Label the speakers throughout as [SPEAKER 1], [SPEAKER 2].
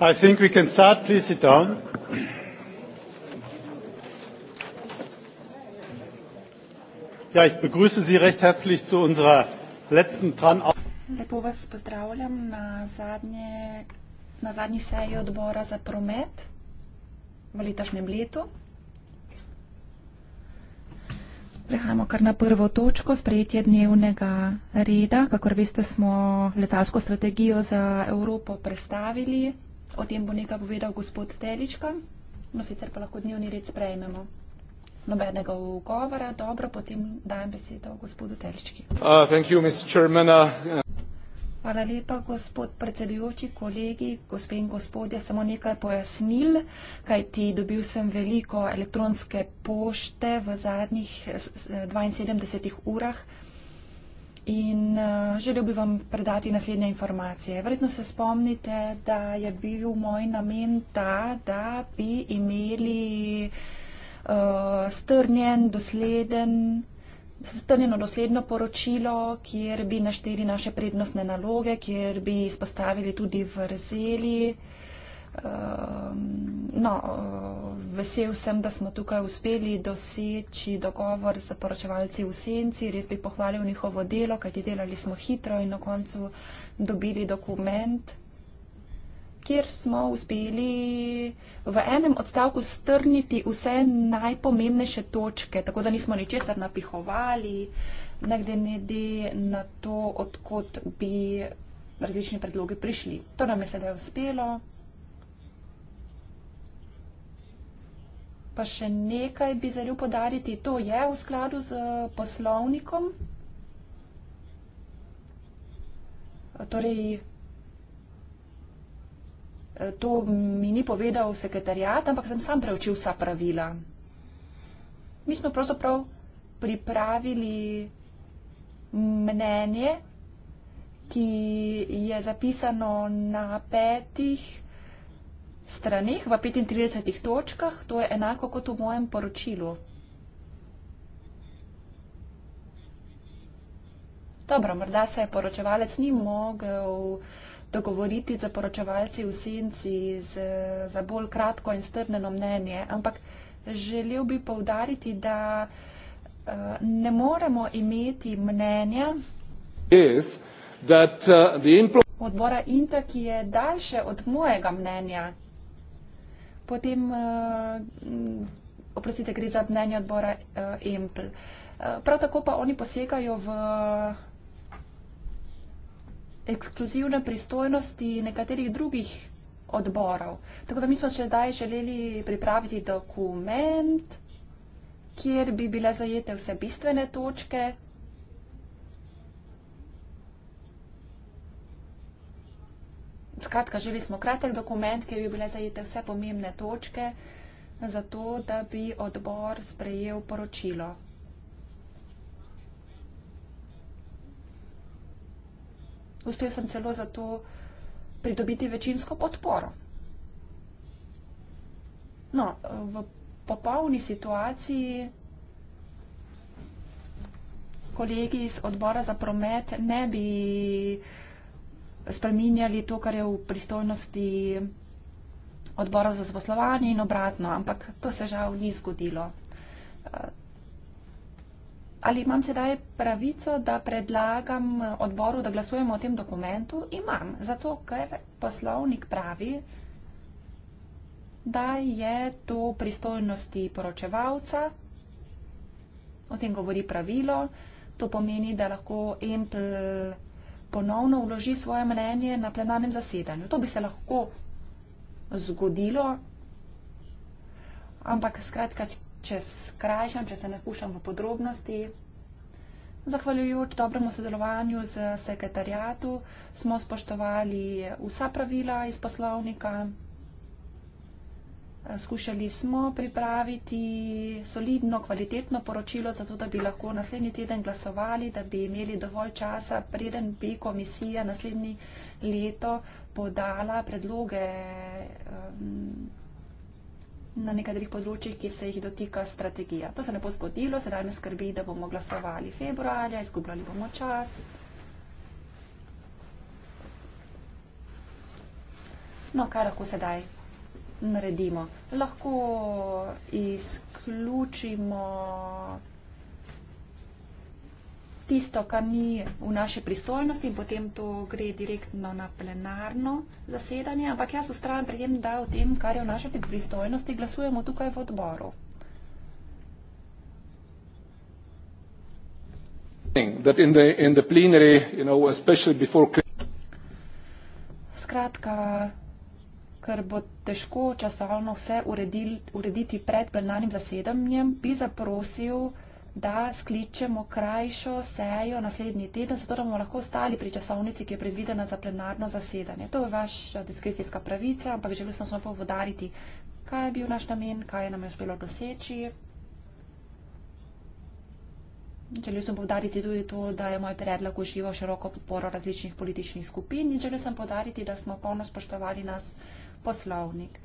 [SPEAKER 1] I think we can start. Please sit down. Ja, ich begrüße Sie recht herzlich zu unserer letzten Tran.
[SPEAKER 2] Lepo vas pozdravljam na zadnje, na zadnji seji odbora za promet v letošnjem letu. Prehajamo kar na prvo točko, sprejetje dnevnega reda. Kakor veste, smo letalsko strategijo za Evropo prestavili O tem bo nekaj povedal gospod Telička, no sicer pa lahko dnevni red sprejmemo. Nobenega govora, dobro, potem dajem besedo gospodu Telički.
[SPEAKER 1] Uh,
[SPEAKER 2] Hvala lepa, gospod predsedujoči, kolegi, gospe in gospodje. Samo nekaj pojasnil, kajti dobil sem veliko elektronske pošte v zadnjih 72 urah. In uh, želel bi vam predati naslednje informacije. Verjetno se spomnite, da je bil moj namen ta, da bi imeli uh, strnjen, dosleden. Strnjeno dosledno poročilo, kjer bi našteli naše prednostne naloge, kjer bi izpostavili tudi vrzeli, uh, Ehm, no, eh, vesel sem, da smo tukaj uspeli doseči dogovor z poročevalci v senci. Res bi pohvalil njihovo delo, kajti delali smo hitro in na koncu dobili dokument, kjer smo uspeli v enem odstavku strniti vse najpomembnejše točke, tako da nismo ničesar napihovali, nekde ne de na to, odkot bi različni predloge prišli. To nam je sedaj uspelo. Pa še nekaj bi želel podariti, to je v skladu z eh, poslovnikom. Torej, eh, to mi ni povedal sekretarjat, ampak sem sam preučil vsa pravila. Mi smo pravzaprav pripravili mnenje, ki je zapisano na petih straneh v 35 točkah, to je enako kot v mojem poročilu. Dobro, morda se je poročevalec ni mogel dogovoriti za poročevalci v senci z, za bolj kratko in strneno mnenje, ampak želel bi povdariti, da uh, ne moremo imeti mnenja
[SPEAKER 1] is, that, uh,
[SPEAKER 2] odbora INTA, ki je daljše od mojega mnenja potem, eh, oprostite, gre za mnenje odbora eh, EMPL. Eh, prav tako pa oni posegajo v ekskluzivne pristojnosti nekaterih drugih odborov. Tako da mi smo še daj želeli pripraviti dokument, kjer bi bile zajete vse bistvene točke Skratka, želeli smo kratek dokument, kjer bi bile zajete vse pomembne točke, zato da bi odbor sprejel poročilo. Uspel sem celo zato pridobiti večinsko podporo. No, v popolni situaciji kolegi iz odbora za promet ne bi spreminjali to, kar je v pristojnosti odbora za zaposlovanje in obratno, ampak to se žal ni zgodilo. Ali imam sedaj pravico, da predlagam odboru, da glasujemo o tem dokumentu? Imam, zato ker poslovnik pravi, da je to pristojnosti poročevalca, o tem govori pravilo, to pomeni, da lahko Empl ponovno vloži svoje mnenje na plenarnem zasedanju. To bi se lahko zgodilo, ampak skratka, če skrajšam, če se ne kušam v podrobnosti, zahvaljujoč dobremu sodelovanju z sekretarjatu smo spoštovali vsa pravila iz poslovnika. Skušali smo pripraviti solidno, kvalitetno poročilo, zato da bi lahko naslednji teden glasovali, da bi imeli dovolj časa, preden bi komisija naslednji leto podala predloge um, na nekaterih področjih, ki se jih dotika strategija. To se ne bo zgodilo, sedaj me skrbi, da bomo glasovali februarja, izgubljali bomo čas. No, kaj lahko sedaj naredimo. Lahko izključimo tisto, kar ni v naši pristojnosti in potem to gre direktno na plenarno zasedanje, ampak jaz ustrajam pri tem, da o tem, kar je v naši pristojnosti, glasujemo tukaj v odboru.
[SPEAKER 1] In the, in the plenary, you know,
[SPEAKER 2] Skratka, ker bo težko časovno vse uredil, urediti pred plenarnim zasedanjem, bi zaprosil, da skličemo krajšo sejo naslednji teden, zato da bomo lahko ostali pri časovnici, ki je predvidena za plenarno zasedanje. To je vaša diskrecijska pravica, ampak želim sem samo povdariti, kaj je bil naš namen, kaj je nam je uspelo doseči. Želel sem povdariti tudi to, da je moj predlog užival široko podporo različnih političnih skupin in želel sem povdariti, da smo polno spoštovali nas poslovnik.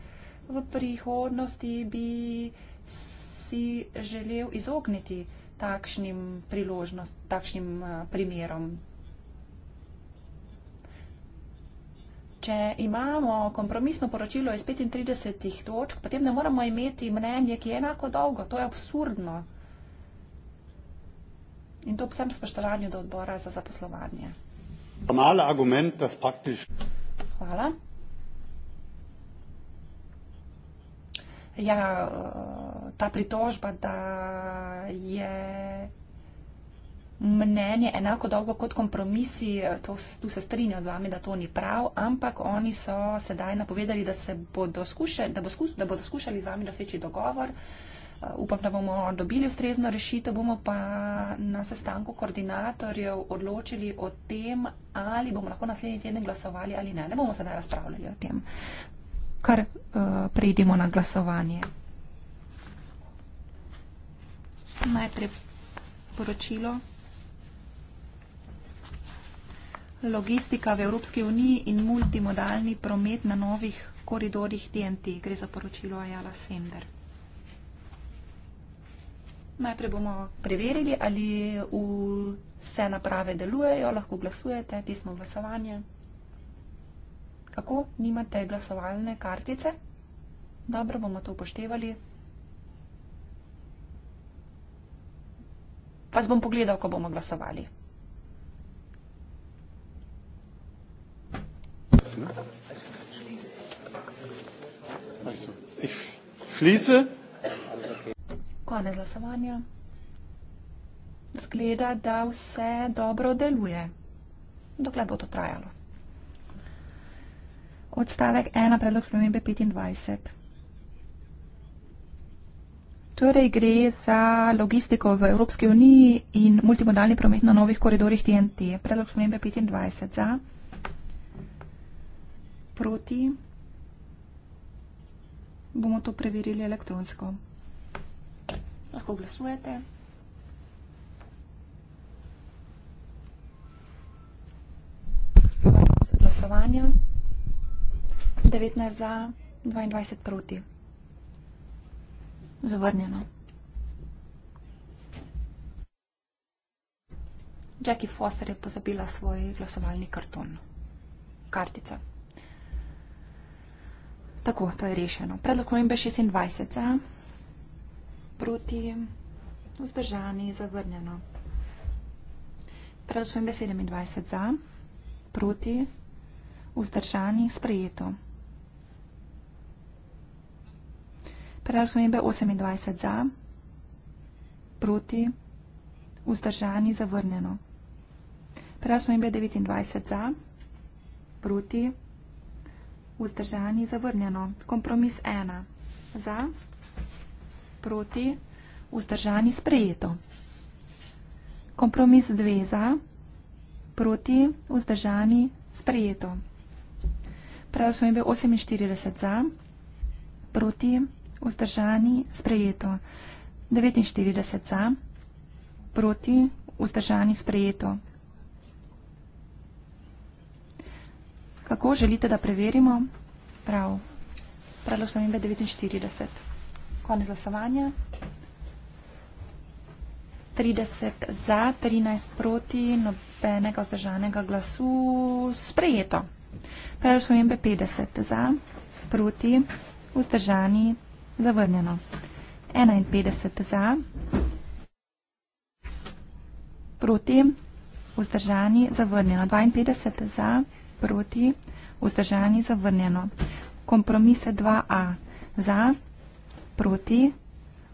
[SPEAKER 2] V prihodnosti bi si želel izogniti takšnim priložnost, takšnim eh, primerom. Če imamo kompromisno poročilo iz 35 točk, potem ne moramo imeti mnenje, ki je enako dolgo. To je absurdno. In to vsem spoštovanju do odbora za zaposlovanje. Hvala. ja, ta pritožba, da je mnenje enako dolgo kot kompromisi, to, tu se strinjam z vami, da to ni prav, ampak oni so sedaj napovedali, da, se bodo, skušali, da, bo skuš, da bodo skušali z vami doseči dogovor. Upam, da bomo dobili ustrezno rešitev, bomo pa na sestanku koordinatorjev odločili o tem, ali bomo lahko naslednji teden glasovali ali ne. Ne bomo sedaj razpravljali o tem kar uh, eh, prejdemo na glasovanje. Najprej poročilo. Logistika v Evropski uniji in multimodalni promet na novih koridorjih TNT. Gre za poročilo Ajala Sender. Najprej bomo preverili, ali vse naprave delujejo, lahko glasujete, tisti smo glasovanje. Kako? Nimate glasovalne kartice? Dobro, bomo to upoštevali. Vas bom pogledal, ko bomo glasovali. Šlice? Konec glasovanja. Zgleda, da vse dobro deluje. Dokler bo to trajalo odstavek 1 predlog spremembe 25. Torej gre za logistiko v Evropski uniji in multimodalni promet na novih koridorjih TNT. Predlog spremembe 25 za. Proti. Bomo to preverili elektronsko. Lahko glasujete. Z glasovanjem. 19 za, 22 proti. Zavrnjeno. Jackie Foster je pozabila svoj glasovalni karton. Kartica. Tako, to je rešeno. Predlog konimbe 26 za, proti, vzdržani, zavrnjeno. Predlog konimbe 27 za, proti, vzdržani, sprejeto. Predlog spremembe 28 za, proti, vzdržani, zavrnjeno. Predlog spremembe 29 za, proti, vzdržani, zavrnjeno. Kompromis 1 za, proti, vzdržani, sprejeto. Kompromis 2 za, proti, vzdržani, sprejeto. Predlog spremembe 48 za, proti, vzdržani, sprejeto vzdržani, sprejeto. 49 za, proti, vzdržani, sprejeto. Kako želite, da preverimo? Prav. Predlog spremembe 49. Konec glasovanja. 30 za, 13 proti, nobenega vzdržanega glasu. Sprejeto. Predlog spremembe 50 za, proti, vzdržani, Zavrnjeno. 51 za, proti, vzdržani, zavrnjeno. 52 za, proti, vzdržani, zavrnjeno. Kompromise 2a, za, proti,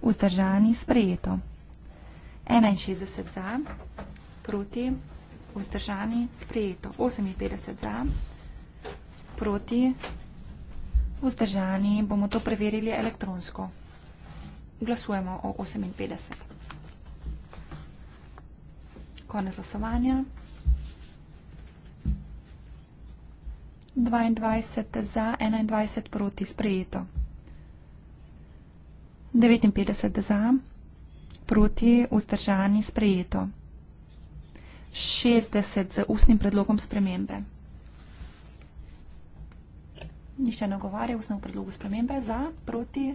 [SPEAKER 2] vzdržani, sprejeto. 61 za, proti, vzdržani, sprejeto. 58 za, proti, vzdržani, sprejeto. Vzdržani bomo to preverili elektronsko. Glasujemo o 58. Konec glasovanja. 22 za, 21 proti, sprejeto. 59 za, proti, vzdržani, sprejeto. 60 z ustnim predlogom spremembe. Nihče ne ogovarja v snov predlogu spremembe za, proti,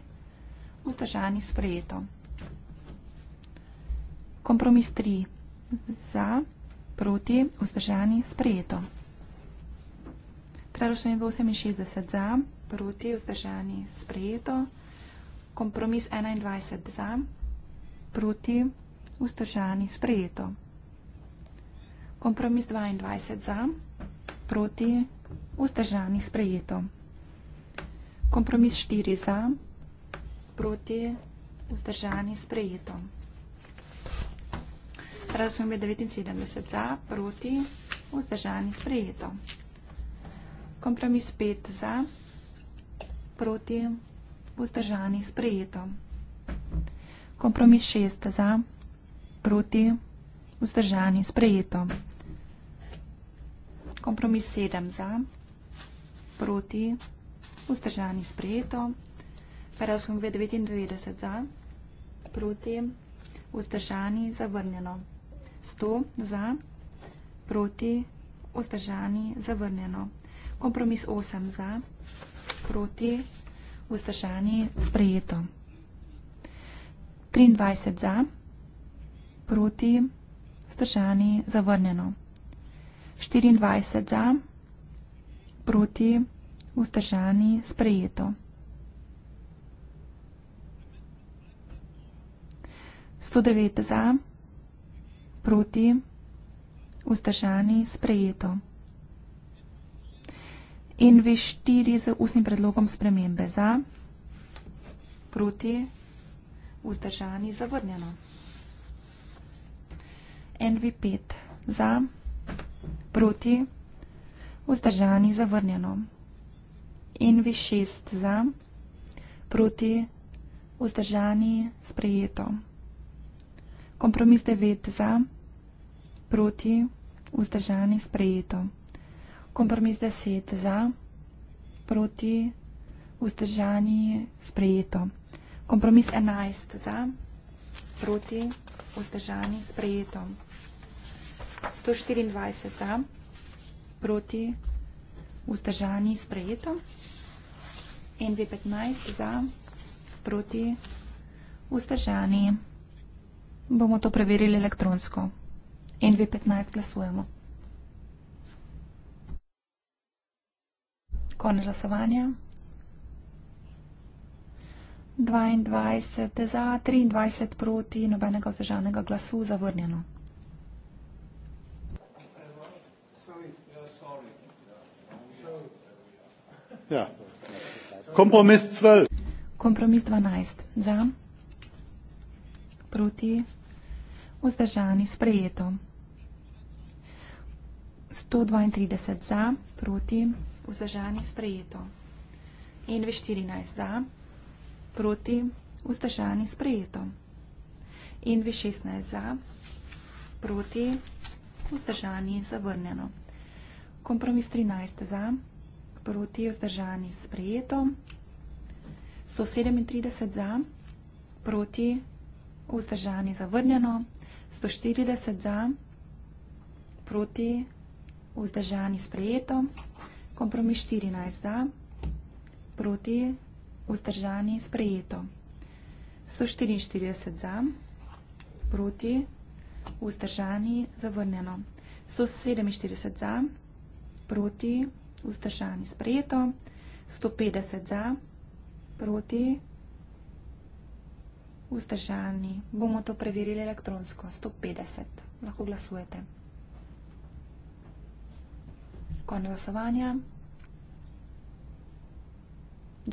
[SPEAKER 2] vzdržani sprejeto. Kompromis 3. Za, proti, vzdržani sprejeto. Predlog spremembe 68. Za, proti, vzdržani sprejeto. Kompromis 21. Za, proti, vzdržani sprejeto. Kompromis 22. Za, proti, vzdržani sprejeto kompromis 4 za, proti vzdržani sprejeto. Razumem je 79 za, proti vzdržani sprejeto. Kompromis 5 za, proti vzdržani sprejeto. Kompromis 6 za, proti vzdržani sprejeto. Kompromis 7 za, proti vzdržani sprejeto vzdržani sprejeto. Ferašum V99 za, proti, vzdržani zavrnjeno. 100 za, proti, vzdržani zavrnjeno. Kompromis 8 za, proti, vzdržani sprejeto. 23 za, proti, vzdržani zavrnjeno. 24 za, proti, vzdržani zavrnjeno vzdržani, sprejeto. Sto devet za, proti, vzdržani, sprejeto. In vi štiri z ustnim predlogom spremembe za, proti, vzdržani, zavrnjeno. NV5 za, proti, vzdržani, zavrnjeno in vi šest za, proti vzdržani sprejeto. Kompromis devet za, proti vzdržani sprejeto. Kompromis deset za, proti vzdržani sprejeto. Kompromis enajst za, proti vzdržani sprejeto. 124 za, proti vzdržani sprejeto. NV15 za proti vzdržani. Bomo to preverili elektronsko. NV15 glasujemo. Konec glasovanja. 22 za, 23 proti, nobenega vzdržanega glasu, zavrnjeno. Yeah. Ja. Kompromis 12. Kompromis 12. Za, proti, vzdržani, sprejeto. 132 za, proti, vzdržani, sprejeto. In 14 za, proti, vzdržani, sprejeto. In 16 za, proti, vzdržani, zavrnjeno. Kompromis 13 za, proti, vzdržani, sprejeto proti vzdržani sprejeto. 137 za, proti vzdržani zavrnjeno. 140 za, proti vzdržani sprejeto. Kompromis 14 za, proti vzdržani sprejeto. 144 za, proti vzdržani zavrnjeno. 147 za, proti vzdržani sprejeto vzdržani sprejeto, 150 za, proti, vzdržani. Bomo to preverili elektronsko, 150, lahko glasujete. Konec glasovanja.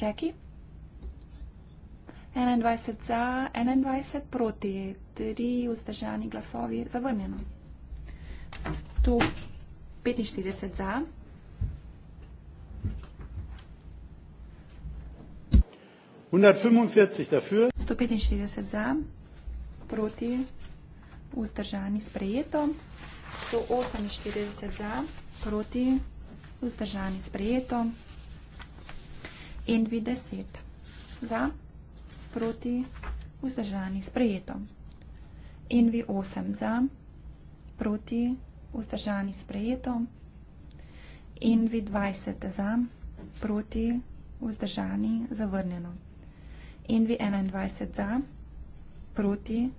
[SPEAKER 2] Jackie? 21 za, 21 proti, 3 vzdržani glasovi, zavrnjeno. 145 za.
[SPEAKER 1] 145
[SPEAKER 2] dafür. 145 za, proti, vzdržani, sprejeto. 148 za, proti, vzdržani, sprejeto. In 20 za, proti, vzdržani, sprejeto. In 8 za, proti, vzdržani, sprejeto. In 20 za, proti, vzdržani, zavrnjeno. Envi 21 za, proti,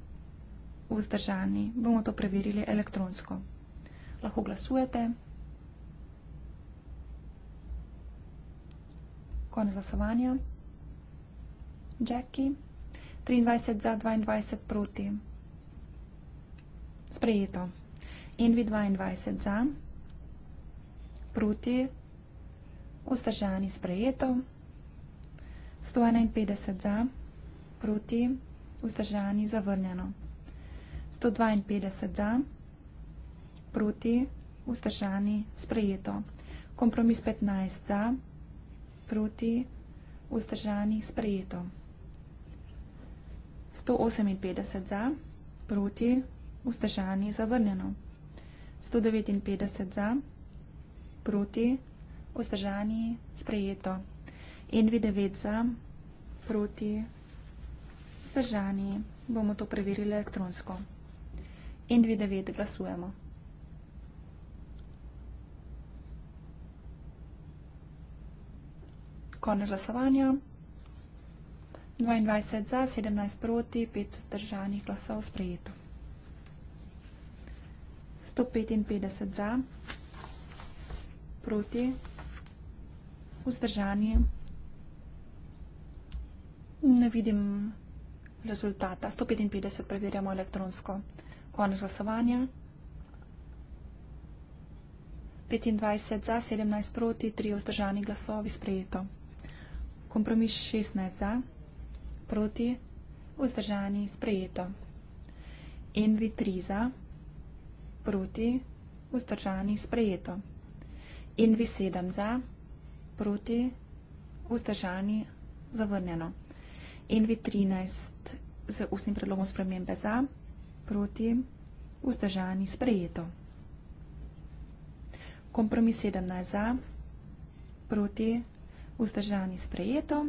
[SPEAKER 2] vzdržani. Bomo to preverili elektronsko. Lahko glasujete. Konec zasovanja. Jackie, 23 za, 22 proti. Sprejeto. Envi 22 za, proti, vzdržani. Sprejeto. 151 za, proti, vzdržani, zavrnjeno. 152 za, proti, vzdržani, sprejeto. Kompromis 15 za, proti, vzdržani, sprejeto. 158 za, proti, vzdržani, zavrnjeno. 159 za, proti, vzdržani, sprejeto. Envi 9 za, proti, vzdržani. Bomo to preverili elektronsko. Envi 9, glasujemo. Konec glasovanja. 22 za, 17 proti, 5 vzdržanih glasov sprejeto. 155 za, proti, vzdržanih glasov. Ne vidim rezultata. 155 preverjamo elektronsko. Konec glasovanja. 25 za, 17 proti, 3 vzdržani glasovi sprejeto. Kompromis 16 za, proti, vzdržani sprejeto. Envi 3 za, proti, vzdržani sprejeto. Envi 7 za, proti, vzdržani zavrnjeno in vi 13 z ustnim predlogom spremembe za, proti, vzdržani, sprejeto. Kompromis 17 za, proti, vzdržani, sprejeto.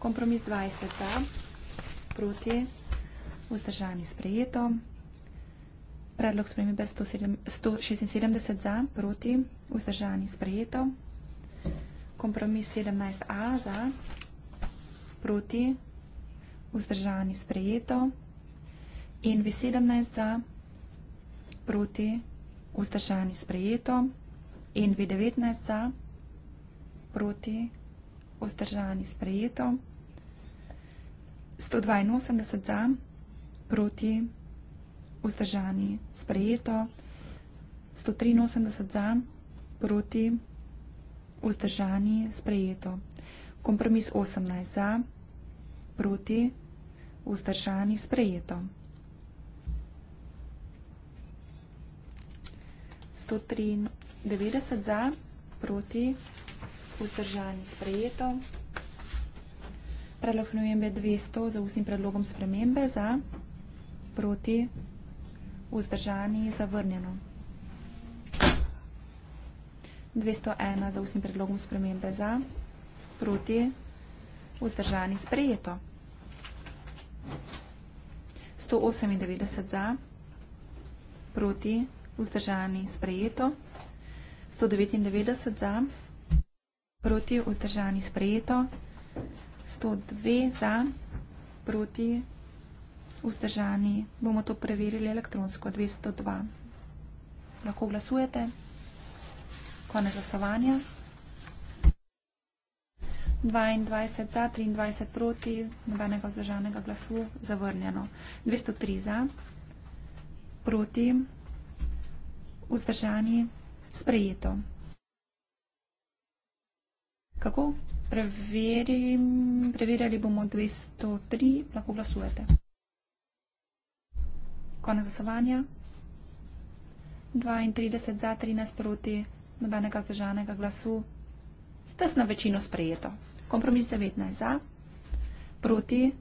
[SPEAKER 2] Kompromis 20 za, proti, vzdržani, sprejeto. Predlog spremembe 176 za, proti, vzdržani, sprejeto. Kompromis 17a za, proti, vzdržani, sprejeto proti, vzdržani sprejeto in vi 17 za, proti, vzdržani sprejeto in vi 19 za, proti, vzdržani sprejeto, 182 za, proti, vzdržani sprejeto, 183 za, proti, vzdržani sprejeto. Kompromis 18 za, proti, Proti vzdržani sprejeto. 193 za, proti vzdržani sprejeto. Predlog spremembe 200 za ustnim predlogom spremembe za, proti vzdržani zavrnjeno. 201 za ustnim predlogom spremembe za, proti vzdržani sprejeto vzdržani sprejeto. 198 za, proti vzdržani sprejeto. 199 za, proti vzdržani sprejeto. 102 za, proti vzdržani, bomo to preverili elektronsko, 202. Lahko glasujete. Konec glasovanja. 22 za, 23 proti, nobenega vzdržanega glasu, zavrnjeno. 203 za, proti, vzdržani, sprejeto. Kako? Preverim, preverjali bomo 203, lahko glasujete. Konec zasavanja. 32 za, 13 proti, nobenega vzdržanega glasu, tesno večino sprejeto. Kompromis 19 za, proti,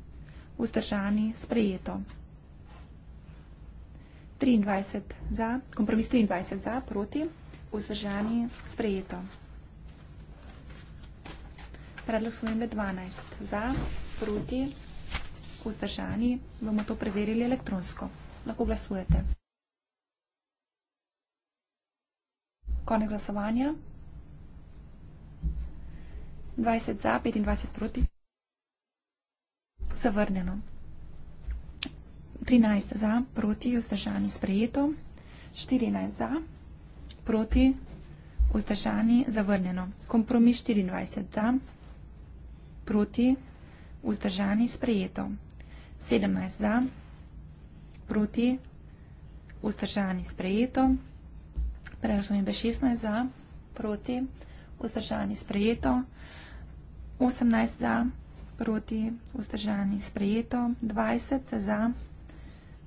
[SPEAKER 2] vzdržani, sprejeto. 23 za, kompromis 23 za, proti, vzdržani, sprejeto. Predlog spremembe 12 za, proti, vzdržani, bomo to preverili elektronsko. Lahko glasujete. Konec glasovanja. 20 za, 25 proti. Zavrnjeno. 13 za, proti, vzdržani, sprejeto. 14 za, proti, vzdržani, zavrnjeno. Kompromis 24 za, proti, vzdržani, sprejeto. 17 za, proti, vzdržani, sprejeto. Prelažno je B16 za, proti, vzdržani, sprejeto. 18 za, proti, vzdržani, sprejeto. 20 za,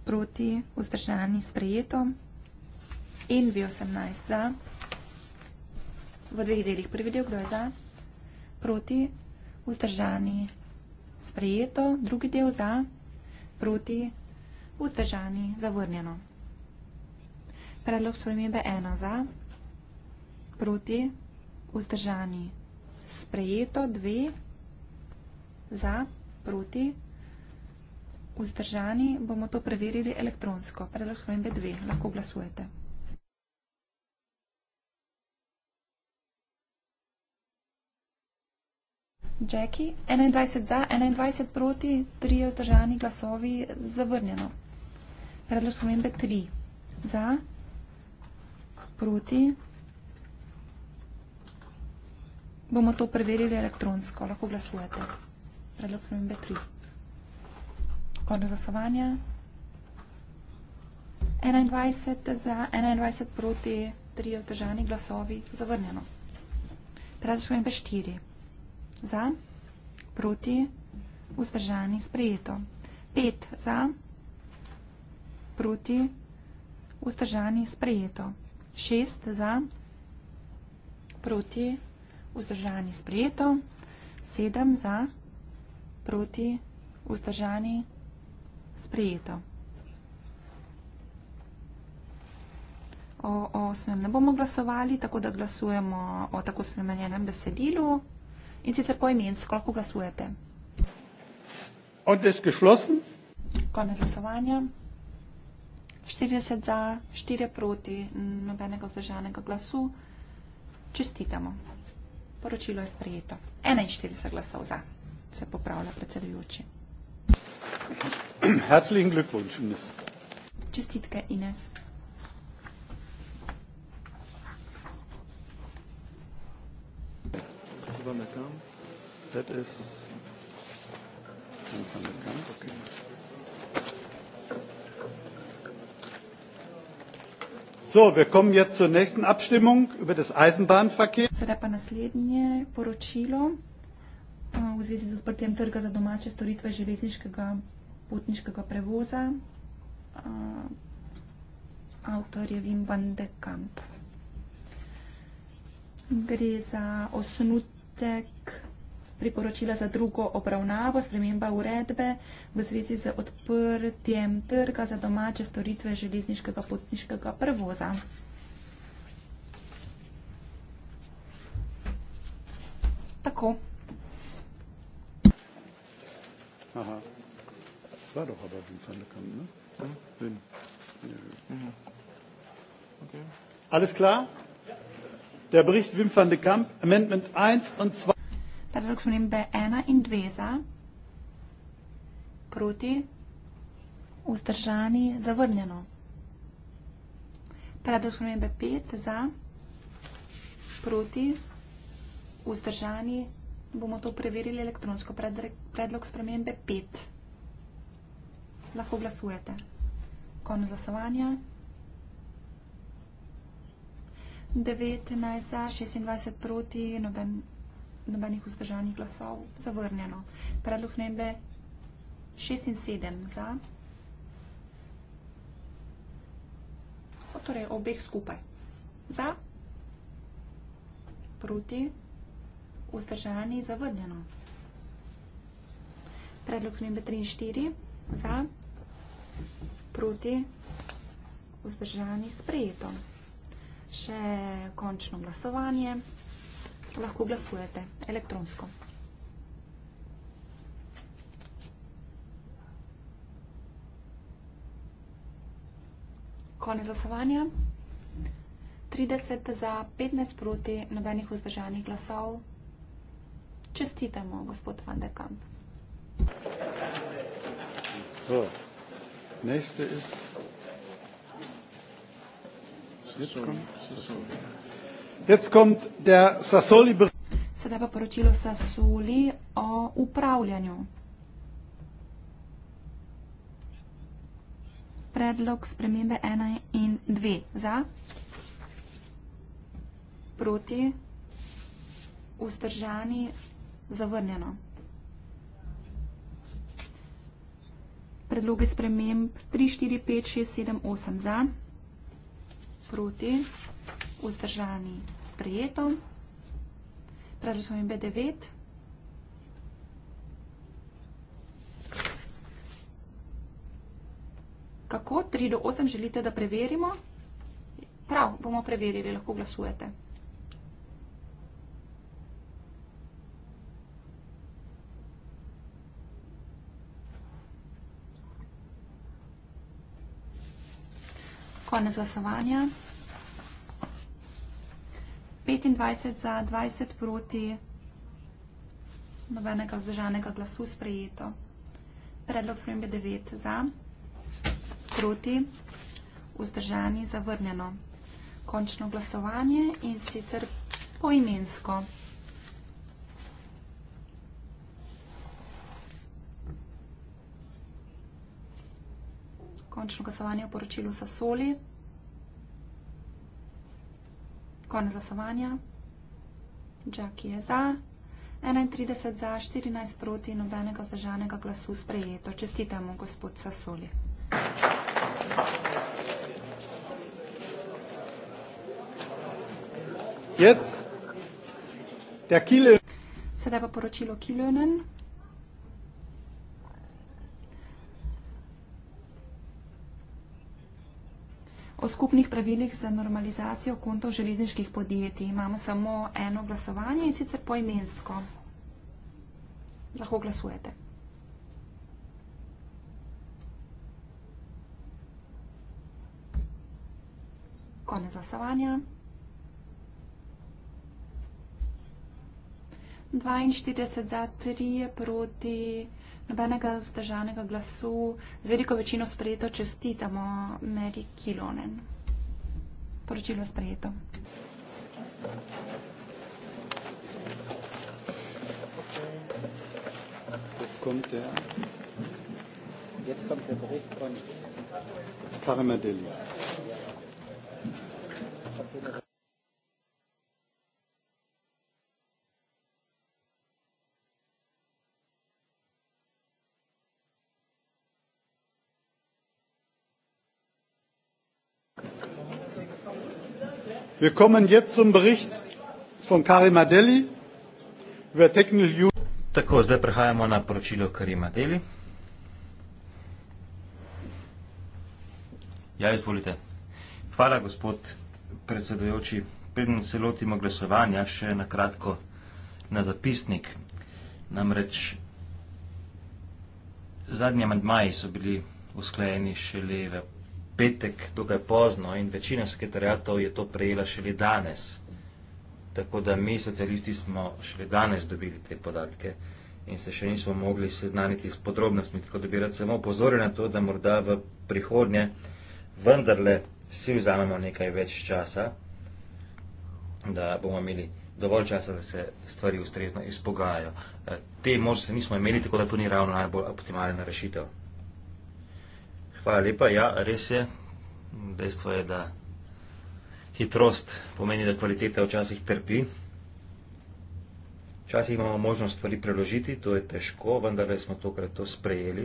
[SPEAKER 2] proti, vzdržani, sprejeto. In vi 18 za. V dveh delih prvi del, kdo je za, proti, vzdržani, sprejeto. Drugi del za, proti, vzdržani, zavrnjeno. Predlog spremembe 1 za, proti, vzdržani, sprejeto sprejeto, dve, za, proti, vzdržani, bomo to preverili elektronsko. Predlog spremembe dve, lahko glasujete. Jackie, 21 za, 21 proti, tri vzdržani glasovi, zavrnjeno. Predlog spremembe tri, za, proti, vzdržani glasovi, zavrnjeno bomo to preverili elektronsko. Lahko glasujete. Predlog spremembe 3. Konec glasovanja. 21 za, 21 proti, 3 vzdržani glasovi, zavrnjeno. Predlog spremembe 4. Za, proti, vzdržani, sprejeto. 5 za, proti, vzdržani, sprejeto. 6 za, proti, vzdržani vzdržani sprejeto, sedem za, proti, vzdržani sprejeto. O osmem ne bomo glasovali, tako da glasujemo o tako spremenjenem besedilu in sicer po imensko lahko glasujete.
[SPEAKER 1] Od je skrišlosen?
[SPEAKER 2] Konec glasovanja. 40 za, 4 proti, nobenega vzdržanega glasu. Čestitamo. Poročilo je sprejeto. 41 glasov za, se popravlja predsedujoči.
[SPEAKER 1] Herzlichen Glückwunsch, Ines.
[SPEAKER 2] Čestitke, Ines.
[SPEAKER 1] Van der Kamp, that is... Van der Kamp, okay. So, wir kommen jetzt zur nächsten Abstimmung über das
[SPEAKER 2] Eisenbahnverkehr. Sedaj pa naslednje poročilo eh, v zvezi z odprtjem trga za domače storitve železniškega potniškega prevoza. Eh, avtor je Wim van de Kamp. Gre za osnutek priporočila za drugo obravnavo, sprememba uredbe v zvezi z odprtjem trga za domače storitve železniškega potniškega prevoza. Tako.
[SPEAKER 1] Hm. Hm. Mhm. Alles klar? Der Bericht Wim van de Kamp, Amendment 1 und 2
[SPEAKER 2] paradoks spremembe ena in dve za, proti, vzdržani, zavrnjeno. Paradoks spremembe pet za, proti, vzdržani, bomo to preverili elektronsko, predlog spremembe pet. Lahko glasujete. Konec glasovanja. 19 za, 26 proti, noben nobenih vzdržanih glasov, zavrnjeno. Predlog nebe 6 in 7 za. Torej, obeh skupaj. Za, proti, vzdržani, zavrnjeno. Predlog nebe 3 in 4 za, proti, vzdržani, sprejeto. Še končno glasovanje lahko glasujete elektronsko. Kone glasovanja. 30 za 15 proti nobenih vzdržanih glasov. Čestitamo, gospod Van de Kamp.
[SPEAKER 1] So, neste iz... Sassoni. Sassoni. Jetzt kommt der Sassoli
[SPEAKER 2] Sedaj pa poročilo Sassoli o upravljanju. Predlog spremembe 1 in 2. Za, proti, vzdržani, zavrnjeno. Predloge sprememb 3, 4, 5, 6, 7, 8 za, proti vzdržani sprejeto. Predlažujem B9. Kako 3 do 8 želite, da preverimo? Prav, bomo preverili, lahko glasujete. Konec glasovanja. 25 za, 20 proti, nobenega vzdržanega glasu sprejeto. Predlog spremembe 9 za, proti, vzdržani, zavrnjeno. Končno glasovanje in sicer poimensko. Končno glasovanje v poročilu sa soli. Konec glasovanja. Jack je za. 31 za, 14 proti, nobenega zdržanega glasu sprejeto. Čestitamo, gospod Sasoli. Jetzt, der Kilo. Sedaj pa poročilo Kilonen. o skupnih pravilih za normalizacijo kontov železniških podjetij. Imamo samo eno glasovanje in sicer poimensko. Lahko glasujete. Konec glasovanja. 42 za 3 proti nobenega zdržanega glasu, z veliko večino sprejeto čestitamo Meri Kilonen. Poročilo sprejeto.
[SPEAKER 3] Okay.
[SPEAKER 1] Wir kommen jetzt zum Bericht von Karim Adeli über Technical Use.
[SPEAKER 3] Tako, zdaj prehajamo na poročilo Karima Deli. Ja, izvolite. Hvala, gospod predsedujoči. Preden se lotimo glasovanja, še na kratko na zapisnik. Namreč zadnji amandmaji so bili usklajeni šele v petek, dokaj pozno, in večina sekretariatov je to prejela šele danes. Tako da mi, socialisti, smo šele danes dobili te podatke in se še nismo mogli seznaniti s podrobnostmi. Tako da bi rad samo opozoril na to, da morda v prihodnje vendarle vsi vzamemo nekaj več časa, da bomo imeli dovolj časa, da se stvari ustrezno izpogajajo. Eh, te možnosti nismo imeli, tako da to ni ravno najbolj optimalna rešitev. Hvala lepa. Ja, res je. Dejstvo je, da hitrost pomeni, da kvaliteta včasih trpi. Včasih imamo možnost stvari preložiti, to je težko, vendar smo tokrat to sprejeli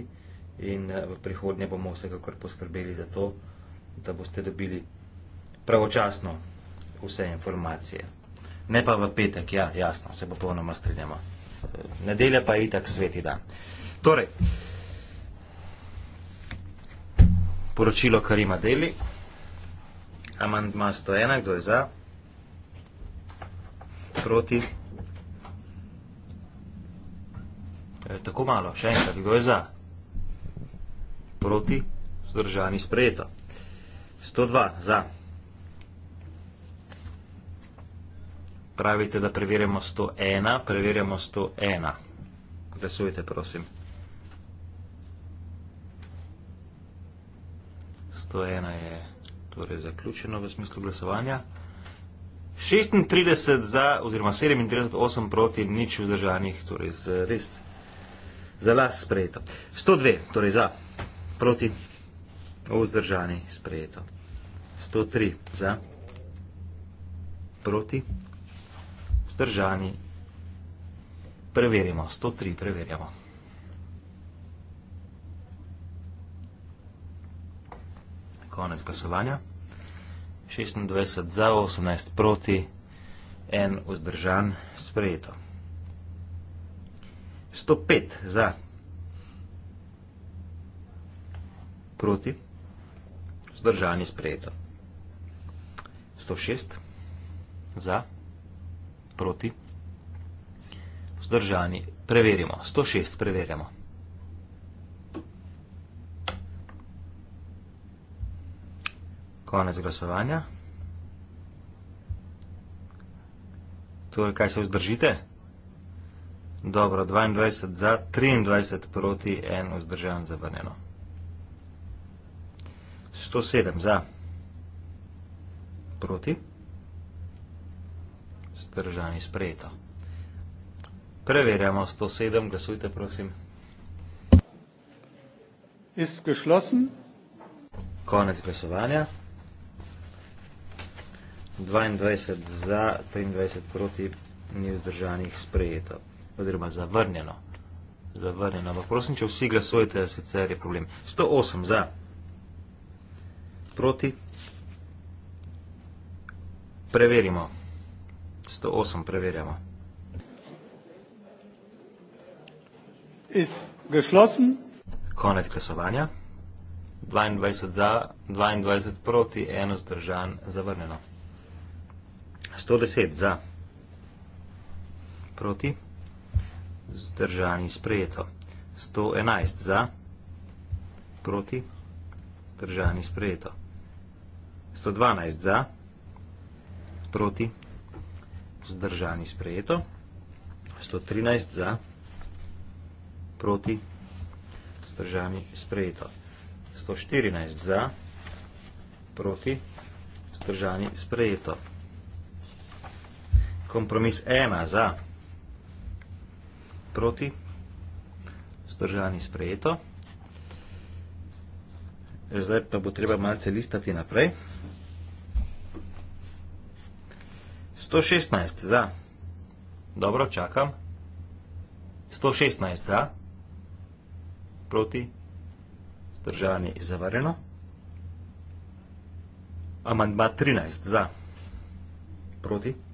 [SPEAKER 3] in eh, v prihodnje bomo vsekakor poskrbeli za to, da boste dobili pravočasno vse informacije. Ne pa v petek, ja, jasno, se popolnoma strinjamo. Eh, nedelja pa je itak sveti dan. Torej, poročilo Karima Deli. Amandma 101, kdo je za? Proti? E, tako malo, še enkrat, kdo je za? Proti? Zdržani sprejeto. 102, za. Pravite, da preverjamo 101, preverjamo 101. Glasujte, prosim. 101 je torej zaključeno v smislu glasovanja. 36 za, oziroma 37 proti, nič vzdržanih, torej z res za las sprejeto. 102, torej za, proti, vzdržani sprejeto. 103 za, proti, vzdržani, preverimo, 103 preverjamo. konec glasovanja. 26 za, 18 proti, en vzdržan, sprejeto. 105 za, proti, vzdržani, sprejeto. 106 za, proti, vzdržani, preverimo. 106 preverjamo. konec glasovanja. Torej, kaj se vzdržite? Dobro, 22 za, 23 proti, 1 vzdržan za vrneno. 107 za, proti, vzdržan izprejeto. Preverjamo 107, glasujte prosim.
[SPEAKER 1] Ist geschlossen.
[SPEAKER 3] Konec glasovanja. 22 za, 23 proti ni vzdržanih sprejeto, oziroma zavrnjeno. Zavrnjeno. Ampak prosim, če vsi glasujete, sicer je problem. 108 za, proti. Preverimo. 108 preverjamo. Konec glasovanja. 22 za, 22 proti, eno zdržan, zavrnjeno. 110 za, proti, zdržani sprejeto. 111 za, proti, zdržani sprejeto. 112 za, proti, zdržani sprejeto. 113 za, proti, zdržani sprejeto. 114 za, proti, zdržani sprejeto. 114 za, proti, kompromis ena za, proti, vzdržani sprejeto. Zdaj pa bo treba malce listati naprej. 116 za, dobro, čakam, 116 za, proti, vzdržani zavareno. Amandma 13 za, proti, vzdržani zavareno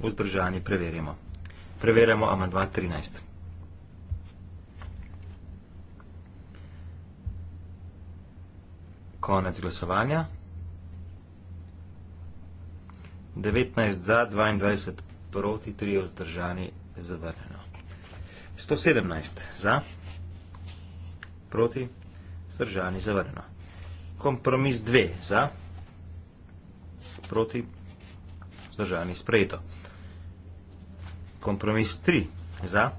[SPEAKER 3] vzdržani preverimo. Preverjamo amandma 13. Konec glasovanja. 19 za, 22 proti, 3 vzdržani zavrljeno. 117 za, proti, vzdržani zavrljeno. Kompromis 2 za, proti, vzdržani sprejeto kompromis 3 za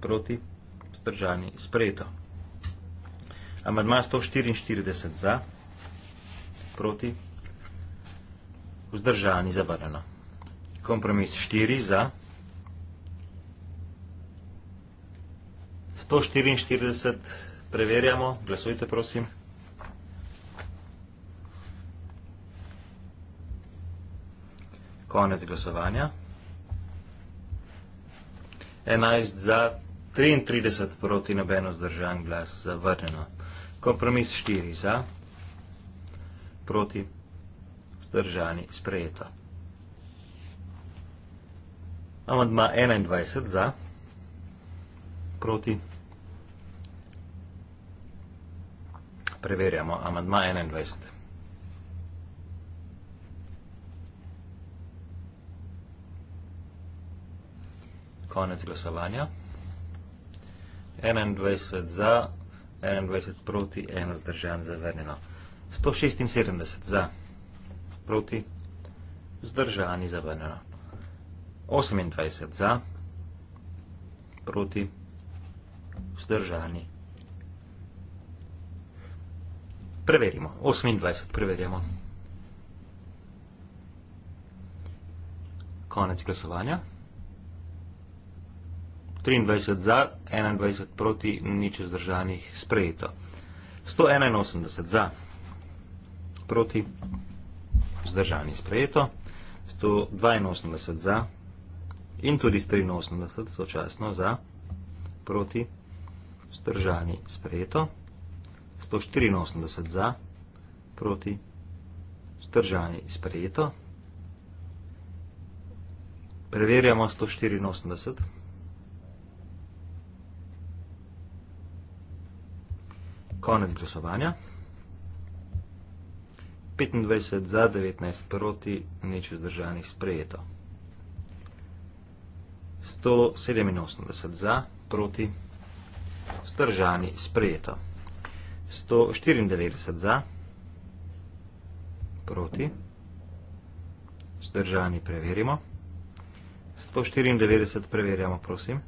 [SPEAKER 3] proti stržani sprejeto. Amadma 144 za proti vzdržani zavarjeno. Kompromis 4 za 144 preverjamo, glasujte prosim. Konec glasovanja. 11 za, 33 proti nobeno zdržan glas zavrnjeno. Kompromis 4 za, proti zdržani sprejeto. Amandma 21 za, proti preverjamo amandma 21. konec glasovanja. 21 za, 21 proti, 1 zdržan zavrnjeno. 176 za, proti, zdržani zavrnjeno. 28 za, proti, zdržani. Preverimo, 28 preverjamo. Konec glasovanja. 23 za, 21 proti, nič vzdržanih sprejeto. 181 za, proti, vzdržani sprejeto. 182 za in tudi 83 sočasno za, proti, vzdržani sprejeto. 184 za, proti, vzdržani sprejeto. Preverjamo 184 za. konec glasovanja. 25 za, 19 proti, nič vzdržanih sprejeto. 187 za, proti, vzdržani sprejeto. 194 za, proti, vzdržani preverimo. 194 preverjamo, prosim.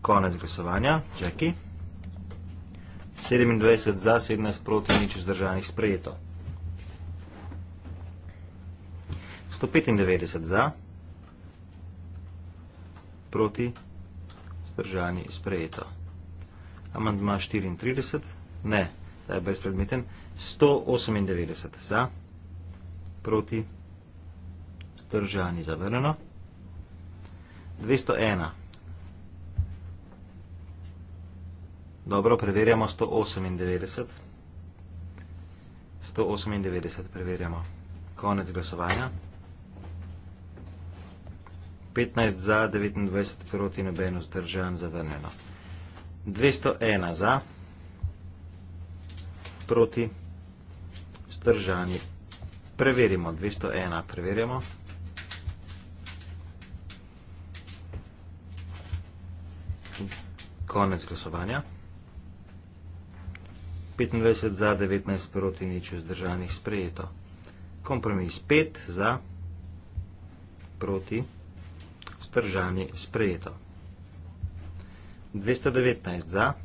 [SPEAKER 3] Konec glasovanja. Čeki. 27 za, 17 proti, nič izdržanih sprejeto. 195 za, proti, izdržani sprejeto. Amandma 34, ne, da je brezpredmeten. 198 za, proti, izdržani zavrljeno. 201 za. Dobro, preverjamo 198. 198 preverjamo. Konec glasovanja. 15 za, 29 proti, nobeno zdržan, zavrnjeno. 201 za, proti, zdržani. Preverimo, 201 preverjamo. 201. Konec glasovanja. 25 za, 19 proti nič vzdržanih sprejeto. Kompromis 5 za, proti vzdržani sprejeto. 219 za,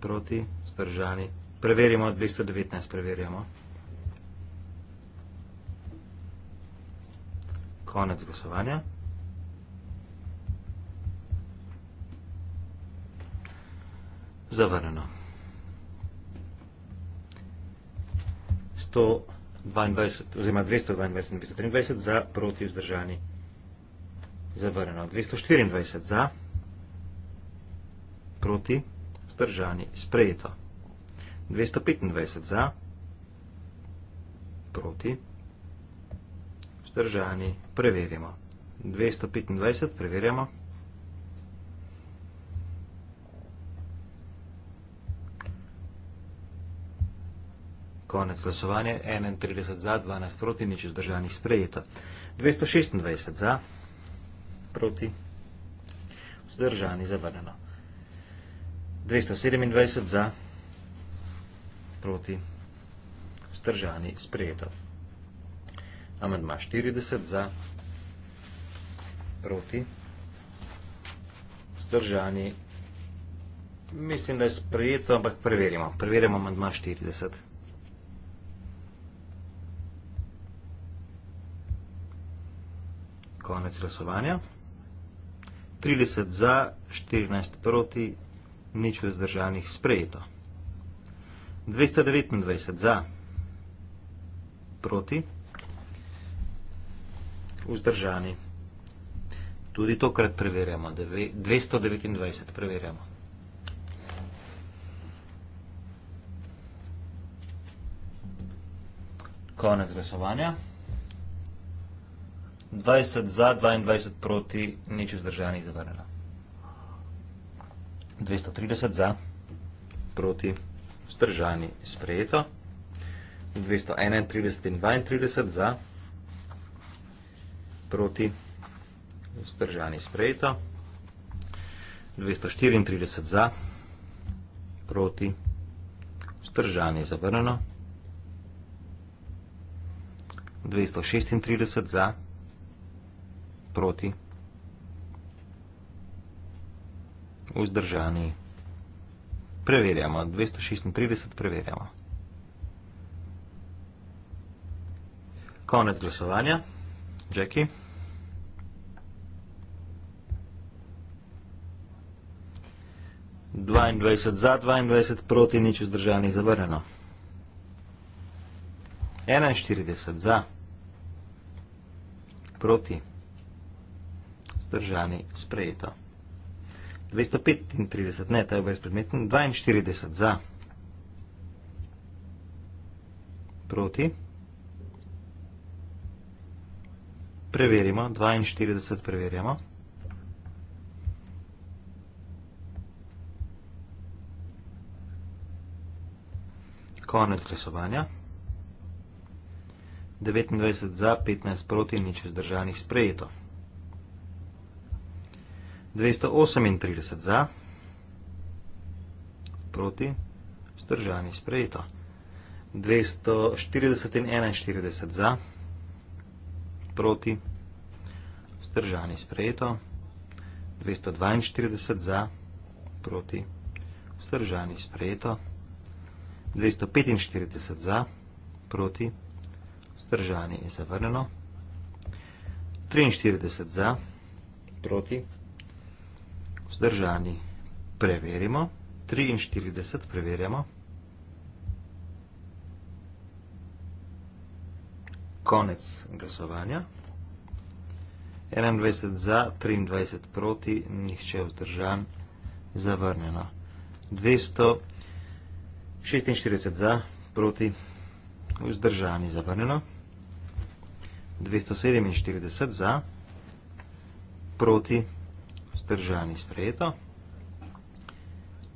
[SPEAKER 3] proti vzdržani. Preverimo, 219 preverimo. Konec glasovanja. zavrnjeno. 122 oziroma 222 in 223 za proti vzdržani zavrnjeno. 224 za proti vzdržani sprejeto. 225 za proti vzdržani preverjamo. 225 preverjamo. 225 preverjamo. Konec glasovanja 31 za, 12 proti, nič vzdržanih sprejeto. 226 za, proti, vzdržani zavrneno. 227 za, proti, vzdržani sprejeto. Amendma 40 za, proti, vzdržani, mislim, da je sprejeto, ampak preverimo. Preverimo amendma 40 za. konec glasovanja. 30 za, 14 proti, nič vzdržanih sprejeto. 229 za, proti, vzdržani. Tudi tokrat preverjamo, 229 preverjamo. Konec glasovanja. 20 za, 22 proti, nič vzdržanih zavrnjeno. 230 za, proti, vzdržani sprejeto. 231 in 32 za, proti, vzdržani sprejeto. 234 za, proti, vzdržani zavrnjeno. 236 za, proti, vzdržani zavrnjeno proti. Vzdržani. Preverjamo. 236 preverjamo. Konec glasovanja. Jackie. Dvaindvajset za, dvaindvajset proti, nič vzdržani, zavrjeno. Enainštirideset za, proti, nič vzdržani vzdržani, sprejeto. 235, ne, ta je brezpredmeten, 42 za, proti, preverimo, 42 preverjamo, konec glasovanja, 29 za, 15 proti, nič vzdržanih sprejeto. 238 za, proti, vzdržani, sprejeto. 240 in 41 za, proti, vzdržani, sprejeto. 242 za, proti, vzdržani, sprejeto. 245 za, proti, vzdržani, zavrneno. 43 za, proti, vzdržani, sprejeto vzdržani. Preverimo. 43 preverjamo. Konec glasovanja. 21 za, 23 proti, nihče vzdržan, zavrnjeno. 246 za, proti, vzdržani, zavrnjeno. 247 za, proti, vzdržani vzdržani sprejeto.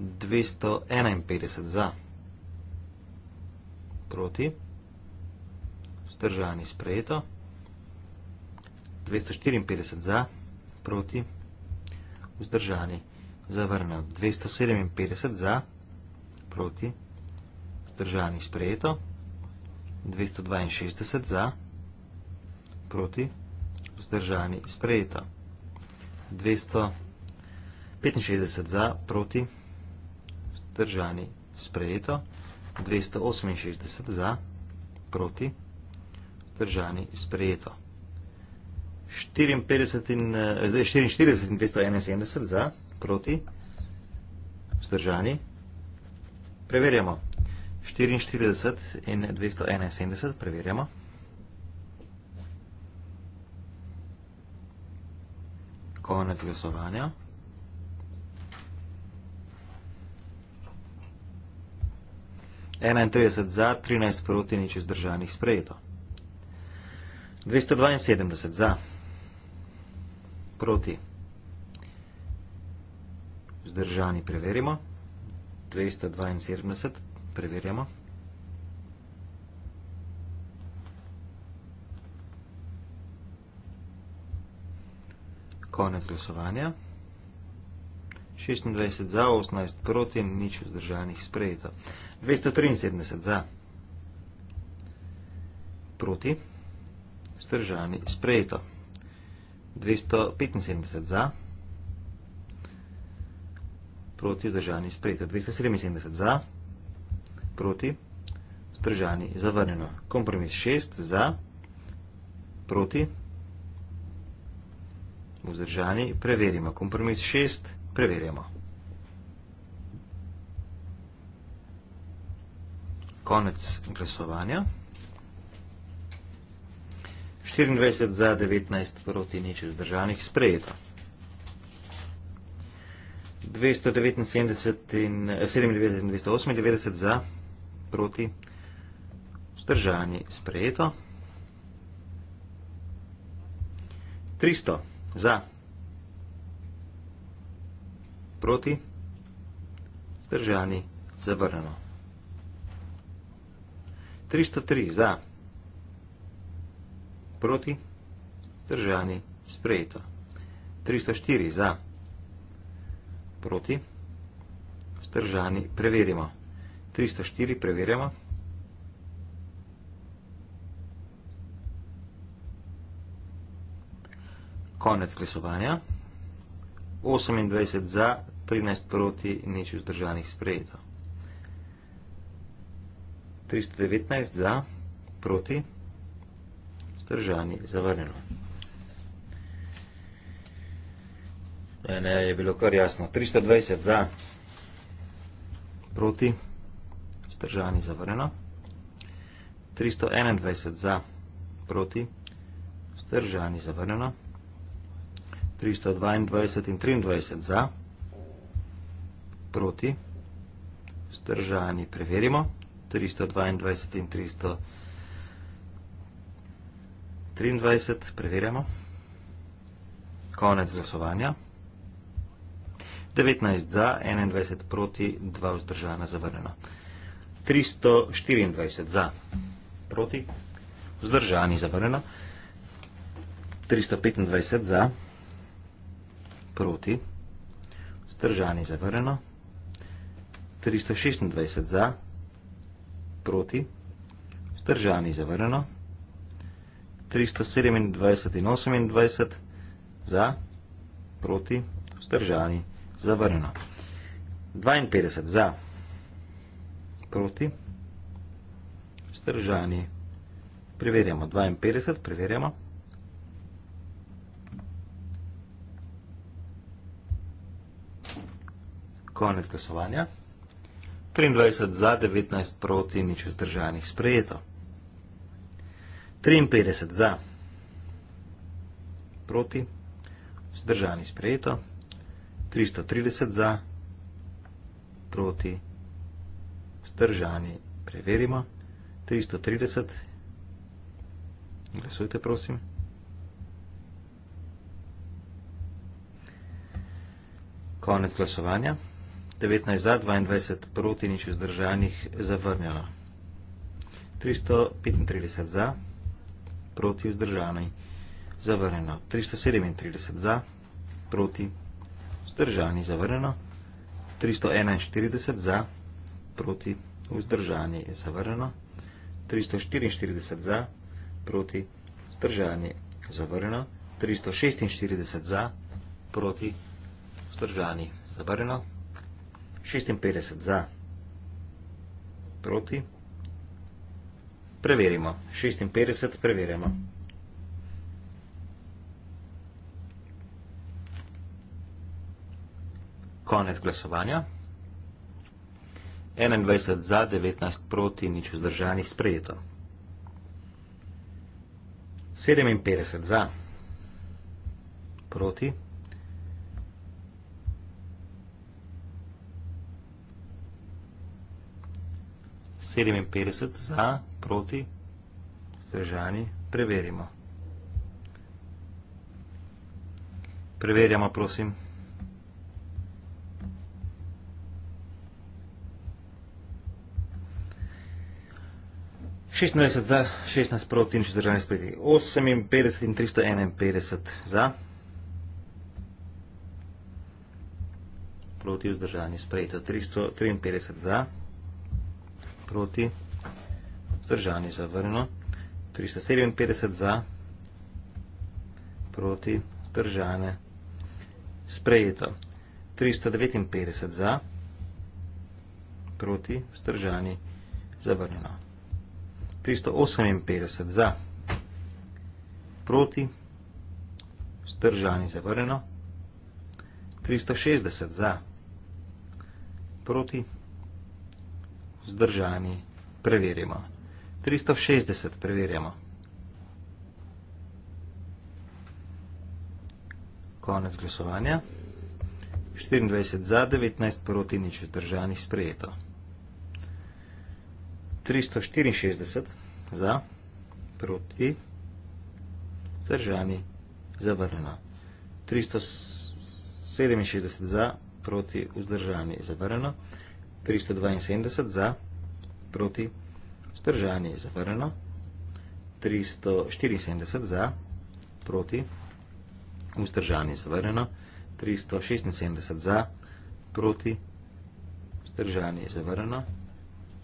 [SPEAKER 3] 251 za, proti, vzdržani sprejeto. 254 za, proti, vzdržani zavrnjeno. 257 za, proti, vzdržani sprejeto. 262 za, proti, vzdržani sprejeto. 265 za, proti, vzdržani, sprejeto. 268 za, proti, vzdržani, sprejeto. 54 in, eh, zdaj, 44 in 271 za, proti, vzdržani. Preverjamo. 44 in 271, preverjamo. konec glasovanja. Enaintrideset za, trinajst proti, nič vzdržanih, sprejeto. Dvesto dvainsedemdeset za, proti, vzdržani, preverimo. Dvesto dvainsedemdeset, preverjamo. Konec glasovanja. 26 za, 18 proti, nič vzdržanih sprejeto. 273 za, proti, vzdržani sprejeto. 275 za, proti, vzdržani sprejeto. 277 za, proti, vzdržani zavrnjeno. Kompromis 6 za, proti, vzdržani sprejeto vzdržani, preverimo. Kompromis šest, preverimo. Konec glasovanja. 24 za 19 proti nič vzdržanih sprejeto. 279 in 97 eh, za proti vzdržani sprejeto. 300. Za. Proti. Zdržani. Zavrnjeno. 303. Za. Proti. Zdržani. Sprejeto. 304. Za. Proti. Zdržani. Preverimo. 304. Preverimo. 304. konec glasovanja. 28 za, 13 proti, nič vzdržanih sprejeto. 319 za, proti, vzdržani, zavrnjeno. Ne, je bilo kar jasno. 320 za, proti, vzdržani, zavrnjeno. 321 za, proti, vzdržani, zavrnjeno. 322 in 23 za, proti, zdržani, preverimo, 322 in 323, preverjamo, konec glasovanja, 19 za, 21 proti, 2 vzdržana, zavrnjena. 324 za, proti, vzdržani, zavrnjena. 325 za, proti, zdržani zavrjeno, 326 za, proti, zdržani zavrjeno, 327 in 28 za, proti, zdržani zavrjeno, 52 za, proti, zdržani, preverjamo 52, preverjamo, konec glasovanja. 23 za, 19 proti, nič vzdržanih sprejeto. 53 za, proti, vzdržanih sprejeto. 330 za, proti, vzdržanih preverimo. 330, glasujte prosim. 19 za, 22 proti, nič vzdržanih, zavrnjeno. 335 za, proti vzdržanih, zavrnjeno. 337 za, proti vzdržanih, zavrnjeno. 341 za, proti vzdržanih, zavrnjeno. 344 za, proti vzdržanih, zavrnjeno. 346 za, proti vzdržanih, zavrnjeno. 56 za, proti. Preverimo. 56 preverjamo. Konec glasovanja. 21 za, 19 proti, nič vzdržanih sprejeto. 57 za, proti. 57 za, proti. 57 za, proti, vzdržani, preverimo. Preverjamo, prosim. Šestnaest za, šestnaest proti in vzdržani spredi. Oseminpetdeset in tristo enainpetdeset za, proti vzdržani spredi. Tristo triinpetdeset za proti, vzdržani za vrno, 357 za, proti, vzdržane, sprejeto, 359 za, proti, vzdržani, zavrnjeno. 358 za, proti, vzdržani, zavrnjeno. 360 za, proti, vzdržani zdržani, preverimo. 360 preverjamo. Konec glasovanja. 24 za, 19 proti nič zdržanih sprejeto. 364 za, proti, zdržani, zavrnjeno. 367 za, proti, vzdržani, zavrnjeno. 372 za, proti, vzdržani je zavrljeno, 374 za, proti, vzdržani je zavrljeno, 376 za, proti, vzdržani je zavrljeno,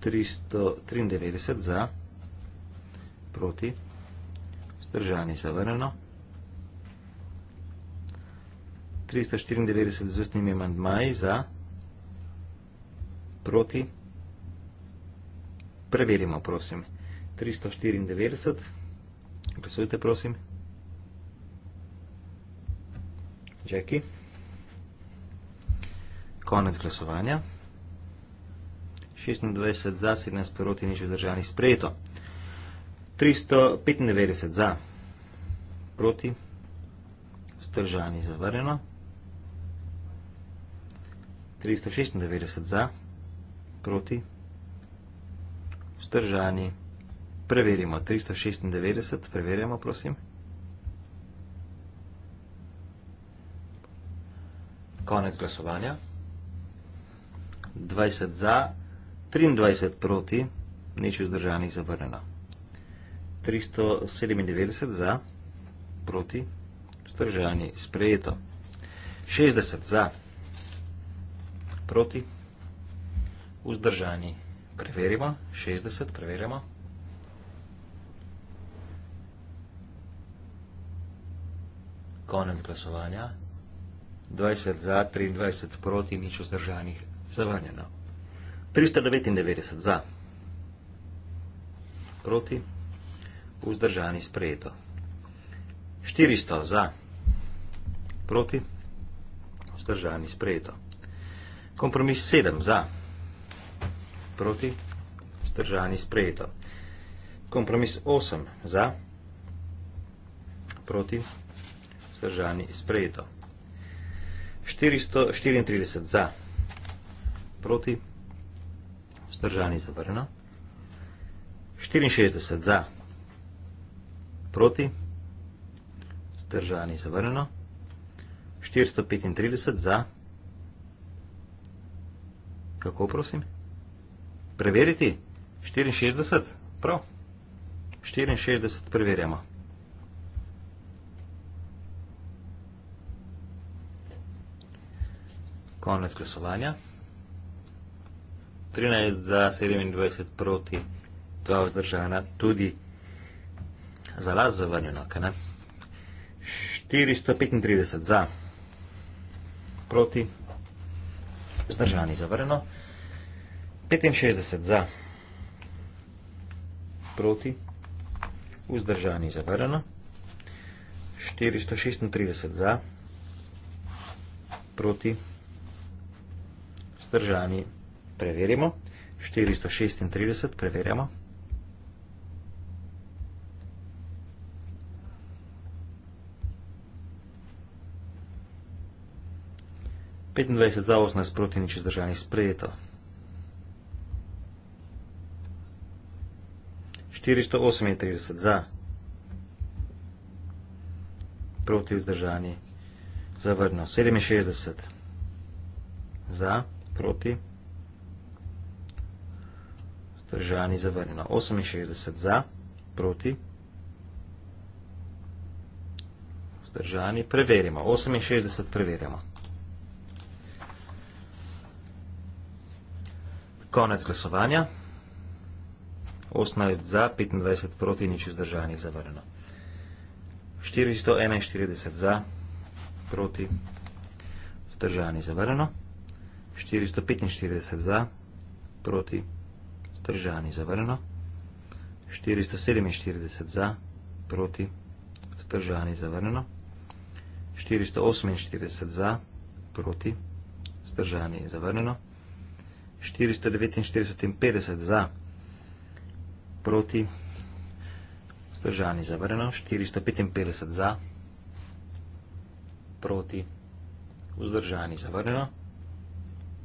[SPEAKER 3] 393 za, proti, vzdržani je zavrljeno, 394 z ustnimi mandmaji za, proti, proti. Preverimo, prosim. 394. Glasujte, prosim. Jacky. Konec glasovanja. 26 za, 17 proti nič vzdržani sprejeto. 395 za, proti, vzdržani zavrjeno. 396 za, proti proti, vzdržani, preverimo, 396, preverjamo, prosim. Konec glasovanja. 20 za, 23 proti, nič vzdržani, zavrneno. 397 za, proti, vzdržani, sprejeto. 60 za, proti, vzdržani vzdržani. Preverimo, 60, preverimo. Konec glasovanja. 20 za, 23 proti, nič vzdržanih, zavrnjeno. 399 za, proti, vzdržani, sprejeto. 400 za, proti, vzdržani, sprejeto. Kompromis 7 za, proti proti, vzdržani sprejeto. Kompromis 8 za, proti, vzdržani sprejeto. 434 za, proti, vzdržani zavrno. 64 za, proti, vzdržani zavrno. 435 za, kako prosim? 435 za preveriti? 64? Prav. 64 preverjamo. Konec glasovanja. 13 za 27 proti 2 vzdržana, tudi za las zavrnjeno, kaj ne? 435 za proti vzdržani zavrnjeno. 65 za, proti, vzdržani zavrano, 436 za, proti, vzdržani preverimo, 436 preverjamo. Petindvajset za osnaest proti nič izdržanih sprejeto. 438 za, proti vzdržani, zavrnil. 67 za, proti, vzdržani, zavrnil. 68 za, proti, vzdržani, preverimo. 68 preverimo. Konec glasovanja. 18 za, 25 proti, nič vzdržanih zavrnjeno. 441 za, proti, vzdržanih zavrnjeno. 445 za, proti, vzdržanih zavrnjeno. 447 za, proti, vzdržanih zavrnjeno. 448 za, proti, vzdržanih zavrnjeno. 449 za, proti, vzdržanih zavrnjeno proti, vzdržani za vrno, 455 za, proti, vzdržani za vrno,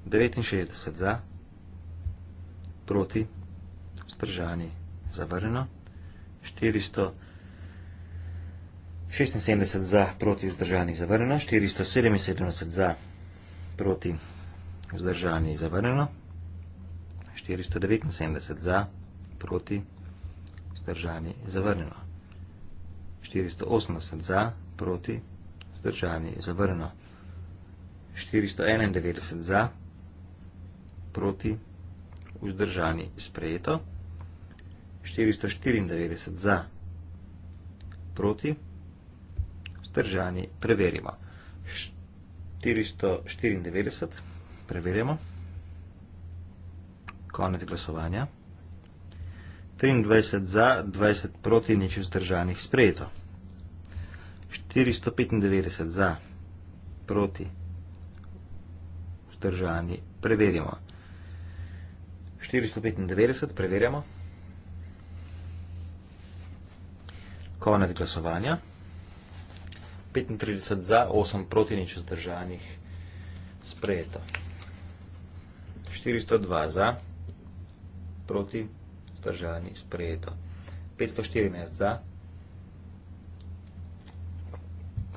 [SPEAKER 3] 69 za, proti, vzdržani za vrno, 476 za, proti, vzdržani za vrno, 477 za, proti, vzdržani za vrno, 479 za, proti, vzdržani za vrno, vzdržani, zavrnjeno. 480 za, proti, vzdržani, zavrnjeno. 491 za, proti, vzdržani, sprejeto. 494 za, proti, vzdržani, preverimo. 494, preverjamo. Konec glasovanja. 23 za, 20 proti, nič vzdržanih sprejeto. 495 za, proti, vzdržani, preverjamo. 495, preverjamo. Konec glasovanja. 35 za, 8 proti, nič vzdržanih sprejeto. 402 za, proti, vzdržanih sprejeto vzdržani, sprejeto. 514 za,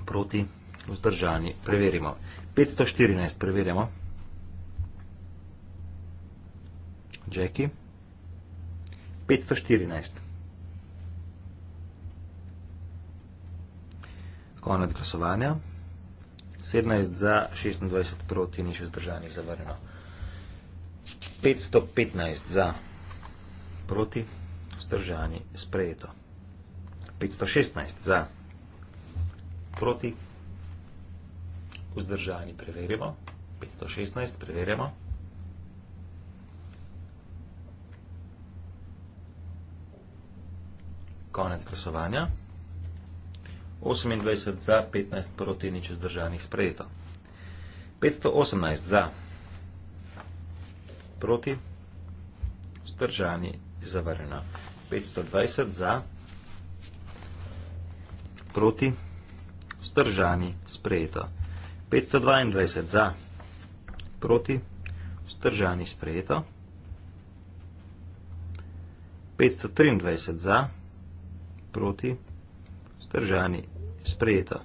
[SPEAKER 3] proti, vzdržani, preverimo. 514 preverimo. Jacky. 514. Konec glasovanja. 17 za, 26 proti, nič vzdržani, zavrjeno. 515 za, proti, vzdržani, sprejeto. 516 za, proti, vzdržani, preverimo. 516, preverimo. Konec glasovanja. 28 za, 15 proti, nič vzdržanih, sprejeto. 518 za, proti, vzdržani, sprejeto zavrnjena. 520 za, proti, vzdržani, sprejeto. 522 za, proti, vzdržani, sprejeto. 523 za, proti, vzdržani, sprejeto.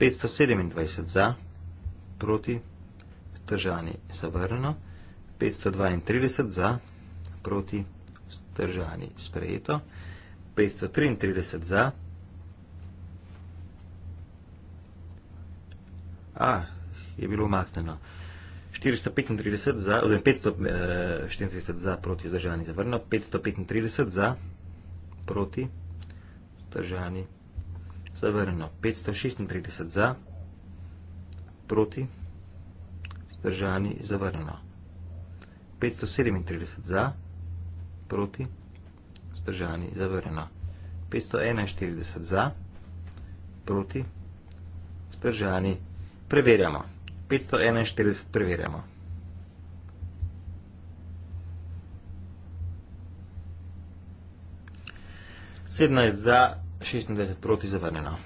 [SPEAKER 3] 527 za, proti, vzdržani, zavrnjeno. 532 za, proti, vzdržani, sprejeto vzdržani. Sprejeto. 533 za. A, je bilo umakneno. 435 za, oziroma 534 eh, za, proti vzdržani, zavrno. 535 za, proti vzdržani, zavrno. 536 za, proti vzdržani, zavrno. 537 za, proti vzdržani, zavrno proti, vzdržani, zavrjeno. 541 za, proti, vzdržani, preverjamo. 541 preverjamo. Sedna je za, 26 proti, zavrneno.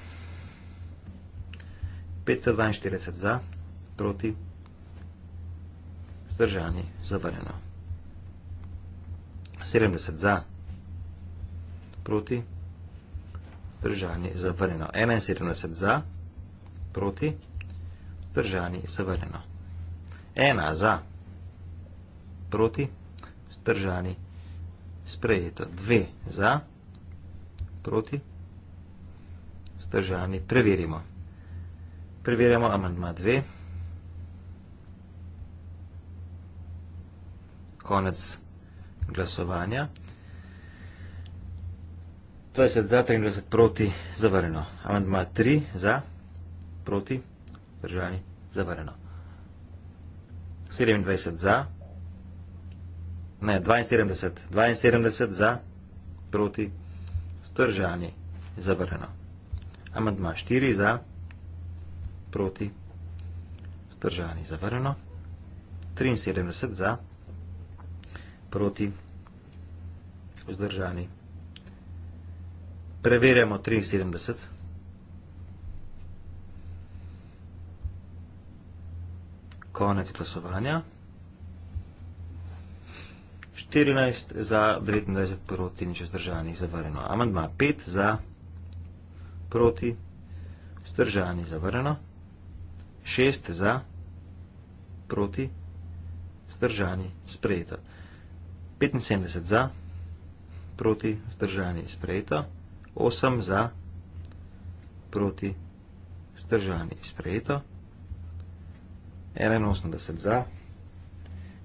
[SPEAKER 3] 542 za, proti, zdržani, zavrneno. 70 za, proti, držani, zavrnjeno. 71 za, proti, držani, zavrnjeno. 1 za, proti, držani, sprejeto. 2 za, proti, držani, preverimo. Preverjamo amandma 2. Konec glasovanja. 20 za, 23 proti, zavrneno. Amandma 3 za, proti, držani, zavrneno. 27 za, ne, 72, 72 za, proti, držani, zavrneno. Amandma 4 za, proti, držani, zavrneno. 73 za, proti, držani, zavrneno proti vzdržani. Preverjamo 73. Konec glasovanja. 14 za, 29 proti nič vzdržani, zavrjeno. Amandma 5 za, proti vzdržani, zavrjeno. 6 za, proti vzdržani, sprejeto. 75 za, proti vzdržani sprejeto, 8 za, proti vzdržani sprejeto, 81 za,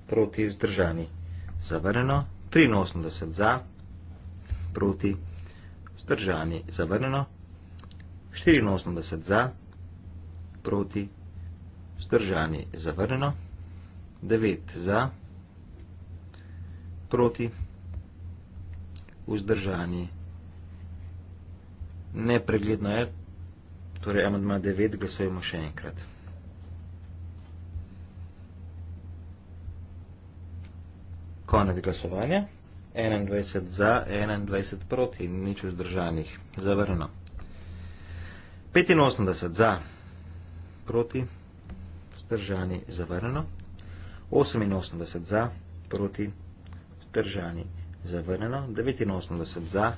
[SPEAKER 3] proti vzdržani zavrneno, 83 za, proti vzdržani zavrneno, 84 za, proti vzdržani zavrneno, 9 za, proti vzdržani zavrneno, proti vzdržani. Nepregledno je, torej amadma 9 glasujemo še enkrat. Konec glasovanja, 21 za, 21 proti, nič vzdržanih, zavrno. 85 za, proti, vzdržani, zavrno. 88 za, proti, vzdržani vzdržani, zavrnjeno, 89 za,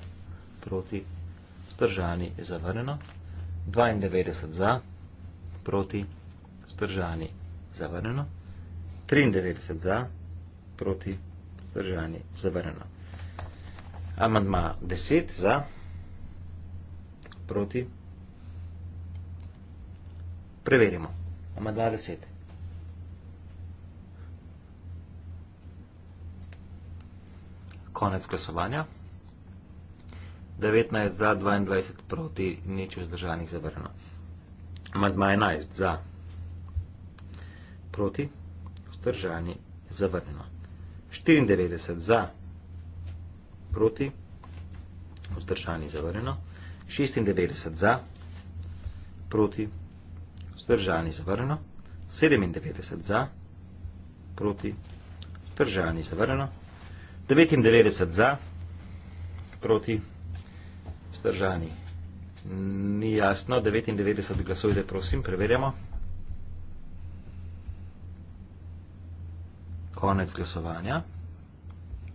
[SPEAKER 3] proti, vzdržani, zavrnjeno, 92 za, proti, vzdržani, zavrnjeno, 93 za, proti, vzdržani, zavrnjeno. Amandma 10 za, proti, preverimo. Amandma 10 za. konec glasovanja. 19 za, 22 proti, nič vzdržanih zavrno. Amandma 11 za, proti, vzdržani zavrno. 94 za, proti, vzdržani zavrno. 96 za, proti, vzdržani zavrno. 97 za, proti, vzdržani zavrno. 99 za, proti vzdržani. Ni jasno, 99 glasov ide, prosim, preverjamo. Konec glasovanja.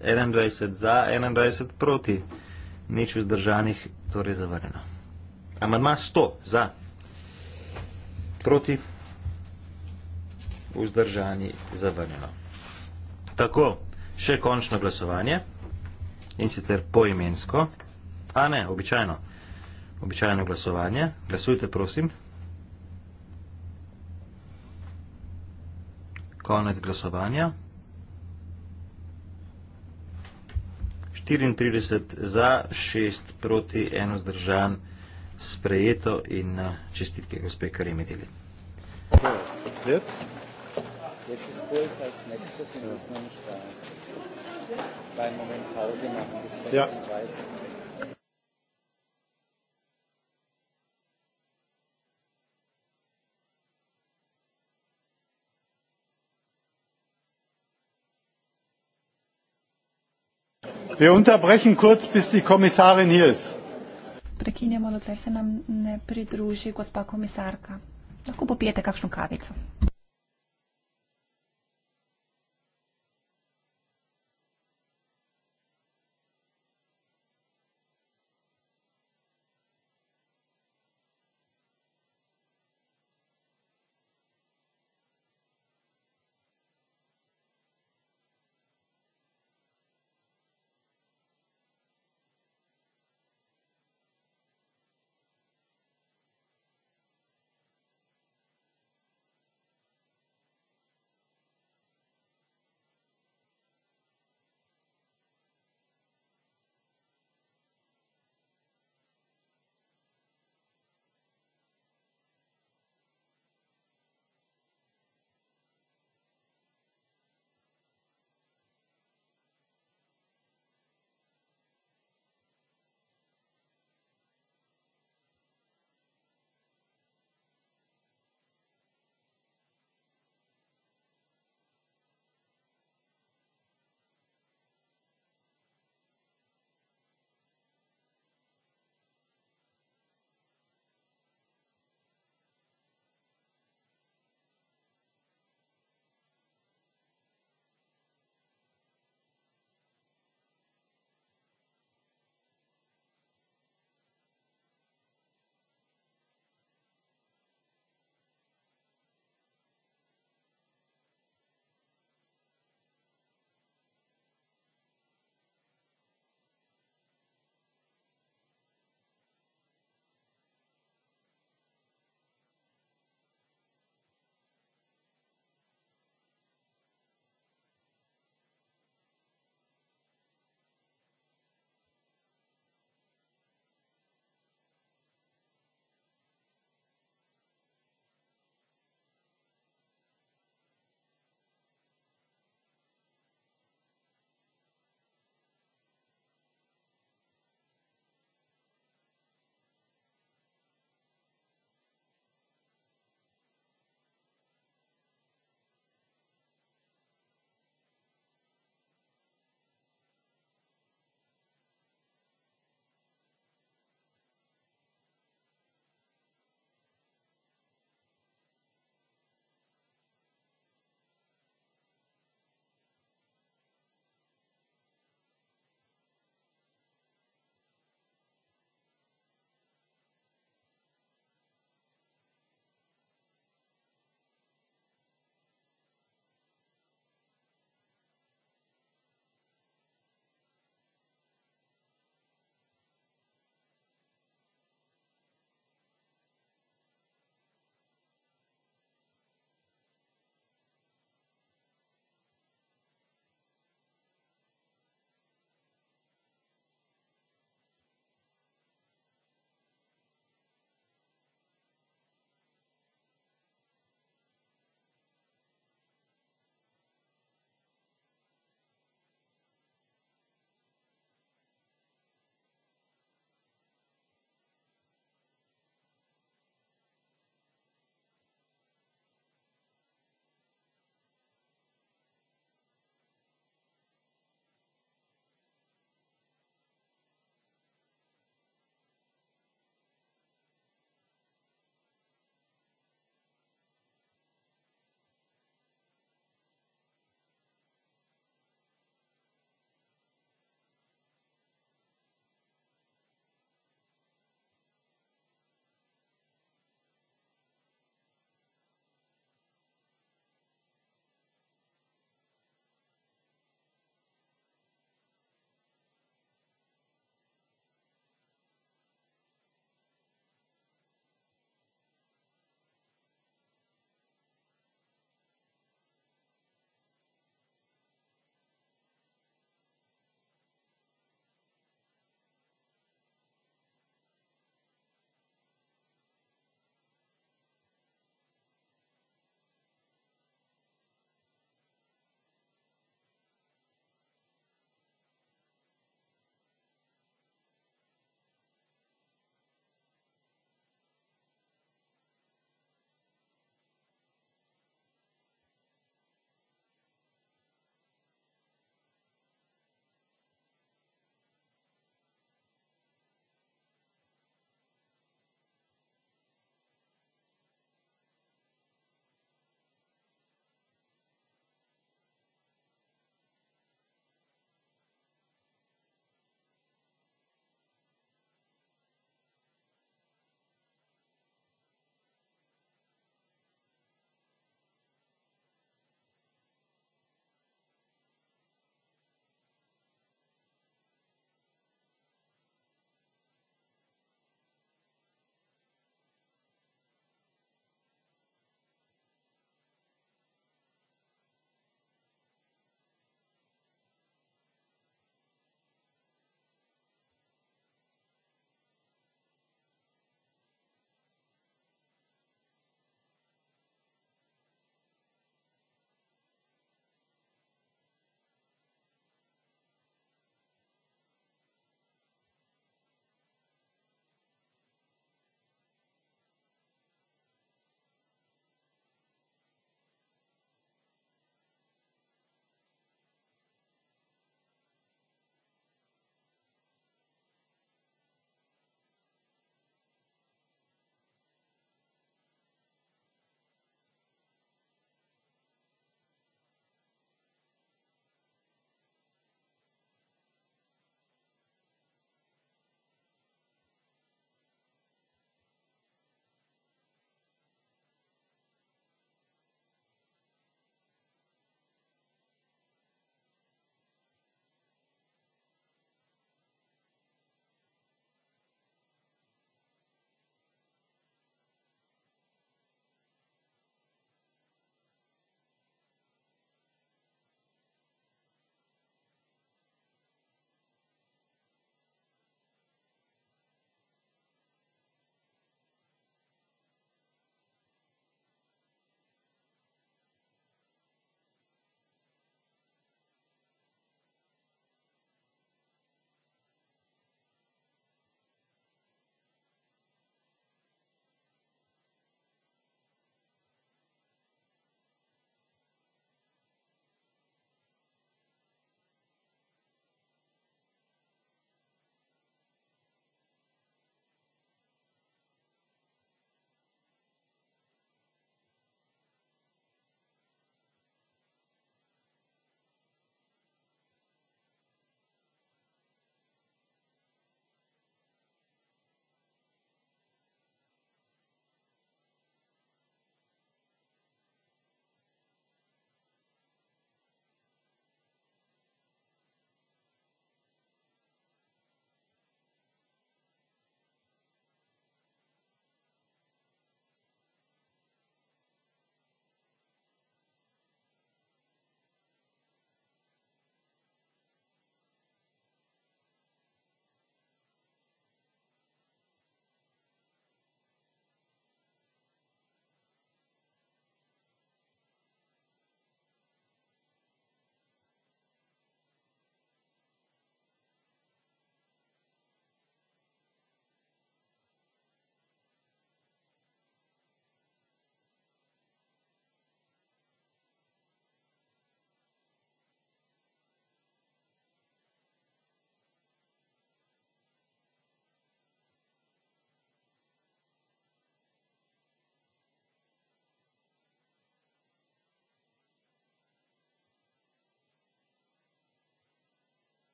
[SPEAKER 3] 21 za, 21 proti, nič vzdržanih, torej zavrjeno. Amadma 100 za, proti, vzdržani, zavrjeno. Tako, še končno glasovanje in sicer poimensko, a ne, običajno, običajno glasovanje, glasujte prosim. Konec glasovanja. 34 za, 6 proti, 1 zdržan, sprejeto in eh, čestitke gospe Karimedeli. Zdaj, odlet.
[SPEAKER 1] Zdaj se spolj, sad se nekaj se si ne osnovni štaj kleinen Moment Pause machen bis 16.30 ja. Uhr. Wir unterbrechen kurz, bis die Kommissarin hier ist.
[SPEAKER 2] Prekinjamo, dokler se nam ne pridruži gospa komisarka. Lahko popijete kakšno kavico.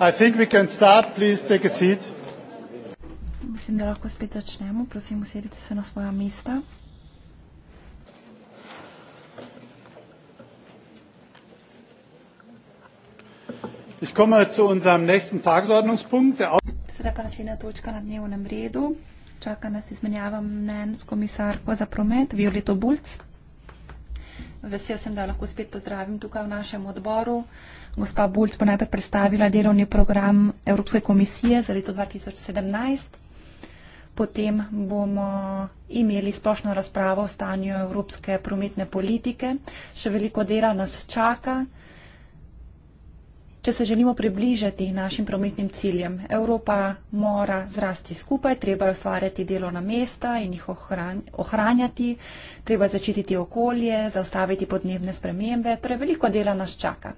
[SPEAKER 1] I think we can start. Please take a seat.
[SPEAKER 2] Mislim, da lahko spet začnemo. Prosim, usedite se na svoja mesta.
[SPEAKER 1] Ich komme zu unserem nächsten
[SPEAKER 2] Tagesordnungspunkt. Sedaj pa naslednja točka na dnevnem redu. Čaka nas izmenjava mnen s komisarko za promet, Violeto Bulc. Vesel sem, da lahko spet pozdravim tukaj v našem odboru. Gospa Bulc bo najprej predstavila delovni program Evropske komisije za leto 2017. Potem bomo imeli splošno razpravo o stanju evropske prometne politike. Še veliko dela nas čaka če se želimo približati našim prometnim ciljem. Evropa mora zrasti skupaj, treba je ustvarjati delovna mesta in jih ohranjati, treba začititi okolje, zaustaviti podnebne spremembe, torej veliko dela nas čaka.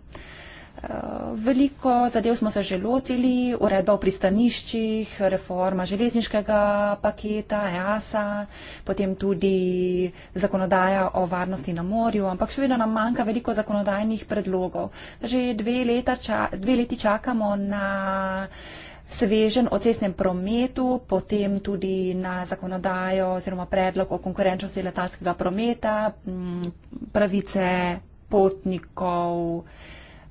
[SPEAKER 2] Eh, veliko zadev smo se že lotili, uredba o pristaniščih, reforma železniškega paketa, EASA, potem tudi zakonodaja o varnosti na morju, ampak še vedno nam manjka veliko zakonodajnih predlogov. Že dve, leta, ča, dve leti čakamo na svežen o cestnem prometu, potem tudi na zakonodajo oziroma predlog o konkurenčnosti letalskega prometa, pravice potnikov,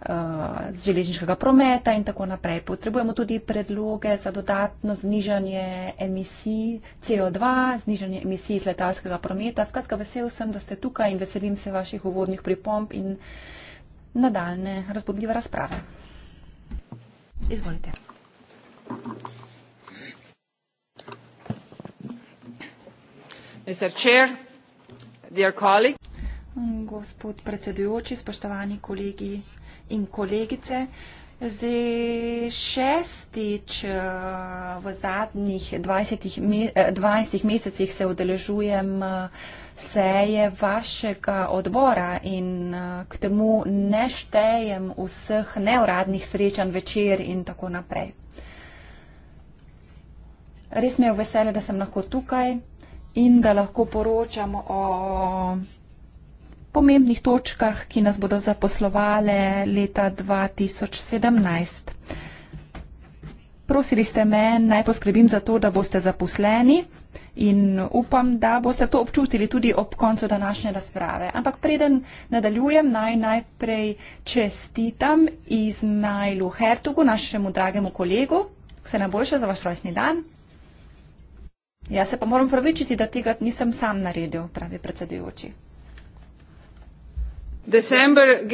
[SPEAKER 2] uh, železniškega prometa in tako naprej. Potrebujemo tudi predloge za dodatno znižanje emisij CO2, znižanje emisij iz letalskega prometa. Skratka, vesel sem, da ste tukaj in veselim se vaših uvodnih pripomp in nadaljne razbudljive razprave. Izvolite. Mr. Chair, dear colleagues. Gospod predsedujoči, spoštovani kolegi in kolegice. Zdaj šestič eh, v zadnjih 20, 20 eh, mesecih se udeležujem eh, seje vašega odbora in k temu ne štejem vseh neuradnih srečanj večer in tako naprej. Res me je vesele, da sem lahko tukaj in da lahko poročam o pomembnih točkah, ki nas bodo zaposlovale leta 2017. Prosili ste me, naj poskrbim za to, da boste zaposleni in upam, da boste to občutili tudi ob koncu današnje razprave. Ampak preden nadaljujem, naj najprej čestitam iz Najlu Hertugu, našemu dragemu kolegu. Vse najboljše za vaš rojstni dan. Jaz se pa moram pravičiti, da tega nisem sam naredil, pravi predsedujoči. December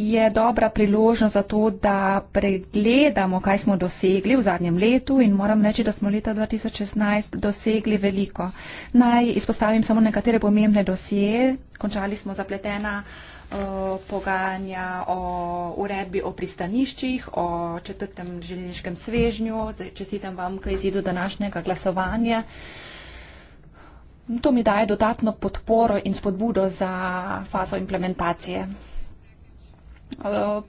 [SPEAKER 2] je dobra priložnost za to, da pregledamo, kaj smo dosegli v zadnjem letu in moram reči, da smo leta 2016 dosegli veliko. Naj izpostavim samo nekatere pomembne dosije. Končali smo zapletena eh, pogajanja o uredbi o pristaniščih, o četrtem železniškem svežnju. Zdaj, čestitam vam k izidu današnjega glasovanja. Uh, To mi daje dodatno podporo in spodbudo za fazo implementacije. E,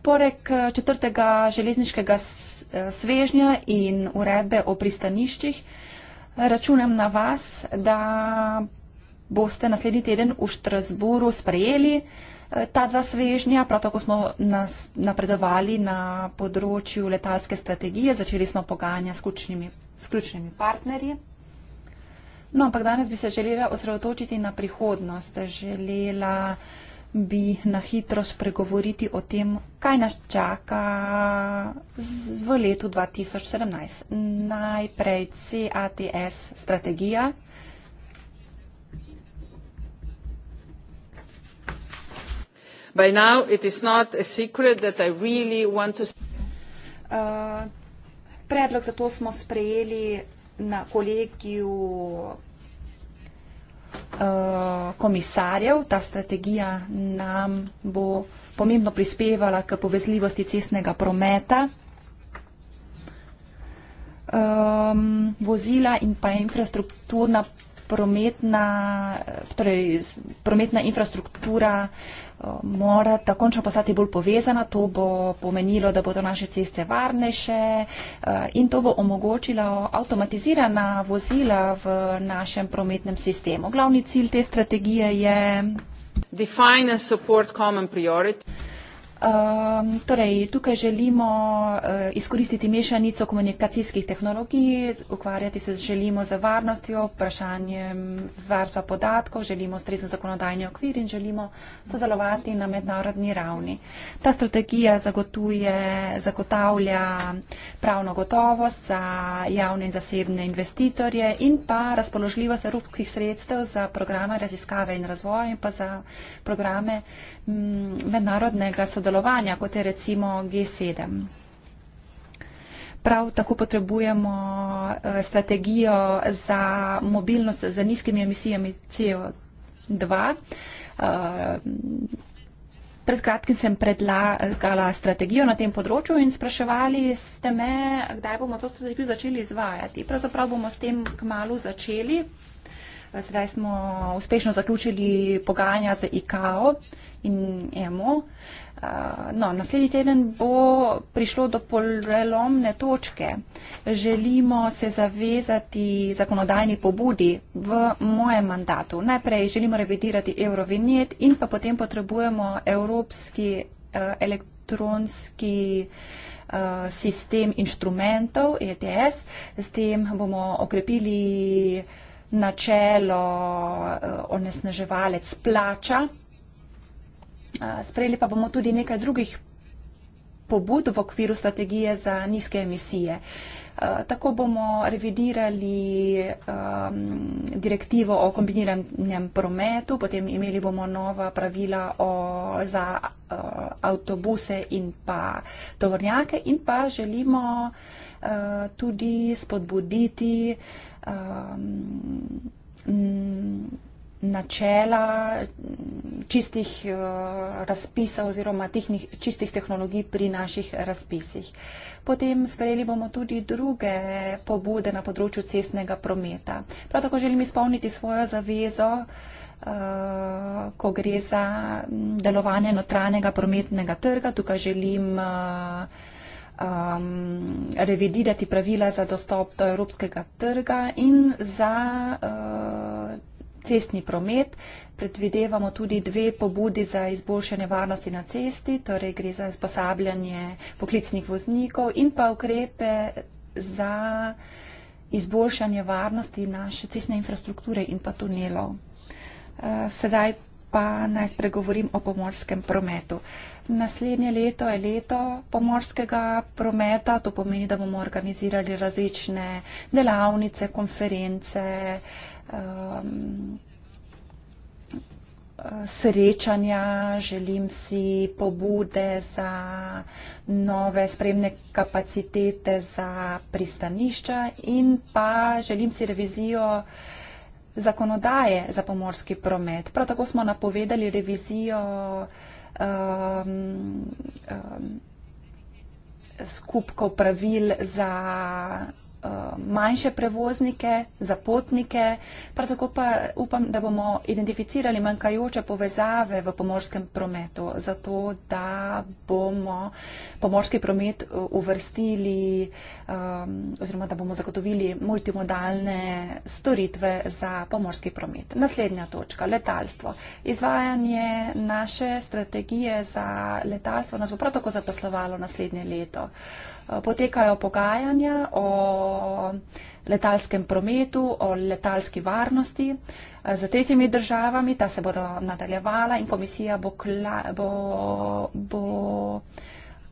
[SPEAKER 2] Poreg e, četrtega železniškega e, svežnja in uredbe o pristaniščih, računam na vas, da boste naslednji teden v Štrasburu sprejeli ta dva svežnja. Prav tako smo nas napredovali na področju letalske strategije, začeli smo pogajanja s ključnimi, s ključnimi partnerji. No, ampak danes bi se želela osredotočiti na prihodnost. Želela bi na hitro spregovoriti o tem, kaj nas čaka v letu 2017. Najprej CATS strategija. Really to... uh, predlog za to smo sprejeli na kolegiju uh, komisarjev. Ta strategija nam bo pomembno prispevala k povezljivosti cestnega prometa, um, vozila in pa infrastrukturna prometna, torej prometna infrastruktura uh, morata končno postati bolj povezana, to bo pomenilo, da bodo naše ceste varnejše eh, in to bo omogočilo avtomatizirana vozila v našem prometnem sistemu. Glavni cilj te strategije je. Define and support common priority. Um, torej, tukaj želimo uh, izkoristiti mešanico komunikacijskih tehnologij, ukvarjati se želimo za varnostjo, vprašanjem varstva podatkov, želimo strezen zakonodajni okvir in želimo sodelovati na mednarodni ravni. Ta strategija zagotuje, zagotavlja pravno gotovost za javne in zasebne investitorje in pa razpoložljivost evropskih sredstev za programe raziskave in razvoja in pa za programe mm, mednarodnega sodelovanja sodelovanja, kot je recimo G7. Prav tako potrebujemo eh, strategijo za mobilnost za nizkimi emisijami CO2. Eh, pred kratkim sem predlagala strategijo na tem področju in spraševali ste me, kdaj bomo to strategijo začeli izvajati. Pravzaprav bomo s tem kmalo začeli. Eh, sedaj smo uspešno zaključili pogajanja z IKO in EMO. Uh, Eh, no, naslednji teden bo prišlo do polelomne točke. Želimo se zavezati zakonodajni pobudi v mojem mandatu. Najprej želimo revidirati eurovinjet in pa potem potrebujemo evropski uh, elektronski eh, sistem inštrumentov ETS, s tem bomo okrepili načelo onesnaževalec plača Sprejeli pa bomo tudi nekaj drugih pobud v okviru strategije za nizke emisije. Tako bomo revidirali um, direktivo o kombiniranem prometu, potem imeli bomo nova pravila o, za uh, avtobuse in pa tovornjake in pa želimo uh, tudi spodbuditi um, načela čistih uh, eh, razpisa oziroma tehnih, čistih tehnologij pri naših razpisih. Potem sprejeli bomo tudi druge pobude na področju cestnega prometa. Prav tako želim izpolniti svojo zavezo, uh, ko gre za delovanje notranjega prometnega trga. Tukaj želim uh, um, revidirati pravila za dostop do evropskega trga in za uh, cestni promet. Predvidevamo tudi dve pobudi za izboljšanje varnosti na cesti, torej gre za izposabljanje poklicnih voznikov in pa ukrepe za izboljšanje varnosti naše cestne infrastrukture in pa tunelov. Eh, sedaj pa naj spregovorim o pomorskem prometu. Naslednje leto je leto pomorskega prometa, to pomeni, da bomo organizirali različne delavnice, konference, um, srečanja, želim si pobude za nove spremne kapacitete za pristanišča in pa želim si revizijo zakonodaje za pomorski promet. Prav tako smo napovedali revizijo um, um, skupkov pravil za Eh, manjše prevoznike, zapotnike, prav tako pa upam, da bomo identificirali manjkajoče povezave v pomorskem prometu, zato da bomo pomorski promet eh, uvrstili um, oziroma da bomo zagotovili multimodalne storitve za pomorski promet. Naslednja točka, letalstvo. Izvajanje naše strategije za letalstvo nas bo prav tako zaposlovalo naslednje leto. Uh, potekajo pogajanja o letalskem prometu, o letalski varnosti. Za eh, tretjimi državami ta se bodo nadaljevala in komisija bo, kla, bo, bo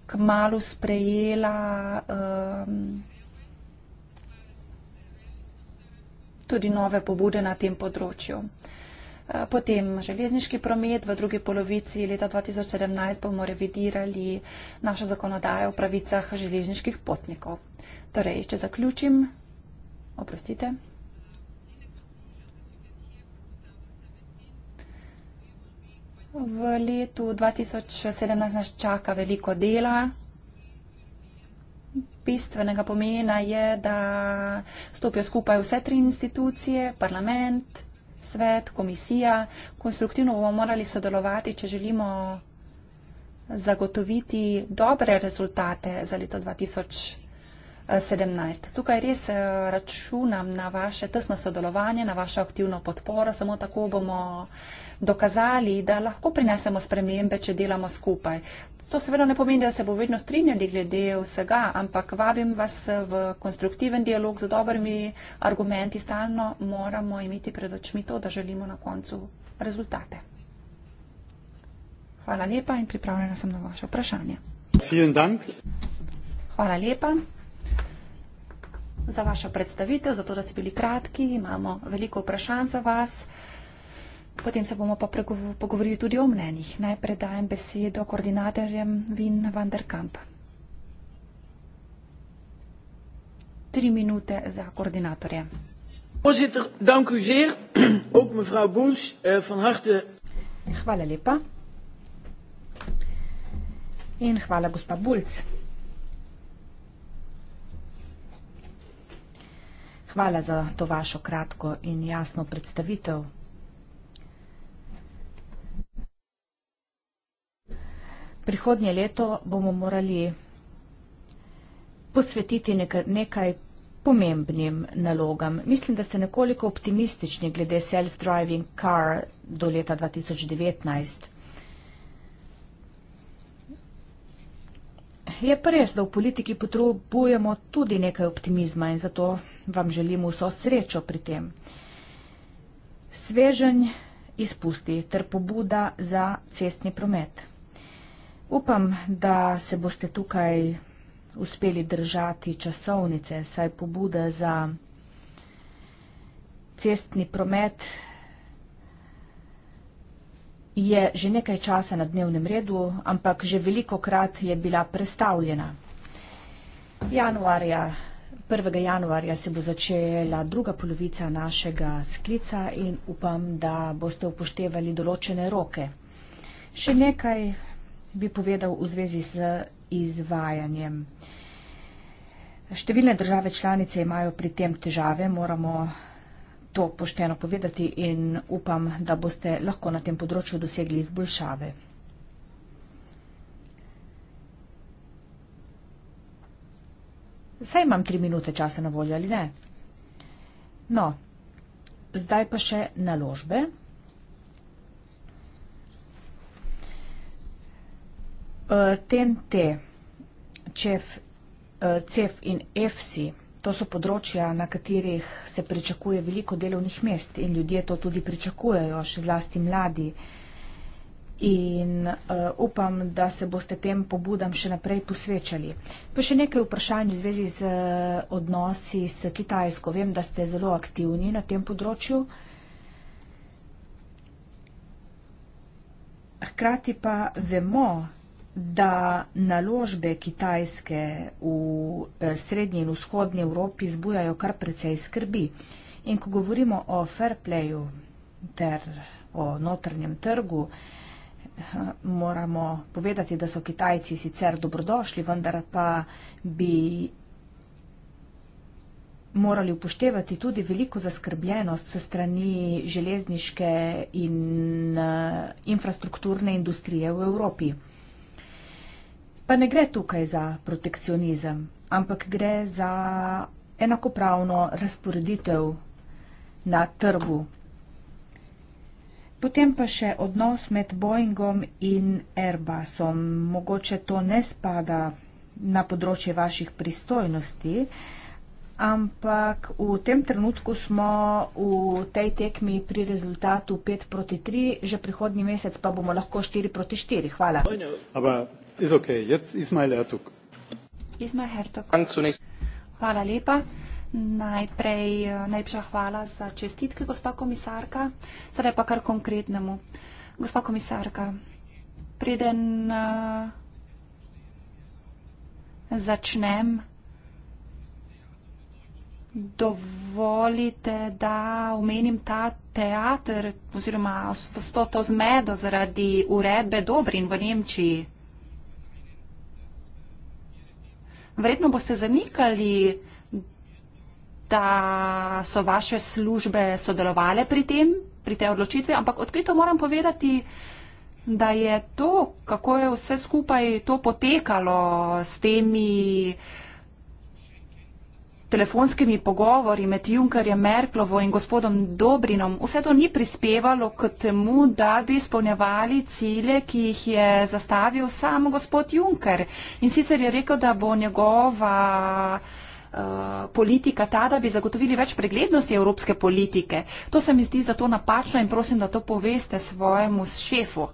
[SPEAKER 2] kmalo sprejela um, tudi nove pobude na tem področju. Uh, Eh, potem železniški promet, v drugi polovici leta 2017 bomo revidirali našo zakonodajo o pravicah železniških potnikov. Torej, če zaključim, oprostite. V letu 2017 nas čaka veliko dela. Bistvenega pomena je, da stopijo skupaj vse tri institucije, parlament, parlament, svet, komisija. Konstruktivno bomo morali sodelovati, če želimo zagotoviti dobre rezultate za leto 2017. Tukaj res eh, računam na vaše tesno sodelovanje, na vašo aktivno podporo. Samo tako bomo dokazali, da lahko prinesemo spremembe, če delamo skupaj. To seveda ne pomeni, da se bo vedno strinjali glede vsega, ampak vabim vas v konstruktiven dialog z dobrimi argumenti. Stalno moramo imeti pred očmi to, da želimo na koncu rezultate. Hvala lepa in pripravljena sem na vaše vprašanje. Hvala lepa. Za vašo predstavitev, za to, da ste bili kratki, imamo veliko vprašanj za vas. Potem se bomo pa pogovorili tudi o mnenjih. Najprej dajem besedo koordinatorjem Vin van der Kamp. Tri minute za koordinatorje.
[SPEAKER 4] Voorzitter, dank u zeer. Ook mevrouw Boens, eh, van harte. Hvala lepa. In hvala, gospa Bulc. Hvala za to vašo kratko in jasno predstavitev. prihodnje leto bomo morali posvetiti nekaj, nekaj pomembnim nalogam. Mislim, da ste nekoliko optimistični glede self-driving car do leta 2019. Je pa res, da v politiki potrebujemo tudi nekaj optimizma in zato vam želim vso srečo pri tem. Svežanj izpusti ter pobuda za cestni promet. Upam, da se boste tukaj uspeli držati časovnice, saj pobude za cestni promet je že nekaj časa na dnevnem redu, ampak že veliko krat je bila predstavljena. Januarja, 1. januarja se bo začela druga polovica našega sklica in upam, da boste upoštevali določene roke. Še nekaj bi povedal v zvezi z izvajanjem. Številne države članice imajo pri tem težave, moramo to pošteno povedati in upam, da boste lahko na tem področju dosegli izboljšave. Saj imam tri minute časa na voljo, ali ne? No, zdaj pa še naložbe. TNT, eh, ČEF, eh, CEF in EFSI, to so področja, na katerih se pričakuje veliko delovnih mest in ljudje to tudi pričakujejo, še zlasti mladi. In uh, upam, da se boste tem pobudam še naprej posvečali. Pa še nekaj vprašanj v zvezi z uh, odnosi s Kitajsko. Vem, da ste zelo aktivni na tem področju. Hkrati pa vemo, da naložbe Kitajske v eh, srednji in vzhodnji Evropi zbujajo kar precej skrbi. In ko govorimo o fair playu ter o notrnjem trgu, eh, moramo povedati, da so Kitajci sicer dobrodošli, vendar pa bi morali upoštevati tudi veliko zaskrbljenost se strani železniške in eh, infrastrukturne industrije v Evropi. Pa ne gre tukaj za protekcionizem, ampak gre za enakopravno razporeditev na trgu. Potem pa še odnos med Boeingom in Airbusom. Mogoče to ne spada na področje vaših pristojnosti, ampak v tem trenutku smo v tej tekmi pri rezultatu 5 proti 3, že prihodnji mesec
[SPEAKER 2] pa bomo lahko 4 proti 4. Hvala.
[SPEAKER 1] Is okay. Jetzt Ismail Ertug.
[SPEAKER 2] Ismail Ertug. Hvala lepa. Najprej najprejša hvala za čestitke, gospa komisarka. Sedaj pa kar konkretnemu. Gospa komisarka, preden uh, začnem, dovolite, da omenim ta teater oziroma to zmedo zaradi uredbe Dobrin v Nemčiji. Verjetno boste zanikali, da so vaše službe sodelovale pri tem, pri tej odločitvi, ampak odkrito moram povedati, da je to, kako je vse skupaj to potekalo s temi uh, telefonskimi pogovori med Junkerjem, Merklovo in gospodom Dobrinom, vse to ni prispevalo k temu, da bi izpolnjevali cilje, ki jih je zastavil sam gospod Junker. In sicer je rekel, da bo njegova uh, politika ta, da bi zagotovili več preglednosti evropske politike. To se mi zdi zato napačno in prosim, da to poveste svojemu šefu.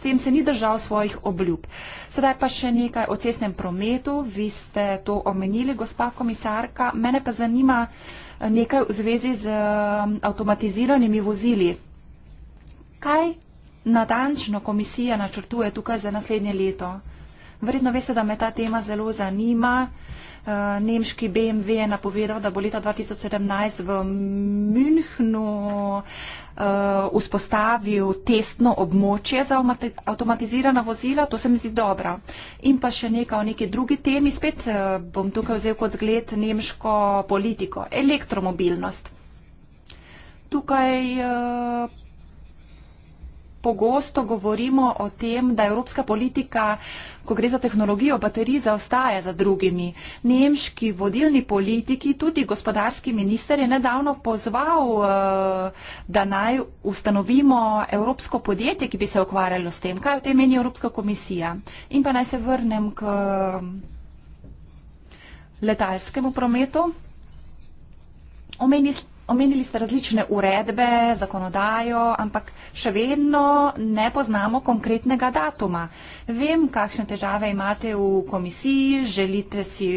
[SPEAKER 2] S tem se ni držal svojih obljub. Sedaj pa še nekaj o cestnem prometu. Vi ste to omenili, gospa komisarka. Mene pa zanima eh, nekaj v zvezi z mm, avtomatiziranimi vozili. Kaj natančno komisija načrtuje tukaj za naslednje leto? Verjetno veste, da me ta tema zelo zanima. Eh, nemški BMW je napovedal, da bo leta 2017 v Münchnu Eh, vzpostavil testno območje za avtomatizirana vozila, to se mi zdi dobro. In pa še nekaj o neki drugi temi, spet eh, bom tukaj vzel kot zgled nemško politiko, elektromobilnost. Tukaj eh, pogosto govorimo o tem, da evropska politika, ko gre za tehnologijo baterij, zaostaja za drugimi. Nemški vodilni politiki, tudi gospodarski minister je nedavno pozval, eh, da naj ustanovimo evropsko podjetje, ki bi se ukvarjalo s tem. Kaj o tem meni Evropska komisija? In pa naj se vrnem k eh, letalskemu prometu. Omenili Omenili ste različne uredbe, zakonodajo, ampak še vedno ne poznamo konkretnega datuma. Vem, kakšne težave imate v komisiji, želite si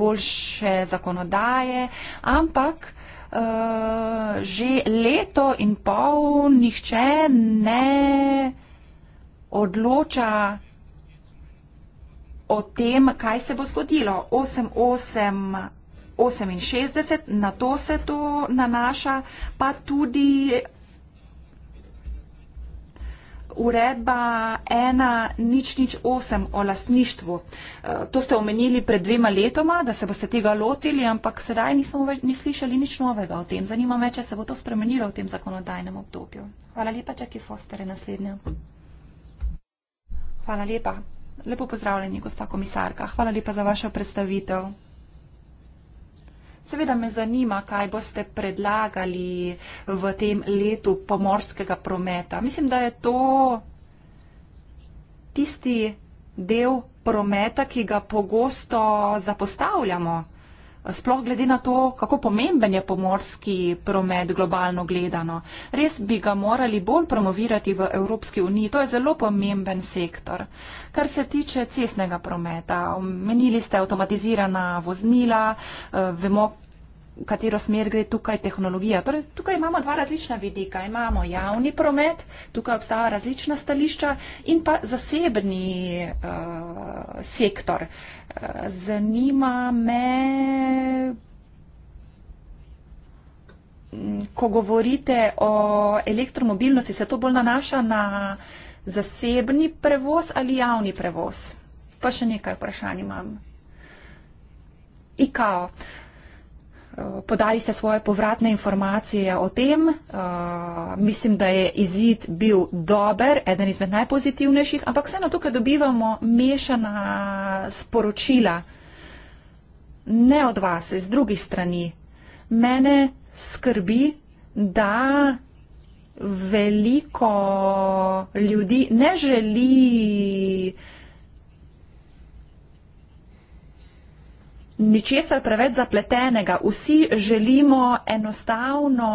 [SPEAKER 2] boljše zakonodaje, ampak uh, že leto in pol nihče ne odloča o tem, kaj se bo zgodilo. 8, 8, 68, na to se to nanaša, pa tudi uredba 1008 o lastništvu. Eh, to ste omenili pred dvema letoma, da se boste tega lotili, ampak sedaj nismo več ni slišali nič novega o tem. Zanima me, če se bo to spremenilo v tem zakonodajnem obdobju. Hvala lepa, Čaki Foster je naslednja. Hvala lepa. Lepo pozdravljeni, gospa komisarka. Hvala lepa za vašo predstavitev. Seveda me zanima, kaj boste predlagali v tem letu pomorskega prometa. Mislim, da je to tisti del prometa, ki ga pogosto zapostavljamo. Sploh glede na to, kako pomemben je pomorski promet globalno gledano. Res bi ga morali bolj promovirati v Evropski uniji. To je zelo pomemben sektor. Kar se tiče cestnega prometa, omenili ste avtomatizirana voznila, eh, vemo, v katero smer gre tukaj tehnologija. Torej, tukaj imamo dva različna vidika. Imamo javni promet, tukaj obstaja različna stališča in pa zasebni uh, sektor. Uh, zanima me, mm, ko govorite o elektromobilnosti, se to bolj nanaša na zasebni prevoz ali javni prevoz? Pa še nekaj vprašanj imam. IKO. Uh, podali ste svoje povratne informacije o tem. Eh, mislim, da je izid bil dober, eden izmed najpozitivnejših, ampak vseeno tukaj dobivamo mešana sporočila. Ne od vas, iz drugih strani. Mene skrbi, da veliko ljudi ne želi uh, ničesar preveč zapletenega. Vsi želimo enostavno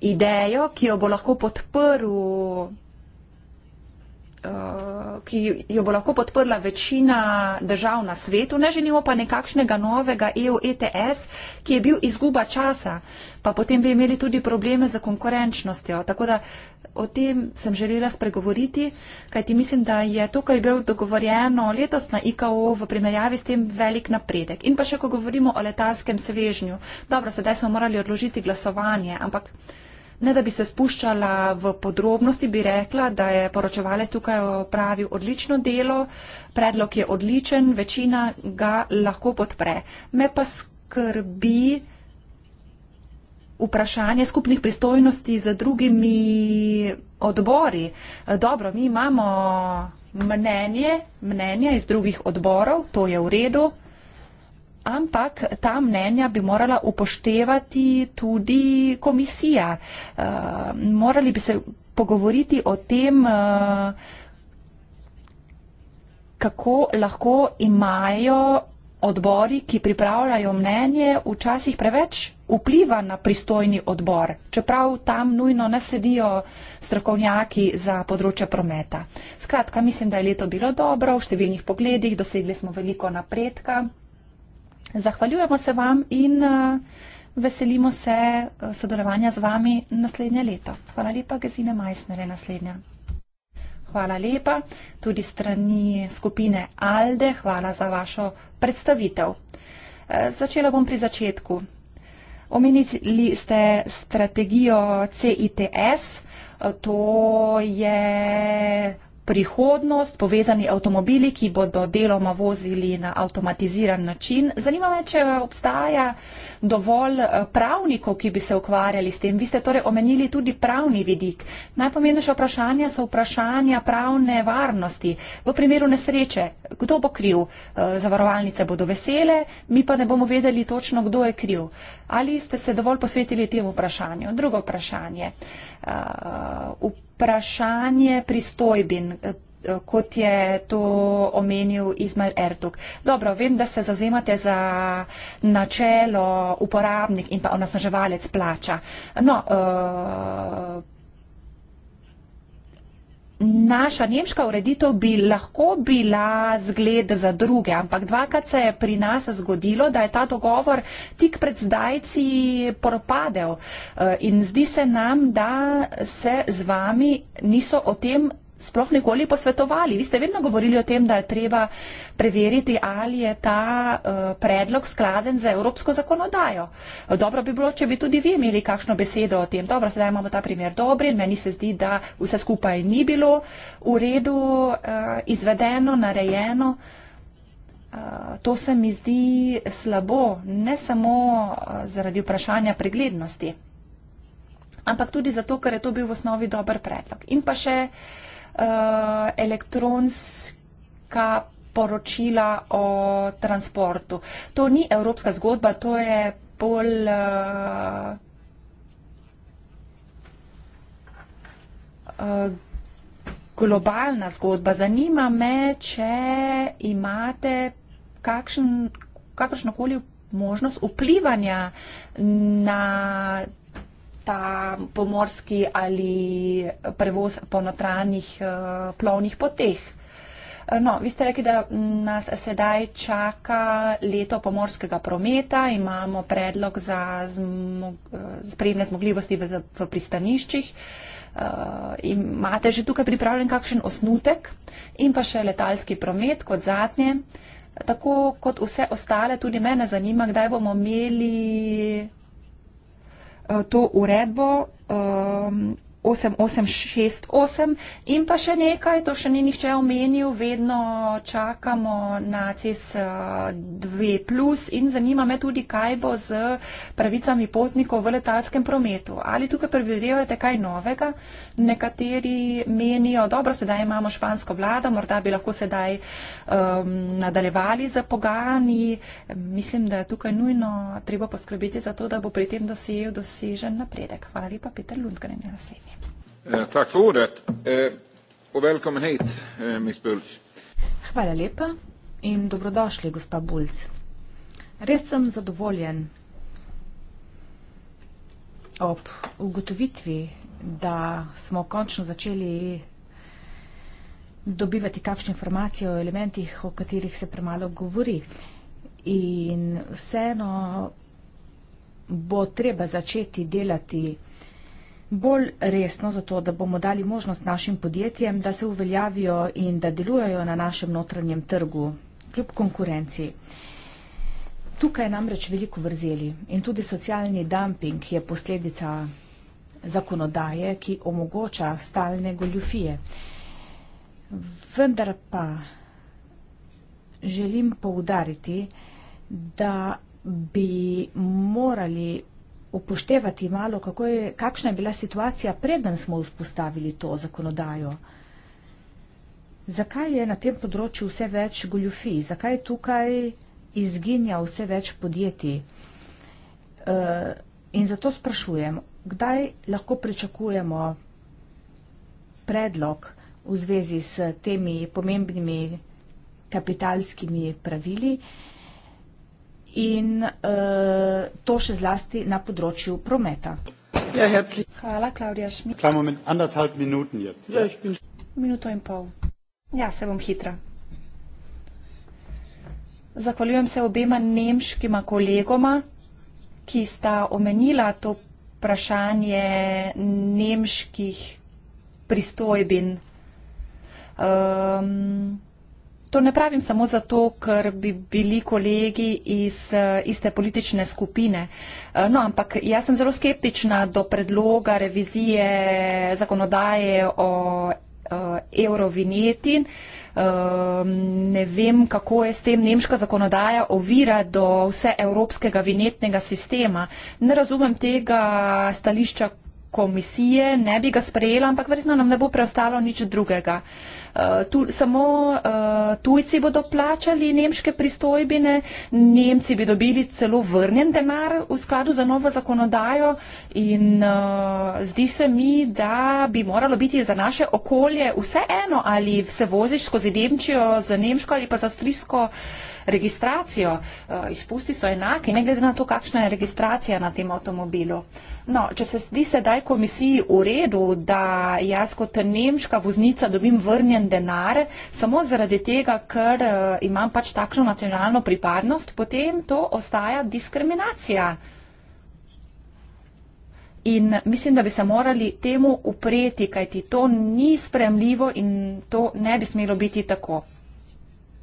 [SPEAKER 2] idejo, ki jo bo lahko podprl. Eh, ki jo bo lahko podprla večina držav na svetu, ne želimo pa nekakšnega novega EU-ETS, ki je bil izguba časa, pa potem bi imeli tudi probleme z konkurenčnostjo. Tako da uh, o tem sem želela spregovoriti, kajti mislim, da je to, kar je bilo dogovorjeno letos na IKO v primerjavi s tem velik napredek. In pa še, ko govorimo o letalskem svežnju. Dobro, sedaj smo morali odložiti glasovanje, ampak ne da bi se spuščala v podrobnosti, bi rekla, da je poročevalec tukaj opravil odlično delo, predlog je odličen, večina ga lahko podpre. Me pa skrbi, vprašanje skupnih pristojnosti z drugimi odbori. E, dobro, mi imamo mnenje, mnenja iz drugih odborov, to je v redu, ampak ta mnenja bi morala upoštevati tudi komisija. E, morali bi se pogovoriti o tem, e, kako lahko imajo odbori, ki pripravljajo mnenje, včasih preveč vpliva na pristojni odbor, čeprav tam nujno ne sedijo strokovnjaki za področje prometa. Skratka, mislim, da je leto bilo dobro, v številnih pogledih dosegli smo veliko napredka. Zahvaljujemo se vam in eh, veselimo se eh, sodelovanja z vami naslednje leto. Hvala lepa, Gazine Majsnere, naslednja. Hvala lepa tudi strani skupine Alde, hvala za vašo predstavitev. Eh, začela bom pri začetku. Omenili ste strategijo CITS. To je prihodnost, povezani avtomobili, ki bodo deloma vozili na avtomatiziran način. Zanima me, če obstaja dovolj eh, pravnikov, ki bi se ukvarjali s tem. Vi ste torej omenili tudi pravni vidik. Najpomembnejša vprašanja so vprašanja pravne varnosti. V primeru nesreče, kdo bo kriv? Eh, zavarovalnice bodo vesele, mi pa ne bomo vedeli točno, kdo je kriv. Ali ste se dovolj posvetili temu vprašanju? Drugo vprašanje. Uh, vprašanje pristojbin, eh, kot je to omenil Izmail Ertug. Dobro, vem, da se zauzemate za načelo uporabnik in pa onasnaževalec plača. No, uh, naša nemška ureditev bi lahko bila zgled za druge, ampak dvakrat se je pri nas zgodilo, da je ta dogovor tik pred zdajci propadel. Eh, in zdi se nam, da se z vami niso o tem sploh nikoli posvetovali. Vi ste vedno govorili o tem, da je treba preveriti, ali je ta uh, predlog skladen za evropsko zakonodajo. Dobro bi bilo, če bi tudi vi imeli kakšno besedo o tem. Dobro, sedaj imamo ta primer dobri in meni se zdi, da vse skupaj ni bilo v redu uh, izvedeno, narejeno. Uh, to se mi zdi slabo, ne samo uh, zaradi vprašanja preglednosti, ampak tudi zato, ker je to bil v osnovi dober predlog. In pa še uh, uh, elektronska poročila o transportu. To ni evropska zgodba, to je pol. Uh, eh, globalna zgodba. Zanima me, če imate kakšen, kakršnokoli možnost vplivanja na ta pomorski ali prevoz po notranjih eh, plovnih poteh. Eh, no, vi ste rekli, da nas sedaj čaka leto pomorskega prometa, imamo predlog za zmog, eh, spremne zmogljivosti v, v pristaniščih. Uh, imate že tukaj pripravljen kakšen osnutek in pa še letalski promet kot zadnje. Tako kot vse ostale, tudi mene zanima, kdaj bomo imeli Eh, to uredbo eh, 8868 in pa še nekaj, to še ni nihče omenil, vedno čakamo na CES 2 eh, plus in zanima me tudi, kaj bo z pravicami potnikov v letalskem prometu. Ali tukaj predvidevate kaj novega? Nekateri menijo, dobro, sedaj imamo špansko vlado, morda bi lahko sedaj um, nadaljevali za pogajanji. Mislim, da je tukaj nujno treba poskrbeti za to, da bo pri tem dosežen napredek. Hvala lepa, Peter Lundgren je naslednji.
[SPEAKER 1] Eh, tack för ordet. Eh, och välkommen hit, eh, Miss Bulch.
[SPEAKER 4] Hvala lepa in dobrodošli, gospa Bulc. Res sem zadovoljen ob ugotovitvi, da smo končno začeli dobivati kakšne informacije o elementih, o katerih se premalo govori. In vseeno bo treba začeti delati bolj resno zato, da bomo dali možnost našim podjetjem, da se uveljavijo in da delujejo na našem notranjem trgu, kljub konkurenci. Tukaj je namreč veliko vrzeli in tudi socialni dumping je posledica zakonodaje, ki omogoča stalne goljufije. Vendar pa želim poudariti, da bi morali upoštevati malo, kako je, kakšna je bila situacija, preden smo vzpostavili to zakonodajo. Zakaj je na tem področju vse več goljufi? Zakaj tukaj izginja vse več podjetij? E, in zato sprašujem, kdaj lahko pričakujemo predlog v zvezi s temi pomembnimi kapitalskimi pravili? in e, to še zlasti na področju prometa. Ja,
[SPEAKER 2] Hvala, Klaudija Šmit. Minuto in pol. Ja, se bom hitra. Zahvaljujem se obema nemškima kolegoma, ki sta omenila to vprašanje nemških pristojbin. Um, To ne pravim samo zato, ker bi bili kolegi iz iste politične skupine. Eh, no, ampak jaz sem zelo skeptična do predloga revizije zakonodaje o eurovineti. Eh, ehm, ne vem, kako je s tem nemška zakonodaja ovira do vse evropskega vinetnega sistema. Ne razumem tega stališča komisije, ne bi ga sprejela, ampak verjetno nam ne bo preostalo nič drugega. Uh, Eh, tu, samo uh, tujci bodo plačali nemške pristojbine, Nemci bi dobili celo vrnjen denar v skladu za novo zakonodajo in uh, zdi se mi, da bi moralo biti za naše okolje vse eno, ali se voziš skozi Nemčijo za nemško ali pa za strisko registracijo. Uh, izpusti so enake, ne glede na to, kakšna je registracija na tem avtomobilu. No, če se zdi sedaj komisiji v redu, da jaz kot nemška voznica dobim vrnjen denar samo zaradi tega, ker eh, imam pač takšno nacionalno pripadnost, potem to ostaja diskriminacija. In mislim, da bi se morali temu upreti, kajti to ni spremljivo in to ne bi smelo biti tako.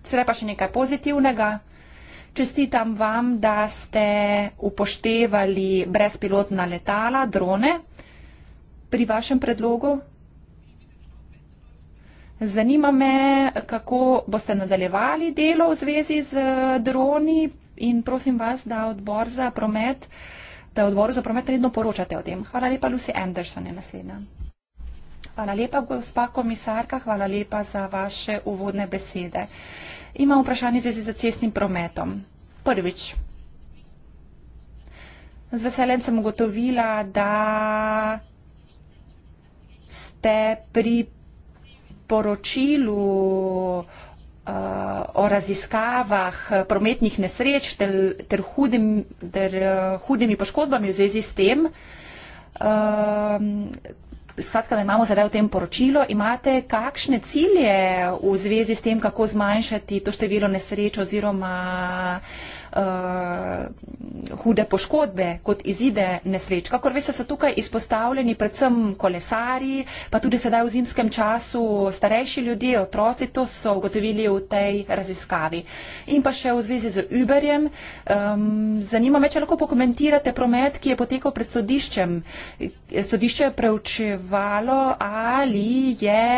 [SPEAKER 2] Sedaj pa še nekaj pozitivnega. Čestitam vam, da ste upoštevali brezpilotna letala, drone pri vašem predlogu. Zanima me, kako boste nadaljevali delo v zvezi z eh, droni in prosim vas, da odbor za promet, da odbor za promet redno poročate o tem. Hvala lepa, Lucy Anderson je naslednja. Hvala lepa, gospa komisarka, hvala lepa za vaše uvodne besede. Uh, imam vprašanje zvezi za cestnim prometom. Prvič, z veseljem sem ugotovila, da ste pri poročilu eh, o raziskavah prometnih nesreč ter, ter, hudim, ter eh, hudimi poškodbami v zvezi s tem, eh, Skratka, da imamo zdaj v tem poročilo, imate kakšne cilje v zvezi s tem, kako zmanjšati to število nesreč oziroma uh, uh, hude poškodbe, kot izide nesreč. Kakor veste, so tukaj izpostavljeni predvsem kolesari, pa tudi sedaj v zimskem času starejši ljudje, otroci, to so ugotovili v tej raziskavi. In pa še v zvezi z Uberjem, um, zanima me, če lahko pokomentirate promet, ki je potekal pred sodiščem. Sodišče je preučevalo, ali je.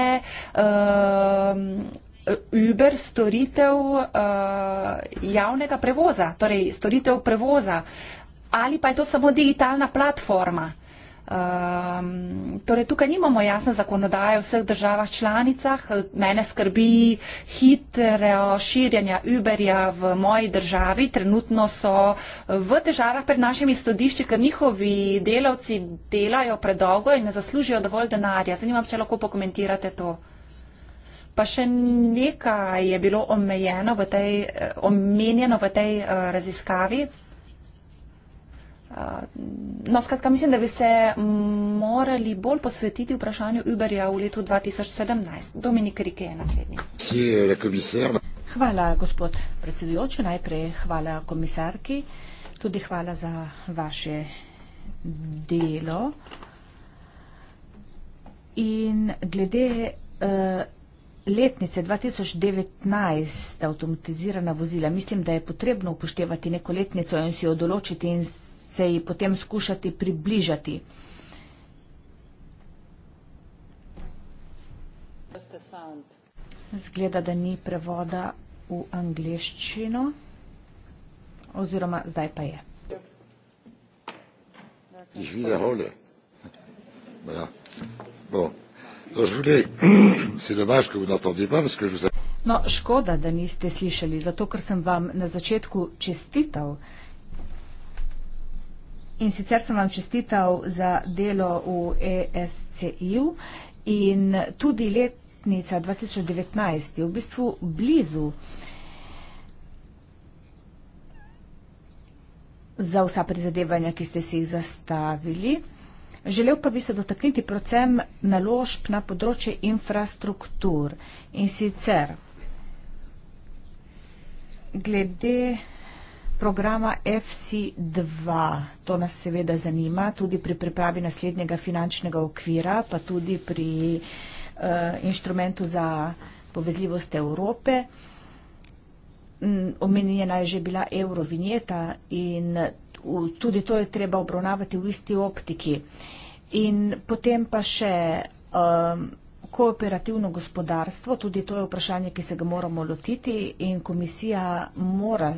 [SPEAKER 2] Um, Uber storitev uh, javnega prevoza, torej storitev prevoza, ali pa je to samo digitalna platforma. Um, torej tukaj nimamo jasne zakonodaje v vseh državah članicah. Mene skrbi hitro širjanje Uberja v moji državi. Trenutno so eh, v težavah pred našimi sodišči, ker njihovi delavci delajo predolgo in ne zaslužijo dovolj denarja. Zanimam, če lahko pokomentirate to. Uh, Pa še nekaj je bilo omejeno v tej, eh, omenjeno v tej uh, raziskavi. Eh, no, skratka, mislim, da bi se morali bolj posvetiti vprašanju Uberja v letu 2017. Dominik Rike je
[SPEAKER 1] naslednji.
[SPEAKER 2] Hvala, gospod predsedujoči. Najprej hvala
[SPEAKER 4] komisarki, tudi hvala za vaše delo. In glede. Uh, letnice 2019 avtomatizirana vozila, mislim, da je potrebno upoštevati neko letnico in si jo določiti in se ji potem skušati približati. Zgleda, da ni prevoda v angliščino, oziroma zdaj pa je.
[SPEAKER 1] Jih vidi, da hole. Ja. Bo. No.
[SPEAKER 4] No, škoda, da niste slišali, zato ker sem vam na začetku čestital. In sicer sem vam čestital za delo v ESCI-ju in tudi letnica 2019 je v bistvu blizu za vsa prizadevanja, ki ste si jih zastavili. Želel pa bi se dotakniti predvsem naložb na področje infrastruktur in sicer glede programa FC2. To nas seveda zanima tudi pri pripravi naslednjega finančnega okvira, pa tudi pri uh, inštrumentu za povezljivost Evrope. Omenjena je že bila eurovinjeta in v, tudi to je treba obravnavati v isti optiki. In potem pa še um, kooperativno gospodarstvo, tudi to je vprašanje, ki se ga moramo lotiti in komisija mora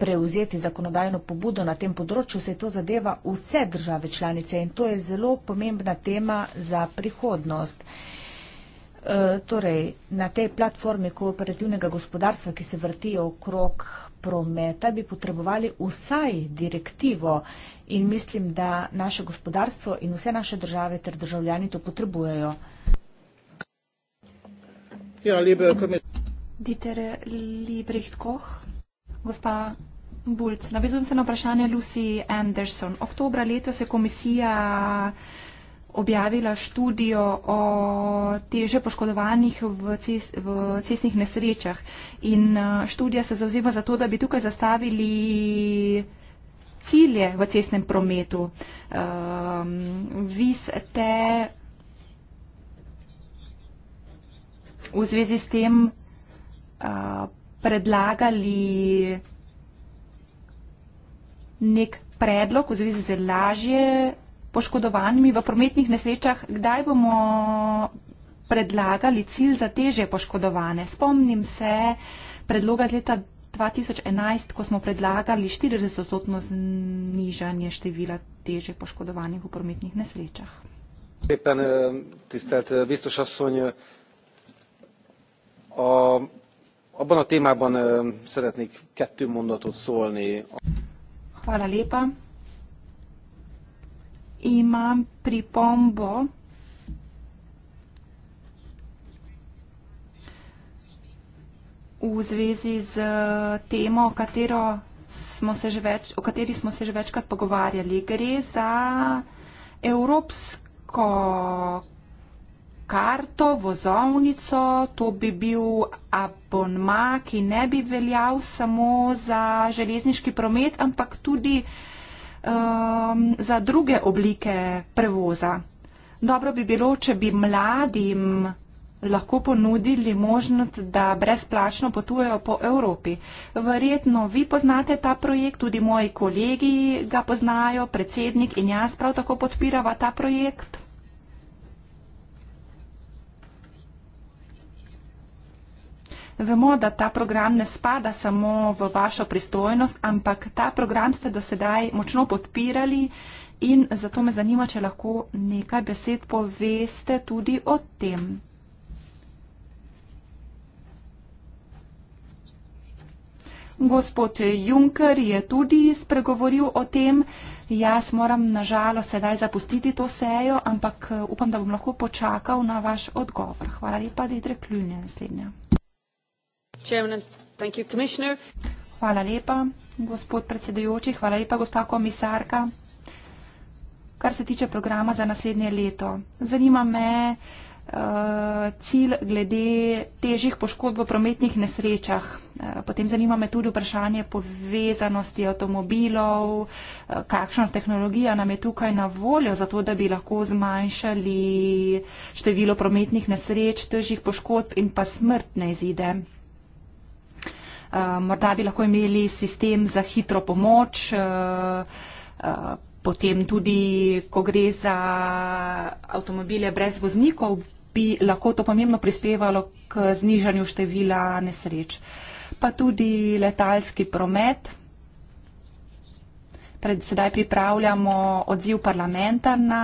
[SPEAKER 4] prevzeti zakonodajno pobudo na tem področju, se to zadeva vse države članice in to je zelo pomembna tema za prihodnost. Uh, Eh, torej, na tej platformi kooperativnega gospodarstva, ki se vrti okrog prometa, bi potrebovali vsaj direktivo in mislim, da naše gospodarstvo in vse naše države ter državljani to potrebujejo. Ja, liebe
[SPEAKER 2] Komisarka. Dieter Liebricht Koch, gospa Bulc. Navezujem se na vprašanje Lucy Anderson. Oktobra leta se komisija objavila študijo o teže poškodovanih v, cest, v cestnih nesrečah. In eh, študija se zauzema za to, da bi tukaj zastavili cilje v cestnem prometu. Um, ehm, vis te v zvezi s tem uh, predlagali nek predlog v zvezi z lažje poškodovanimi v prometnih nesrečah, kdaj bomo predlagali cilj za teže poškodovane. Spomnim se predloga z leta 2011, ko smo predlagali 40-odstotno znižanje števila teže poškodovanih v prometnih nesrečah.
[SPEAKER 3] Éppen tisztelt biztosasszony, a, abban a témában szeretnék kettő mondatot szólni.
[SPEAKER 2] Hvala lépa imam pripombo, v zvezi z eh, temo, več, o kateri smo se že večkrat pogovarjali. Gre za evropsko karto, vozovnico, to bi bil abonma, ki ne bi veljal samo za železniški promet, ampak tudi uh, um, za druge oblike prevoza. Dobro bi bilo, če bi mladim lahko ponudili možnost, da brezplačno potujejo po Evropi. Verjetno vi poznate ta projekt, tudi moji kolegi ga poznajo, predsednik in jaz prav tako podpirava ta projekt. Vemo, da ta program ne spada samo v vašo pristojnost, ampak ta program ste do sedaj močno podpirali in zato me zanima, če lahko nekaj besed poveste tudi o tem. Gospod Juncker je tudi spregovoril o tem. Jaz moram nažalo sedaj zapustiti to sejo, ampak eh, upam, da bom lahko počakal na vaš odgovor. Hvala lepa, Didre Kljunje, naslednja. Hvala lepa, gospod predsedujoči, hvala lepa, gospa komisarka. Kar se tiče programa za naslednje leto, zanima me eh, cilj glede težjih poškodb v prometnih nesrečah. Eh, potem zanima me tudi vprašanje povezanosti avtomobilov, eh, kakšna tehnologija nam je tukaj na voljo za to, da bi lahko zmanjšali število prometnih nesreč, težjih poškodb in pa smrtne izide. Eh, morda bi lahko imeli sistem za hitro pomoč, eh, eh, potem tudi, ko gre za avtomobile brez voznikov, bi lahko to pomembno prispevalo k znižanju števila nesreč. Pa tudi letalski promet. Pred sedaj pripravljamo odziv parlamenta na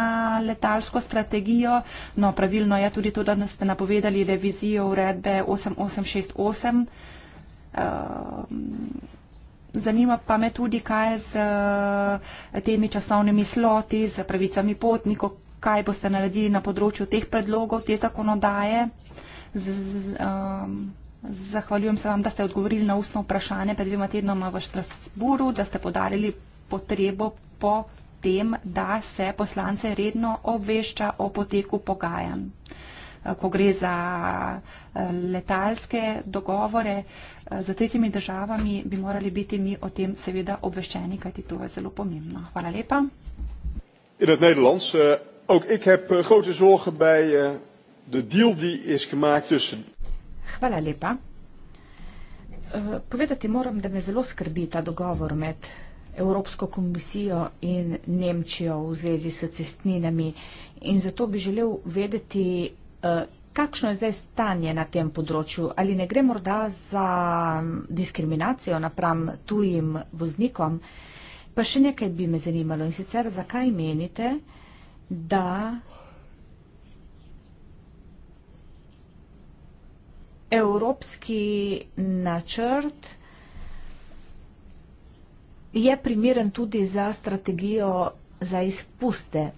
[SPEAKER 2] letalsko strategijo. No, pravilno je tudi to, da ste napovedali revizijo uredbe 8868. Ehm, zanima pa me tudi, kaj je z eh, temi časovnimi sloti, z pravicami potnikov, kaj boste naredili na področju teh predlogov, te zakonodaje. Z, z, um, zahvaljujem se vam, da ste odgovorili na ustno vprašanje pred dvema tednoma v Štrasburu, da ste podarili potrebo po tem, da se poslance redno obvešča o poteku pogajanj. Eh, ko gre za eh, letalske dogovore eh, z tretjimi državami, bi morali biti mi o tem seveda obveščeni, kajti to je zelo pomembno. Hvala lepa.
[SPEAKER 1] In het Nederlands, ook ik heb grote zorgen bij de deal die is gemaakt tussen.
[SPEAKER 2] Hvala
[SPEAKER 4] lepa. Povedati moram, da me zelo skrbi ta dogovor med Evropsko komisijo in Nemčijo v zvezi s cestninami in zato bi želel vedeti, Eh, kakšno je zdaj stanje na tem področju? Ali ne gre morda za diskriminacijo napram tujim voznikom? Pa še nekaj bi me zanimalo in sicer, zakaj menite, da evropski načrt je primeren tudi za strategijo za izpuste?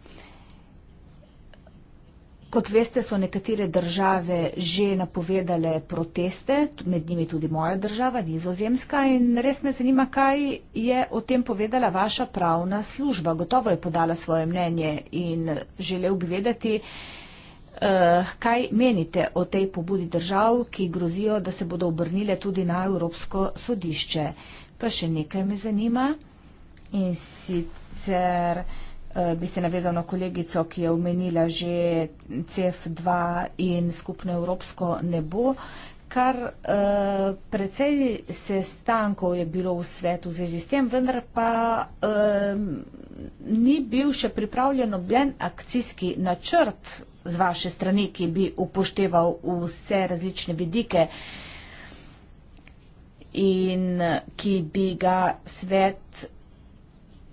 [SPEAKER 4] Kot veste, so nekatere države že napovedale proteste, med njimi tudi moja država, nizozemska, in res me zanima, kaj je o tem povedala vaša pravna služba. Gotovo je podala svoje mnenje in želel bi vedeti, eh, kaj menite o tej pobudi držav, ki grozijo, da se bodo obrnile tudi na Evropsko sodišče. Pa še nekaj me zanima in sicer. Eh, bi se navezal na kolegico, ki je omenila že CF2 in skupno evropsko nebo. Kar eh, precej sestankov je bilo v svetu v zvezi s tem, vendar pa eh, ni bil še pripravljen noben akcijski načrt z vaše strani, ki bi upošteval vse različne vidike in ki bi ga svet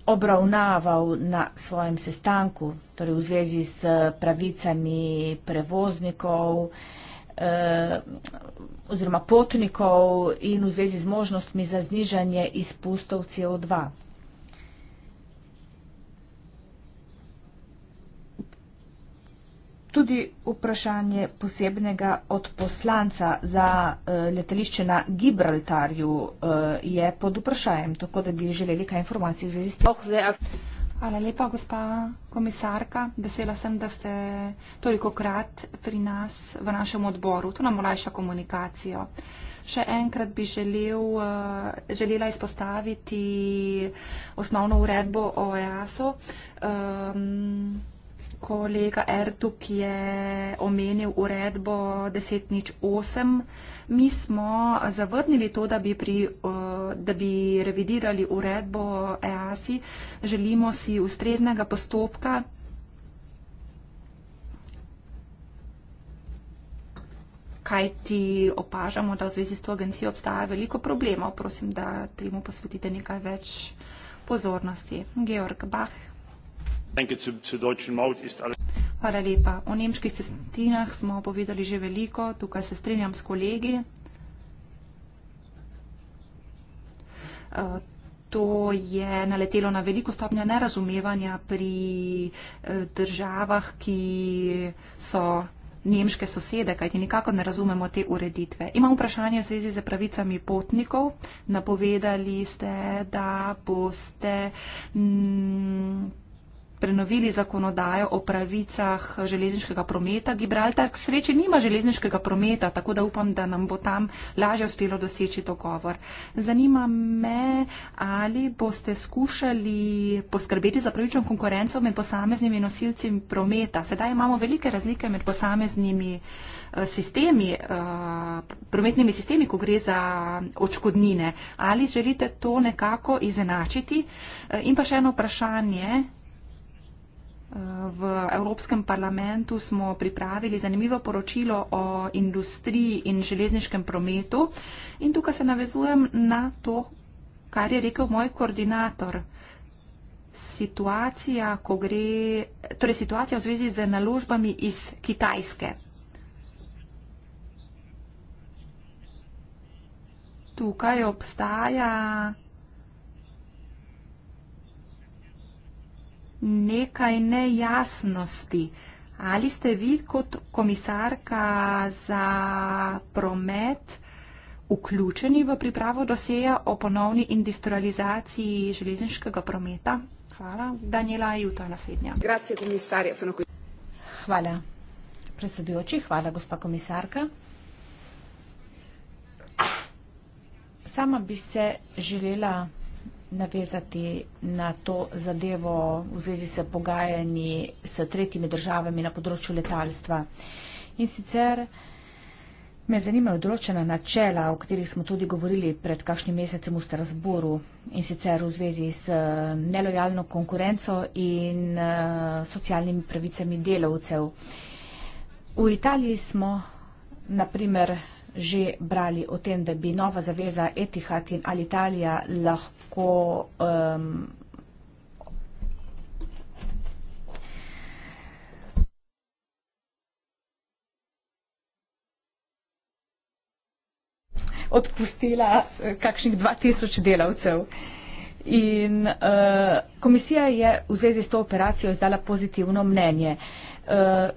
[SPEAKER 4] obravnaval na svojem sestanku, torej v zvezi s pravicami prevoznikov eh, oziroma potnikov in v zvezi z možnostmi za znižanje izpustov CO2. tudi vprašanje posebnega od poslanca za eh, letališče na Gibraltarju eh, je pod vprašanjem, tako da bi želeli
[SPEAKER 2] kaj informacij v zvezi s tem. Hvala lepa, gospa komisarka. Vesela sem, da ste toliko krat pri nas v našem odboru. To nam olajša komunikacijo. Še enkrat bi želel, eh, želela izpostaviti osnovno uredbo o EASO. Um, kolega Ertu, ki je omenil uredbo 10.08. Mi smo zavrnili to, da bi, pri, eh, da bi revidirali uredbo EASI. Želimo si ustreznega postopka. kaj ti opažamo, da v zvezi s to agencijo obstaja veliko problemov. Prosim, da temu posvetite nekaj več pozornosti. Georg Bach. Hvala lepa. O nemških cestinah smo povedali že veliko, tukaj se strinjam s kolegi. E, to je naletelo na veliko stopnjo nerazumevanja pri e, državah, ki so nemške sosede, kajti nikako ne razumemo te ureditve. Imam vprašanje v zvezi z pravicami potnikov. Napovedali ste, da boste. Mm, prenovili zakonodajo o pravicah železniškega prometa. Gibraltar k sreči nima železniškega prometa, tako da upam, da nam bo tam lažje uspelo doseči dogovor. Zanima me, ali boste skušali poskrbeti za pravično konkurenco med posameznimi nosilci prometa. Sedaj imamo velike razlike med posameznimi eh, sistemi, eh, prometnimi sistemi, ko gre za očkodnine. Ali želite to nekako izenačiti? Eh, in pa še eno vprašanje. V Evropskem parlamentu smo pripravili zanimivo poročilo o industriji in železniškem prometu in tukaj se navezujem na to, kar je rekel moj koordinator. Situacija, ko gre, torej situacija v zvezi z naložbami iz Kitajske. Tukaj obstaja nekaj nejasnosti. Ali ste vi kot komisarka za promet vključeni v pripravo doseja o ponovni industrializaciji železniškega prometa? Hvala. Daniela Juta, naslednja. Grazie, komisarja. Hvala, predsedujoči. Hvala, gospa komisarka.
[SPEAKER 4] Sama bi se želela navezati na to zadevo v zvezi s pogajanji s tretjimi državami na področju letalstva. In sicer me zanimajo določena načela, o katerih smo tudi govorili pred kakšnim mesecem v Strasburu in sicer v zvezi s eh, nelojalno konkurenco in eh, socialnimi pravicami delavcev. V Italiji smo, naprimer, že brali o tem, da bi nova zaveza Etihad in Alitalija lahko
[SPEAKER 1] um,
[SPEAKER 4] odpustila eh, kakšnih 2000 delavcev. In uh, komisija je v zvezi s to operacijo izdala pozitivno mnenje. Uh,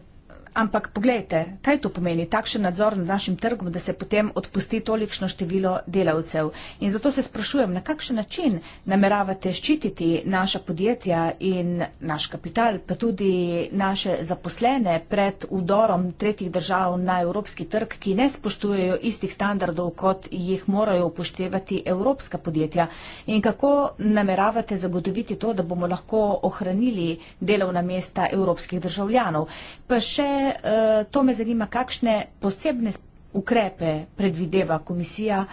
[SPEAKER 4] Ampak pogledajte, kaj to pomeni, takšen nadzor nad našim trgom, da se potem odpusti tolikšno število delavcev. In zato se sprašujem, na kakšen način nameravate ščititi naša podjetja in naš kapital, pa tudi naše zaposlene pred udorom tretjih držav na evropski trg, ki ne spoštujejo istih standardov, kot jih morajo upoštevati evropska podjetja. In kako nameravate zagotoviti to, da bomo lahko ohranili delovna mesta evropskih državljanov. Pa še Eh, to me zanima, kakšne posebne ukrepe predvideva komisija eh,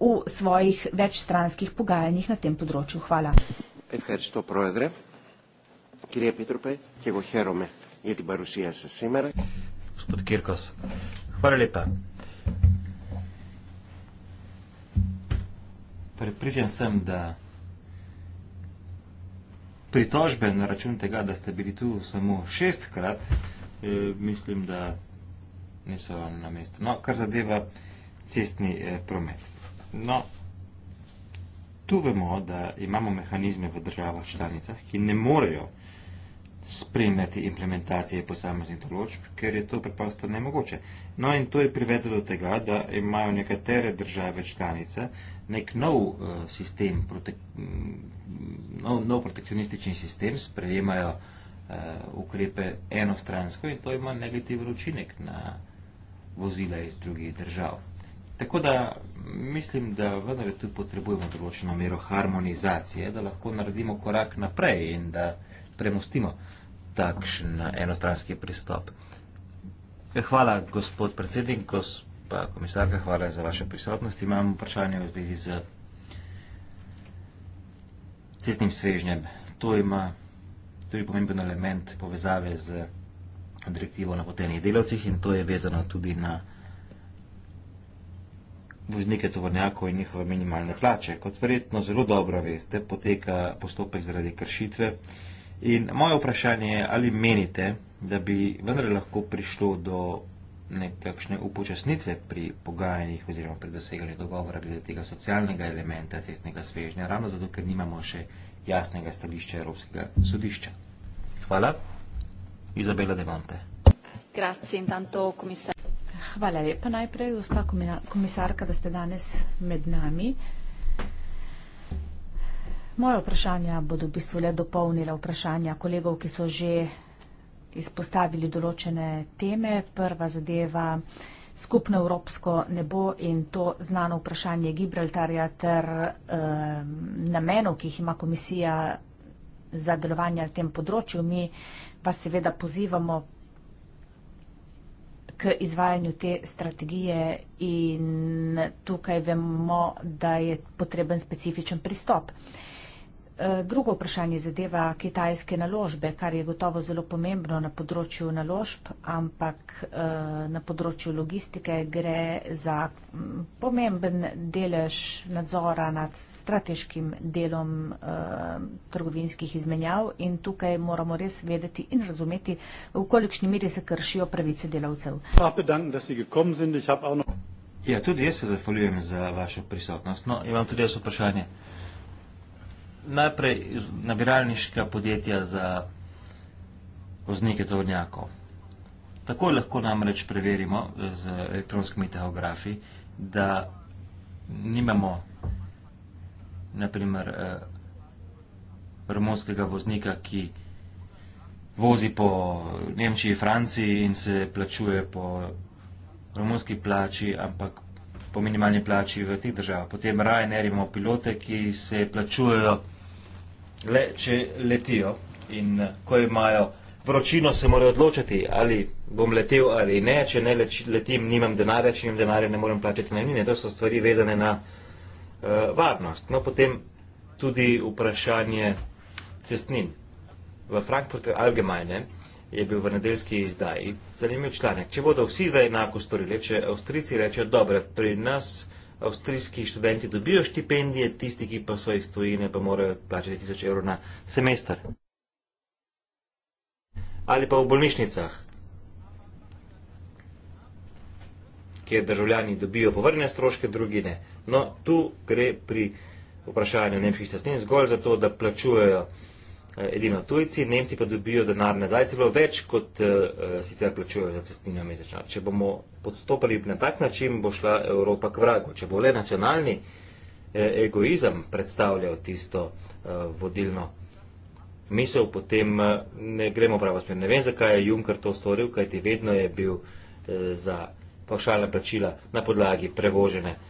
[SPEAKER 4] v svojih večstranskih pogajanjih na tem področju. Hvala.
[SPEAKER 3] Gospod Kirkos, hvala lepa. Prepričan sem, da pritožbe na račun tega, da ste bili tu samo šestkrat, E, mislim, da niso na mestu. No, kar zadeva cestni eh, promet. No, tu vemo, da imamo mehanizme v državah članicah, ki ne morejo spremljati implementacije posameznih določb, ker je to preprosto nemogoče. No in to je privedlo do tega, da imajo nekatere države članice nek nov uh, sistem, protek nov, nov protekcionistični sistem, sprejemajo uh, Eh, ukrepe enostransko in to ima negativen učinek na vozila iz drugih držav. Tako da mislim, da vendar tu potrebujemo določeno mero harmonizacije, da lahko naredimo korak naprej in da premustimo takšen enostranski pristop. Eh, hvala, gospod predsednik, gospa komisarka, hvala za vašo prisotnost. Imam vprašanje v zvezi z cestnim svežnjem. To ima To je pomemben element povezave z direktivo o napotenih delavcih in to je vezano tudi na voznike tovornjakov in njihove minimalne plače. Kot verjetno zelo dobro veste, poteka postopek zaradi kršitve in moje vprašanje je, ali menite, da bi vendar lahko prišlo do nekakšne upočasnitve pri pogajanjih oziroma pri doseganju dogovora glede tega socialnega elementa cestnega svežnja, ravno zato, ker nimamo še jasnega stališča Evropskega sodišča. Hvala. Izabela Demonte.
[SPEAKER 4] Grazie, intanto, Hvala lepa najprej, gospa komisarka, da ste danes med nami. Moje vprašanja bodo v bistvu le dopolnila vprašanja kolegov, ki so že izpostavili določene teme. Prva zadeva skupno evropsko nebo in to znano vprašanje Gibraltarja ter eh, namenov, ki jih ima komisija za delovanje na tem področju. Mi pa seveda pozivamo k izvajanju te strategije in tukaj vemo, da je potreben specifičen pristop. Eh, Eh, drugo vprašanje zadeva kitajske naložbe, kar je gotovo zelo pomembno na področju naložb, ampak eh, na področju logistike gre za mm, pomemben delež nadzora nad strateškim delom eh, trgovinskih izmenjav in tukaj moramo res vedeti in razumeti, v kolikšni miri se kršijo pravice delavcev.
[SPEAKER 3] Ja, tudi jaz se zahvaljujem za vašo prisotnost. No, imam tudi jaz vprašanje najprej nabiralniška podjetja za voznike tovornjakov. Takoj lahko namreč preverimo eh, z elektronskimi tehografi, da nimamo naprimer eh, romunskega voznika, ki vozi po Nemčiji, Franciji in se plačuje po romunski plači, ampak po minimalni plači v teh državah. Potem raje nerimo pilote, ki se plačujejo le če letijo in eh, ko imajo vročino, se morajo odločiti, ali bom letel ali ne, če ne letim, nimam denarja, če nimam denarja, ne morem plačati najemnine. To so stvari vezane na uh, varnost. No, potem tudi vprašanje cestnin. V Frankfurter Allgemeine je bil v nedeljski izdaji zanimiv članek. Če bodo vsi zdaj enako storili, če Avstrici rečejo, dobro, pri nas avstrijski študenti dobijo štipendije, tisti, ki pa so iz tujine, pa morajo plačati 1000 evrov na semester. Ali pa v bolnišnicah, kjer državljani dobijo povrnjene stroške, drugi ne. No, tu gre pri vprašanju nemških stasnin zgolj za to, da plačujejo štipendije, Eh, edino tujci, Nemci pa dobijo denar nazaj, celo več, kot uh, sicer plačujejo za cestnino mesečno. Če bomo podstopili na tak način, bo šla Evropa k vragu. Če bo le nacionalni eh, egoizem predstavljal tisto uh, vodilno misel, potem uh, ne gremo pravo smer. Ne vem, zakaj je Juncker to storil, kajti vedno je bil uh, za pavšalna plačila na podlagi prevožene uh,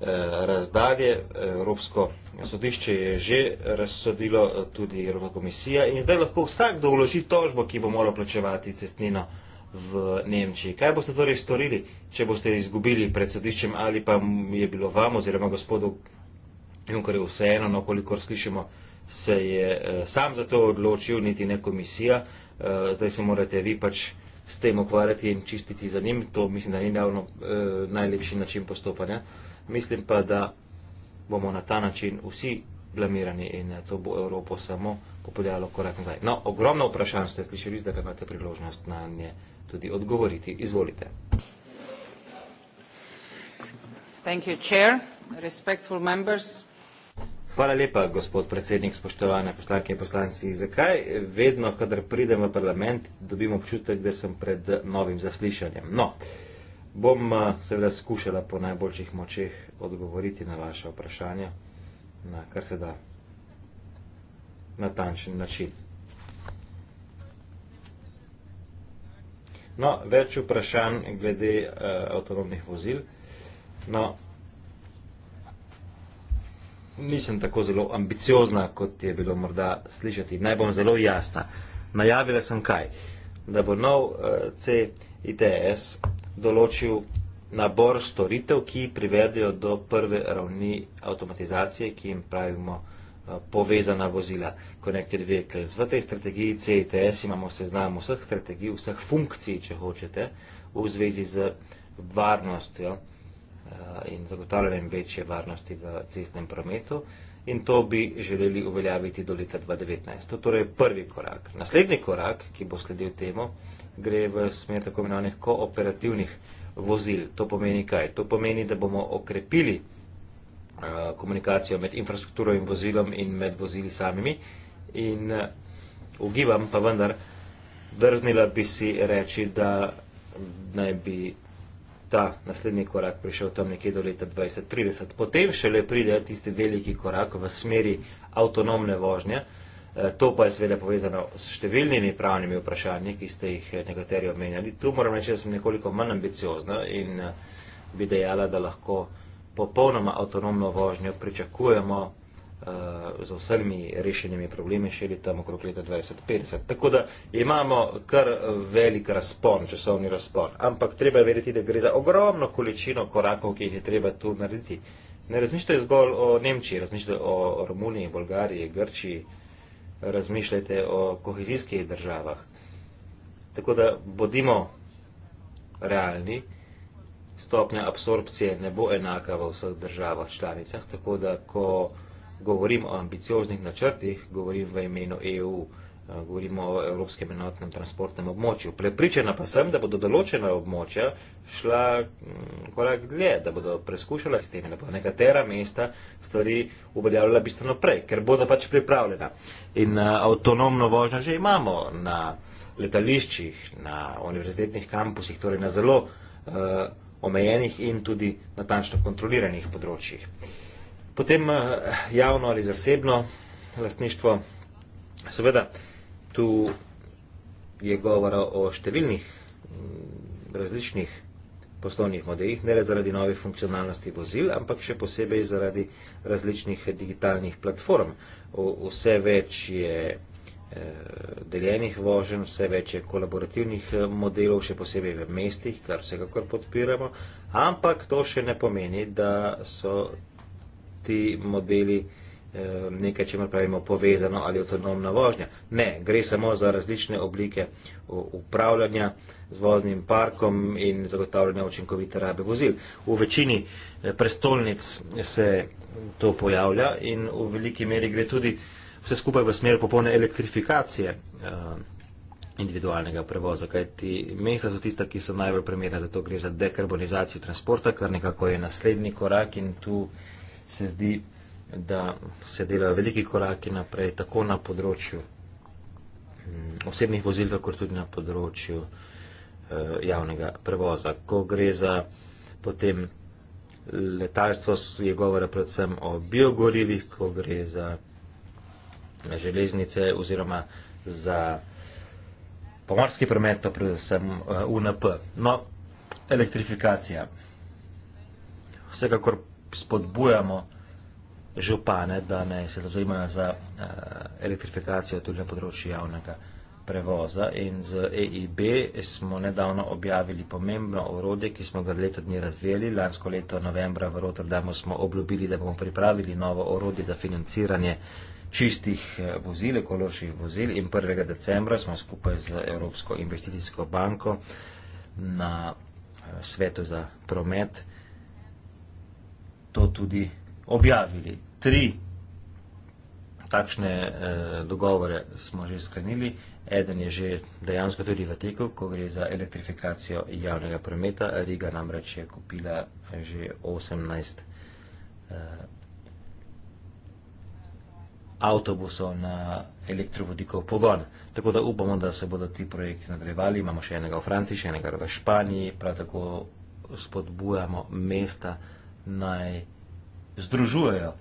[SPEAKER 3] Eh, razdalje. Evropsko sodišče je že razsodilo, eh, tudi Evropska komisija in zdaj lahko vsakdo vloži tožbo, ki bo moral plačevati cestnino v Nemčiji. Kaj boste torej storili, če boste izgubili pred sodiščem ali pa je bilo vam oziroma gospodu Junkerju vseeno, no kolikor slišimo, se je eh, sam za to odločil, niti ne komisija, zdaj se morate vi pač s tem ukvarjati in čistiti za njim, to mislim, da ni najlepši način postopanja. Uh, mislim pa, da bomo na ta način vsi blamirani in to bo Evropo samo popeljalo korak nazaj. No, ogromno vprašanj ste slišali, da ga imate priložnost na nje tudi odgovoriti. Izvolite.
[SPEAKER 1] Thank you, chair. Respectful members.
[SPEAKER 3] Hvala lepa, gospod predsednik, spoštovane poslanke in poslanci. Zakaj vedno, kadar pridem v parlament, dobim občutek, da sem pred novim zaslišanjem? No, uh, bom eh, seveda skušala po najboljših močeh odgovoriti na vaše vprašanje na kar se da natančen način. No, več vprašanj glede eh, avtonomnih vozil. No, nisem tako zelo ambiciozna, kot je bilo morda slišati. Naj bom zelo jasna. Najavila sem kaj? Eh, da bo nov eh, CITS določil nabor storitev, ki privedejo do prve ravni avtomatizacije, ki jim pravimo eh, povezana vozila, Connected Vehicles. V tej strategiji CITS imamo seznam vseh strategij, vseh funkcij, če hočete, v zvezi z varnostjo eh, in zagotavljanjem večje varnosti v cestnem prometu in to bi želeli uveljaviti do leta 2019. To torej je prvi korak. Naslednji korak, ki bo sledil temu, gre v smer tako imenovanih kooperativnih vozil. To pomeni kaj? To pomeni, da bomo okrepili eh, komunikacijo med infrastrukturo in vozilom in med vozili samimi in eh, ugibam pa vendar, drznila bi si reči, da naj bi ta naslednji korak prišel tam nekje do leta 2030. Potem šele pride tisti veliki korak v smeri avtonomne vožnje. E, to pa je seveda povezano s številnimi pravnimi vprašanji, ki ste jih e, nekateri omenjali. Tu moram reči, da sem nekoliko manj ambiciozna in e, bi dejala, da lahko popolnoma avtonomno vožnjo pričakujemo Eh, z vsemi rešenimi problemi šeli tam okrog leta 2050. Tako da imamo kar velik razpon, časovni razpon. Ampak treba verjeti, da gre za ogromno količino korakov, ki jih je treba tu narediti. Ne razmišljajte zgolj o Nemčiji, razmišljajte o Romuniji, Bolgariji, Grčiji, razmišljajte o kohezijskih državah. Tako da bodimo realni, stopnja absorpcije ne bo enaka v vseh državah članicah, tako da ko govorim o ambicioznih načrtih, govorim v imenu EU, eh, govorimo o Evropskem enotnem transportnem območju. Prepričana pa sem, da bodo določena območja šla mm, korak dlje, da bodo preskušala s temi, da bodo nekatera mesta stvari uveljavljala bistveno prej, ker bodo pač pripravljena. In eh, avtonomno vožnjo že imamo na letališčih, na univerzitetnih kampusih, torej na zelo uh, omejenih in tudi natančno kontroliranih področjih. Uh, Potem eh, javno ali zasebno lastništvo. Seveda, tu je govora o številnih mm, različnih poslovnih modelih, ne le zaradi nove funkcionalnosti vozil, ampak še posebej zaradi različnih digitalnih platform. Vse več je eh, deljenih voženj, vse več je kolaborativnih eh, modelov, še posebej v mestih, kar vsekakor podpiramo, ampak to še ne pomeni, da so ti modeli eh, nekaj, če mar pravimo, povezano ali avtonomna vožnja. Ne, gre samo za različne oblike upravljanja z voznim parkom in zagotavljanja učinkovite rabe vozil. V večini eh, prestolnic se to pojavlja in v veliki meri gre tudi vse skupaj v smer popolne elektrifikacije eh, individualnega prevoza, kajti mesta so tista, ki so najbolj primerna, zato gre za dekarbonizacijo transporta, kar nekako je naslednji korak in tu se zdi, da se delajo veliki koraki naprej, tako na področju mm, osebnih vozil, kot tudi na področju eh, javnega prevoza. Ko gre za potem letalstvo, je govora predvsem o biogorivih, ko gre za železnice oziroma za pomorski promet, pa predvsem eh, UNP. No, elektrifikacija. Vsekakor spodbujamo župane, da ne se zauzemajo za uh, elektrifikacijo tudi na področju javnega prevoza. In z EIB smo nedavno objavili pomembno orodje, ki smo ga leto dni razvijali. Lansko leto novembra v Rotterdamu smo obljubili, da bomo pripravili novo orodje za financiranje čistih eh, vozil, ekoloških vozil in 1. decembra smo skupaj z Evropsko investicijsko banko na eh, svetu za promet to tudi objavili. Tri takšne eh, dogovore smo že sklenili. Eden je že dejansko tudi v teku, ko gre za elektrifikacijo javnega prometa. Riga namreč je kupila že 18 eh, avtobusov na elektrovodikov pogon. Tako da upamo, da se bodo ti projekti nadaljevali. Imamo še enega v Franciji, še enega v Španiji, prav tako spodbujamo mesta naj združujejo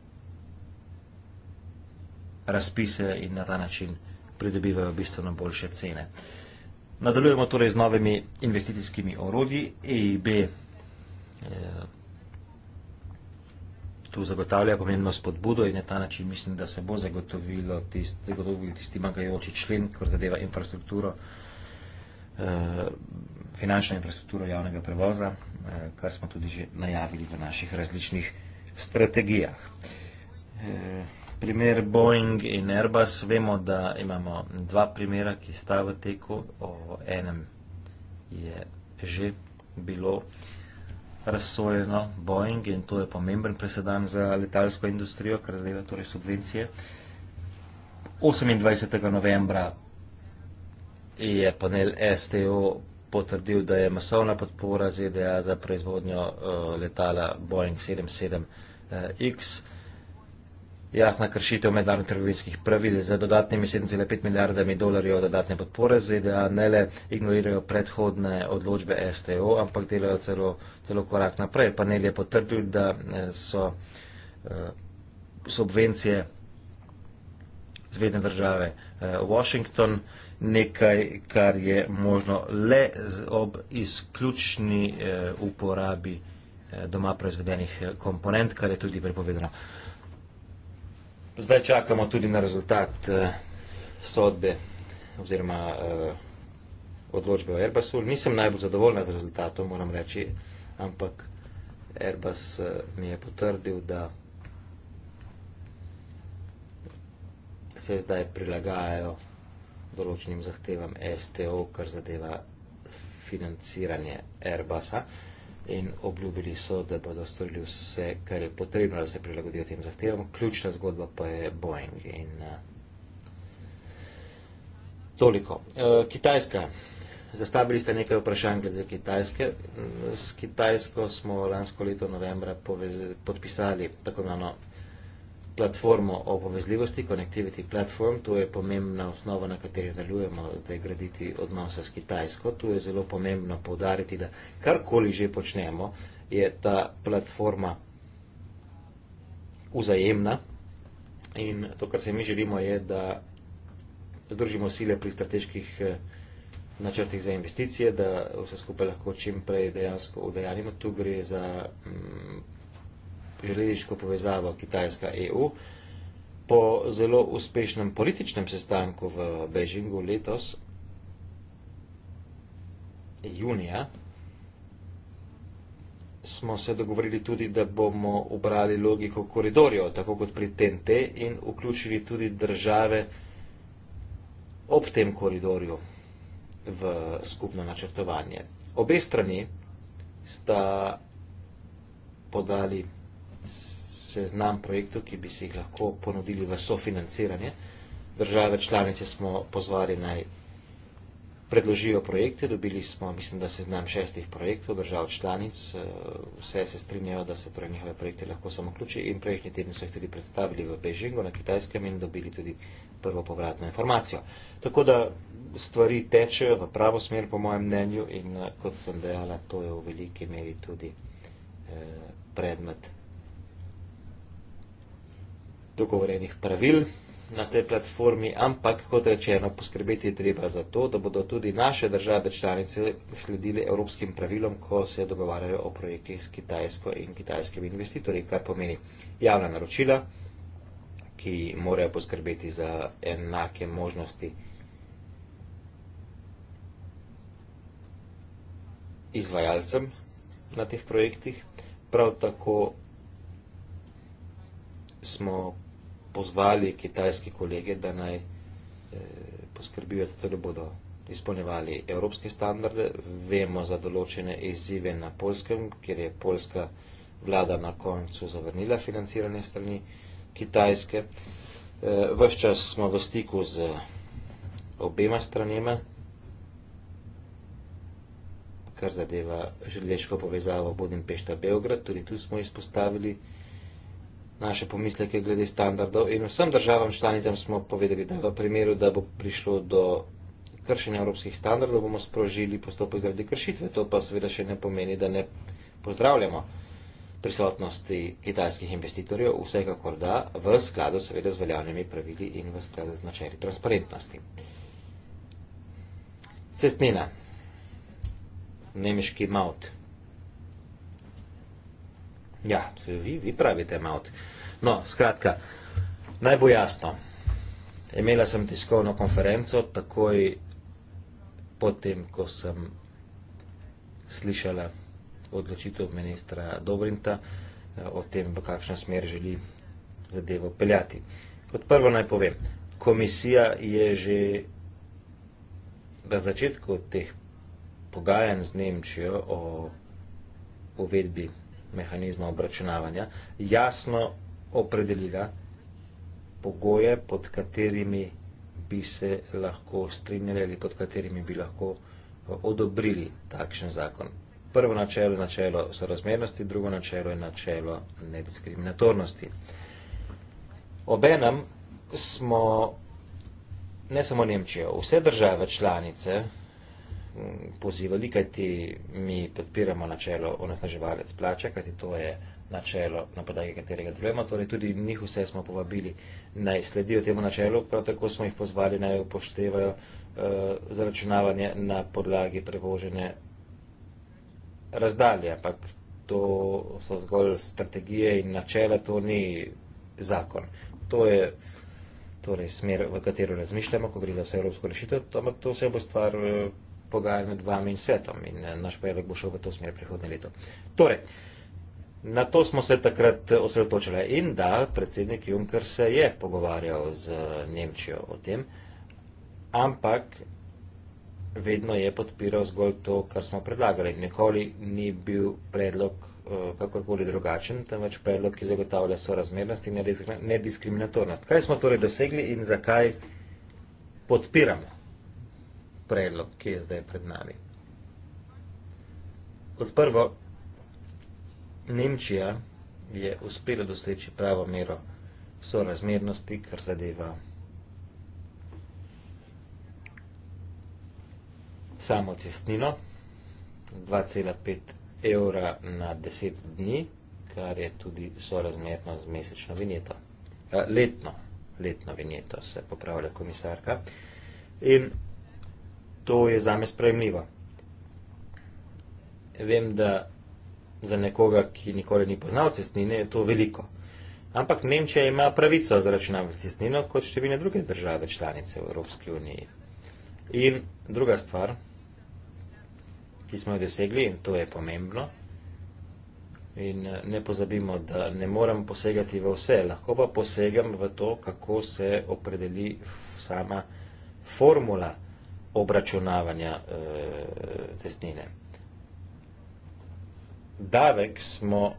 [SPEAKER 3] razpise in na ta način pridobivajo bistveno boljše cene. Nadaljujemo torej z novimi investicijskimi orodji EIB. Eh, tu zagotavlja pomembno spodbudo in na ta način mislim, da se bo zagotovilo tisti, zagotovil tisti manjkajoči člen, kar zadeva infrastrukturo eh, finančno infrastrukturo javnega prevoza, eh, kar smo tudi že najavili v naših različnih strategijah. Eh, primer Boeing in Airbus, vemo, da imamo dva primera, ki sta v teku, o enem je že bilo razsojeno Boeing in to je pomemben presedan za letalsko industrijo, kar zdaj je torej subvencije. 28. novembra je panel STO potrdil, da je masovna podpora ZDA za proizvodnjo eh, letala Boeing 77X. Eh, jasna kršitev mednarodnih trgovinskih pravil za dodatnimi 7,5 milijardami dolarjev dodatne podpore ZDA ne le ignorirajo predhodne odločbe STO, ampak delajo celo, celo korak naprej. Panel je potrdil, da eh, so subvencije zvezdne države Washington nekaj, kar je možno le ob izključni eh, uporabi eh, doma proizvedenih eh, komponent, kar je tudi prepovedano. Zdaj čakamo tudi na rezultat sodbe oziroma odločbe o Airbusu. Nisem najbolj zadovoljna z rezultatom, moram reči, ampak Airbus mi je potrdil, da se zdaj prilagajajo določenim zahtevam STO, kar zadeva financiranje Airbusa. In obljubili so, da bodo storili vse, kar je potrebno, da se prilagodijo tem zahtevam. Ključna zgodba pa je Boeing. In, uh, toliko. Uh, Kitajska. Zastavili ste nekaj vprašanj glede Kitajske. Mm, s Kitajsko smo lansko leto novembra poveze, podpisali tako imenovano platformo o povezljivosti, Connectivity Platform, to je pomembna osnova, na kateri delujemo zdaj graditi odnose s Kitajsko. Tu je zelo pomembno povdariti, da karkoli že počnemo, je ta platforma vzajemna in to, kar se mi želimo, je, da združimo sile pri strateških eh, načrtih za investicije, da vse skupaj lahko čim prej dejansko udejanimo. Tu gre za mm, železniško povezavo Kitajska-EU. Po zelo uspešnem političnem sestanku v Bežingu letos junija smo se dogovorili tudi, da bomo obrali logiko koridorjev, tako kot pri TNT in vključili tudi države ob tem koridorju v skupno načrtovanje. Obe strani sta podali seznam projektov, ki bi si jih lahko ponudili v sofinanciranje. Države članice smo pozvali naj predložijo projekte, dobili smo, mislim, da seznam šestih projektov držav članic, eh, vse se strinjajo, da se torej njihove projekte lahko samo vključi in prejšnji teden so jih tudi predstavili v Bežingu na Kitajskem in dobili tudi prvo povratno informacijo. Tako da stvari tečejo v pravo smer, po mojem mnenju, in eh, kot sem dejala, to je v veliki meri tudi eh, predmet dogovorjenih pravil na tej platformi, ampak kot rečeno, poskrbeti je treba za to, da bodo tudi naše države članice sledili evropskim pravilom, ko se dogovarjajo o projektih s Kitajsko in kitajskimi investitorji, kar pomeni javna naročila, ki morajo poskrbeti za enake možnosti izvajalcem na teh projektih. Prav tako smo pozvali kitajske kolege, da naj eh, poskrbijo, da bodo izpolnjevali evropske standarde. Vemo za določene izzive na polskem, kjer je polska vlada na koncu zavrnila financiranje strani kitajske. Eh, ves čas smo v stiku z obema stranima, kar zadeva želeško povezavo Budimpešta-Beograd, tudi tu smo izpostavili naše pomisleke glede standardov in vsem državam članicam smo povedali, da v primeru, da bo prišlo do kršenja evropskih standardov, bomo sprožili postopek zaradi kršitve. To pa seveda še ne pomeni, da ne pozdravljamo prisotnosti kitajskih investitorjev, vsekakor da v skladu seveda z veljavnimi pravili in v skladu z načeli transparentnosti. Cestnina. Nemški maut. Ja, vi, vi pravite, Maut. No, skratka, naj bo jasno. Imela sem tiskovno konferenco takoj potem, ko sem slišala odločitev ministra Dobrinta eh, o tem, v kakšno smer želi zadevo peljati. Kot prvo naj povem, komisija je že na začetku teh pogajanj z Nemčijo o uvedbi mehanizma obračunavanja, jasno opredelila pogoje, pod katerimi bi se lahko strinjali ali pod katerimi bi lahko eh, odobrili takšen zakon. Prvo načelo je načelo sorazmernosti, drugo načelo je načelo nediskriminatornosti. Obenem smo ne samo Nemčija, vse države članice pozivali, kajti mi podpiramo načelo onesnaževalec plače, kajti to je načelo, na podlagi katerega delujemo. Torej tudi njih vse smo povabili naj sledijo temu načelu, prav tako smo jih pozvali naj upoštevajo uh, zaračunavanje na podlagi prevožene razdalje, ampak to so zgolj strategije in načela, to ni zakon. To je torej smer, v katero razmišljamo, ko gre za vse evropsko rešitev, ampak to vse bo stvar. Uh, pogajanj med vami in svetom in eh, naš pojavek bo šel v to smer prihodne leto. Torej, na to smo se takrat osredotočili in da, predsednik Juncker se je pogovarjal z Nemčijo o tem, ampak vedno je podpiral zgolj to, kar smo predlagali. Nikoli ni bil predlog eh, kakorkoli drugačen, temveč predlog, ki zagotavlja sorazmernost in nediskriminatornost. Kaj smo torej dosegli in zakaj podpiramo? predlog, ki je zdaj pred nami. Kot prvo, Nemčija je uspela doseči pravo mero sorazmernosti, kar zadeva samo cestnino, 2,5 evra na 10 dni, kar je tudi sorazmerno z mesečno vinjeto. Eh, letno, letno vinjeto se popravlja komisarka. In to je zame sprejemljivo. Vem, da za nekoga, ki nikoli ni poznal cestnine, je to veliko. Ampak Nemčija ima pravico zaračunavati cestnino kot številne druge države članice v Evropski uniji. In druga stvar, ki smo jo dosegli, in to je pomembno, in eh, ne pozabimo, da ne moram posegati v vse, lahko pa posegam v to, kako se opredeli sama formula obračunavanja e, eh, testnine. Davek smo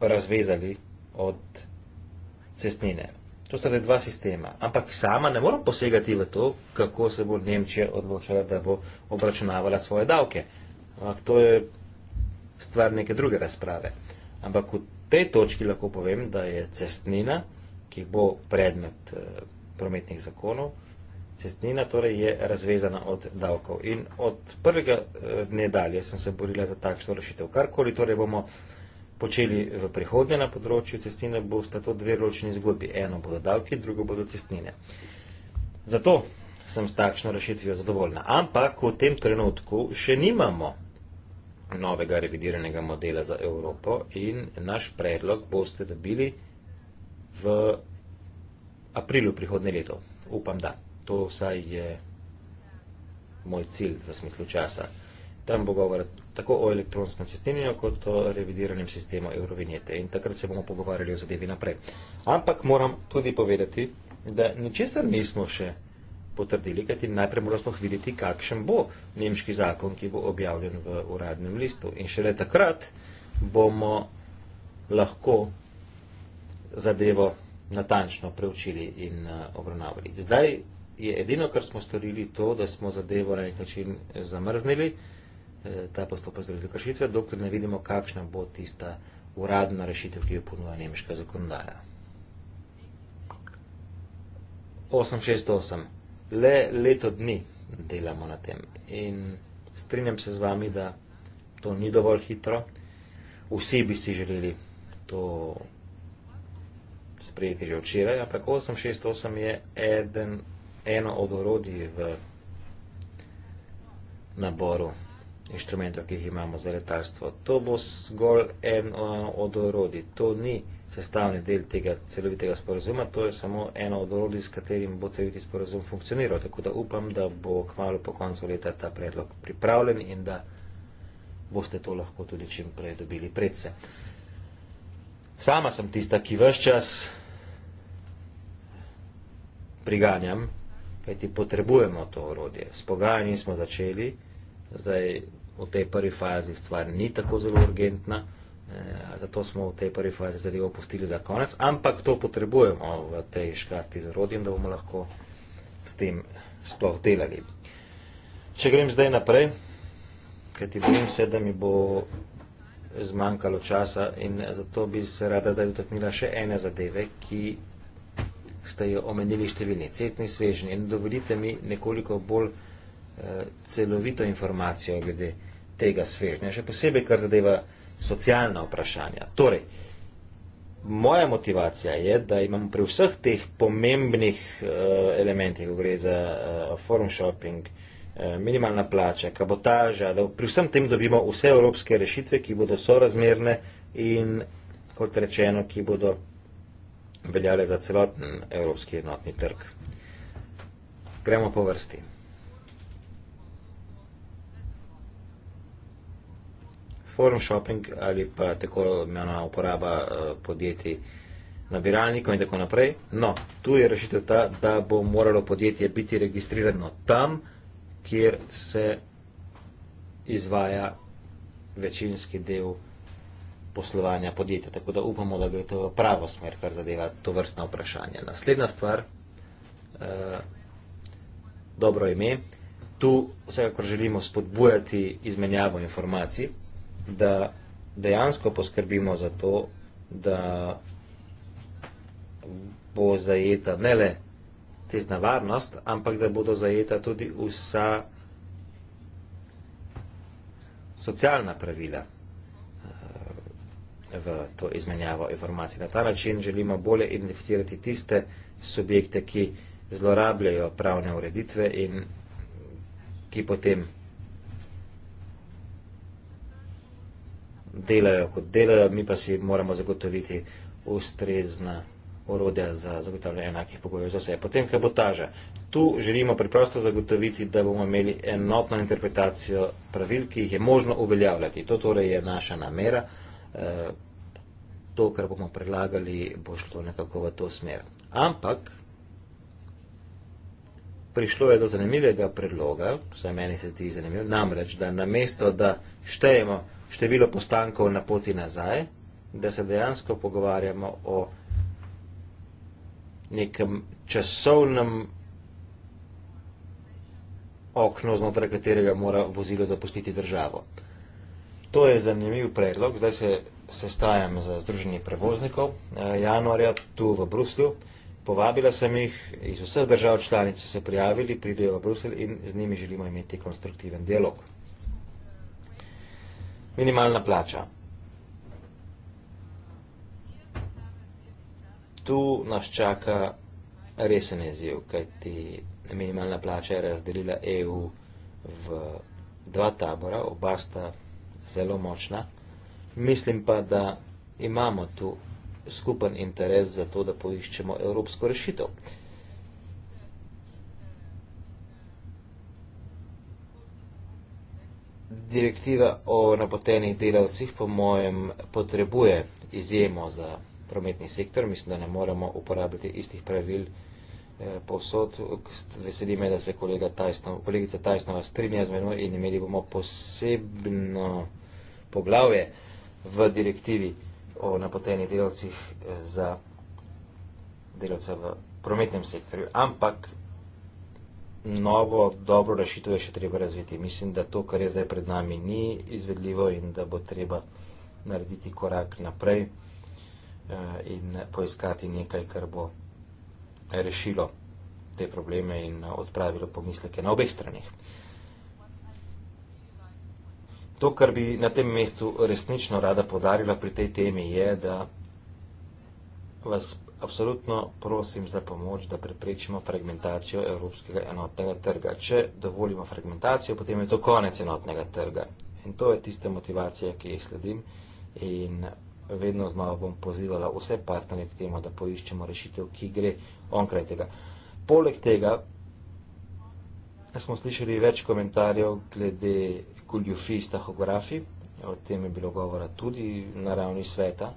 [SPEAKER 3] razvezali od cestnine. To sta le dva sistema. Ampak sama ne moram posegati v to, kako se bo Nemčija odločila, da bo obračunavala svoje davke. Ampak to je stvar neke druge razprave. Ampak v tej točki lahko povem, da je cestnina, ki bo predmet eh, prometnih zakonov, cestnina torej je razvezana od davkov. In od prvega eh, dne dalje sem se borila za takšno rešitev. Karkoli torej bomo počeli v prihodnje na področju cestnine, bo sta to dve ločni zgodbi. Eno bodo davki, drugo bodo cestnine. Zato sem s takšno rešitvijo zadovoljna. Ampak v tem trenutku še nimamo novega revidiranega modela za Evropo in naš predlog boste dobili v aprilu prihodne leto. Upam, da to vsaj je moj cilj v smislu časa. Tam bo govor tako o elektronskem sistemu, kot o revidiranem sistemu Eurovinjete. In takrat se bomo pogovarjali o zadevi naprej. Ampak moram tudi povedati, da ničesar nismo še potrdili, kajti najprej moramo sploh videti, kakšen bo nemški zakon, ki bo objavljen v uradnem listu. In šele takrat bomo lahko zadevo natančno preučili in eh, obravnavali. Zdaj je edino, kar smo storili, to, da smo zadevo na nek način eh, zamrznili, eh, ta postopek za ljudi kršitve, dokler ne vidimo, kakšna bo tista uradna rešitev, ki jo ponuja nemška zakonodaja. 868. Le leto dni delamo na tem. In strinjam se z vami, da to ni dovolj hitro. Vsi bi si želeli to sprejeti že včeraj, ampak 868 je eden eno od orodij v naboru inštrumentov, ki jih imamo za letalstvo. To bo zgolj eno od orodij. To ni sestavni del tega celovitega sporozuma, to je samo eno od orodij, s katerim bo celoviti sporozum funkcioniral. Tako da upam, da bo kmalo po koncu leta ta predlog pripravljen in da boste to lahko tudi čim prej dobili predse. Sama sem tista, ki vse čas priganjam kajti potrebujemo to orodje. S pogajanji smo začeli, zdaj v tej prvi fazi stvar ni tako zelo urgentna, eh, zato smo v tej prvi fazi zadevo postili za konec, ampak to potrebujemo v tej škati z orodjem, da bomo lahko s tem sploh delali. Če grem zdaj naprej, kajti bojim se, da mi bo zmanjkalo časa in zato bi se rada zdaj dotaknila še ene zadeve, ki ste jo omenili številni cestni svežnji in dovolite mi nekoliko bolj eh, celovito informacijo glede tega svežnja, še posebej, kar zadeva socialna vprašanja. Torej, moja motivacija je, da imam pri vseh teh pomembnih eh, elementih, ko gre za eh, forum shopping, minimalna plača, kabotaža, da pri vsem tem dobimo vse evropske rešitve, ki bodo sorazmerne in, kot rečeno, ki bodo veljale za celoten evropski enotni trg. Gremo po vrsti. Forum shopping ali pa tako imena uporaba eh, podjetij nabiralnikov in tako naprej. No, tu je rešitev ta, da bo moralo podjetje biti registrirano tam, kjer se izvaja večinski del podjetja poslovanja podjetja. Tako da upamo, da gre to v pravo smer, kar zadeva to vrstno vprašanje. Naslednja stvar, eh, dobro ime. Tu vsekakor želimo spodbujati izmenjavo informacij, da dejansko poskrbimo za to, da bo zajeta ne le tesna varnost, ampak da bodo zajeta tudi vsa socialna pravila v to izmenjavo informacij. Na ta način želimo bolje identificirati tiste subjekte, ki zlorabljajo pravne ureditve in ki potem delajo kot delajo, mi pa si moramo zagotoviti ustrezna orodja za zagotavljanje enakih pogojev za vse. Potem kabotaža. Tu želimo preprosto zagotoviti, da bomo imeli enotno interpretacijo pravil, ki jih je možno uveljavljati. To torej je naša namera to, kar bomo predlagali, bo šlo nekako v to smer. Ampak prišlo je do zanimivega predloga, vsaj meni se ti zanimiv, namreč, da namesto, da štejemo število postankov na poti nazaj, da se dejansko pogovarjamo o nekem časovnem okno, znotraj katerega mora vozilo zapustiti državo. To je zanimiv predlog. Zdaj se sestajam z Združenjem prevoznikov eh, januarja tu v Bruslju. Povabila sem jih iz vseh držav članic, se prijavili, pridejo v Bruselj in z njimi želimo imeti konstruktiven dialog. Minimalna plača. Tu nas čaka resen izziv, kajti minimalna plača je razdelila EU v dva tabora, oba sta zelo močna. Mislim pa, da imamo tu skupen interes za to, da poiščemo evropsko rešitev. Direktiva o napotenih delavcih, po mojem, potrebuje izjemo za prometni sektor. Mislim, da ne moremo uporabljati istih pravil. Eh, posod. Veseli me, da se Tajsno, kolegica Tajsnova strinja z menoj in imeli bomo posebno poglavje v direktivi o napotenih delavcih eh, za delavce v prometnem sektorju. Ampak novo dobro rešitev je še treba razviti. Mislim, da to, kar je zdaj pred nami, ni izvedljivo in da bo treba narediti korak naprej eh, in poiskati nekaj, kar bo rešilo te probleme in odpravilo pomisleke na obeh stranih. To, kar bi na tem mestu resnično rada podarila pri tej temi, je, da vas absolutno prosim za pomoč, da preprečimo fragmentacijo evropskega enotnega trga. Če dovolimo fragmentacijo, potem je to konec enotnega trga. In to je tista motivacija, ki jih sledim. In vedno znova bom pozivala vse partnerje k temu, da poiščemo rešitev, ki gre onkraj tega. Poleg tega smo slišali več komentarjev glede goljufij stahografi, o tem je bilo govora tudi na ravni sveta.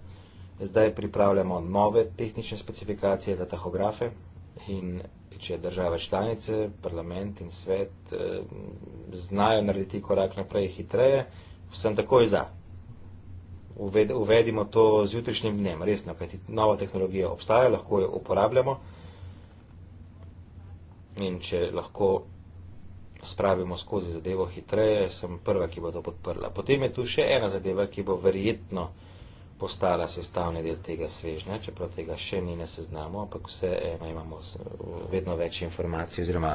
[SPEAKER 3] Zdaj pripravljamo nove tehnične specifikacije za tahografe in če države članice, parlament in svet eh, znajo narediti korak naprej hitreje, sem takoj za uvedemo to zjutrišnjim dnem, resno, kajti nova tehnologija obstaja, lahko jo uporabljamo in če lahko spravimo skozi zadevo hitreje, sem prva, ki bo to podprla. Potem je tu še ena zadeva, ki bo verjetno postala sestavni del tega svežnja, čeprav tega še ni na seznamu, ampak vse eno imamo vedno več informacij oziroma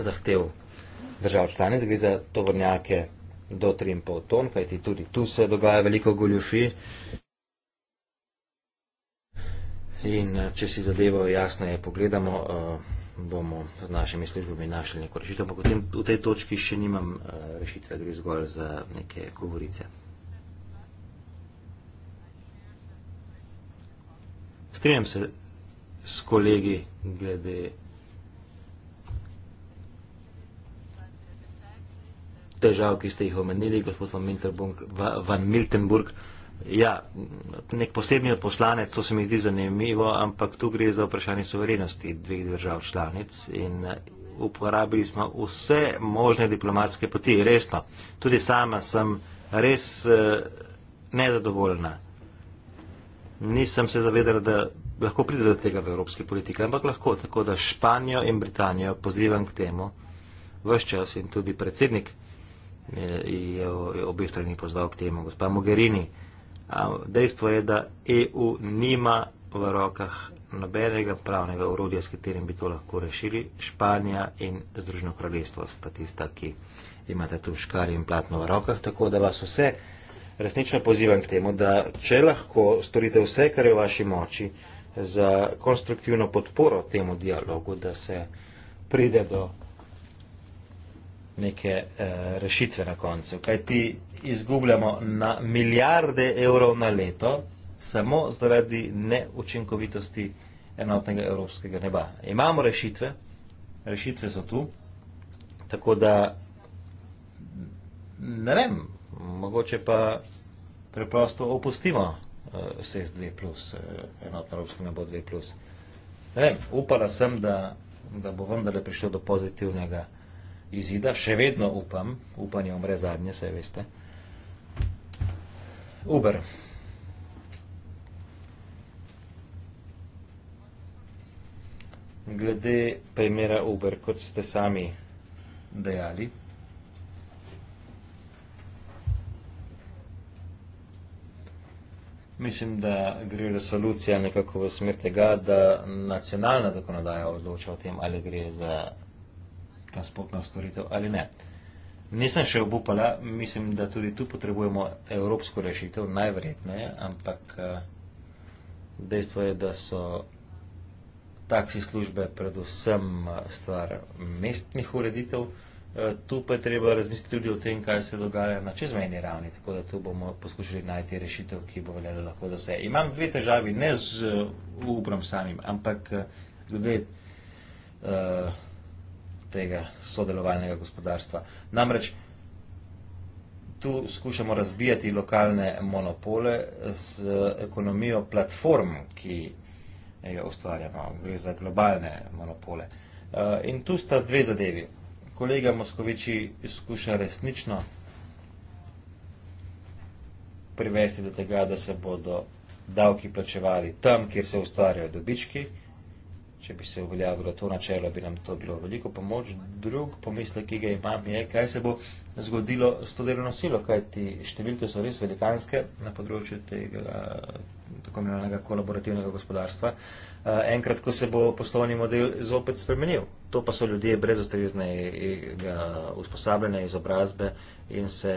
[SPEAKER 3] zahtev držav članic, gre za tovrnjake do 3,5 ton, kajti tudi tu se dogaja veliko goljufi. In eh, če si zadevo jasno je pogledamo, eh, bomo z našimi službami našli neko rešitev, ampak v tej točki še nimam eh, rešitve, gre zgolj za neke govorice. Strenjam se s kolegi glede težav, ki ste jih omenili, gospod Van Miltenburg. Van Miltenburg. Ja, nek posebni odposlanec, to se mi zdi zanimivo, ampak tu gre za vprašanje soverenosti dveh držav članic in eh, uporabili smo vse možne diplomatske poti, resno. Tudi sama sem res eh, nezadovoljna. Nisem se zavedala, da lahko pride do tega v evropski politiki, ampak lahko, tako da Španijo in Britanijo pozivam k temu, vse čas in tudi predsednik je obe strani pozval k temu, gospa Mogherini. Dejstvo je, da EU nima v rokah nobenega pravnega urodja, s katerim bi to lahko rešili. Španija in Združeno kraljestvo sta tista, ki imate tu škar in platno v rokah, tako da vas vse resnično pozivam k temu, da če lahko storite vse, kar je v vaši moči, za konstruktivno podporo temu dialogu, da se pride do neke eh, rešitve na koncu. Kaj ti izgubljamo na milijarde evrov na leto samo zaradi neučinkovitosti enotnega evropskega neba. Imamo rešitve, rešitve so tu, tako da ne vem, mogoče pa preprosto opustimo eh, SES 2+, plus, eh, enotno evropsko nebo 2+. Plus. Ne vem, upala sem, da, da bo vendarle prišlo do pozitivnega izida, še vedno upam, upanje umre zadnje, se veste. Uber. Glede primera Uber, kot ste sami dejali, mislim, da gre resolucija nekako v smer tega, da nacionalna zakonodaja odloča o tem, ali gre za transportna storitev ali ne. Nisem še obupala, mislim, da tudi tu potrebujemo evropsko rešitev, najverjetneje, ampak eh, dejstvo je, da so taksi službe predvsem eh, stvar mestnih ureditev. Eh, tu pa je treba razmisliti tudi o tem, kaj se dogaja na čezmejni ravni, tako da tu bomo poskušali najti rešitev, ki bo veljala lahko za vse. Imam dve težavi, ne z uprom samim, ampak ljudje. Uh, tega sodelovalnega gospodarstva. Namreč tu skušamo razbijati lokalne monopole z ekonomijo platform, ki jo ustvarjamo, gre za globalne monopole. Eh, in tu sta dve zadevi. Kolega Moskoviči skuša resnično privesti do tega, da se bodo davki plačevali tam, kjer se ustvarjajo dobički če bi se uveljavilo to načelo, bi nam to bilo veliko pomoč. Drug pomislek, ki ga imam, je, kaj se bo zgodilo s to delovno silo, kajti številke so res velikanske na področju tega tako imenovanega kolaborativnega gospodarstva. Eh, enkrat, ko se bo poslovni model zopet spremenil, to pa so ljudje brez ustrezne eh, usposabljene izobrazbe in, se,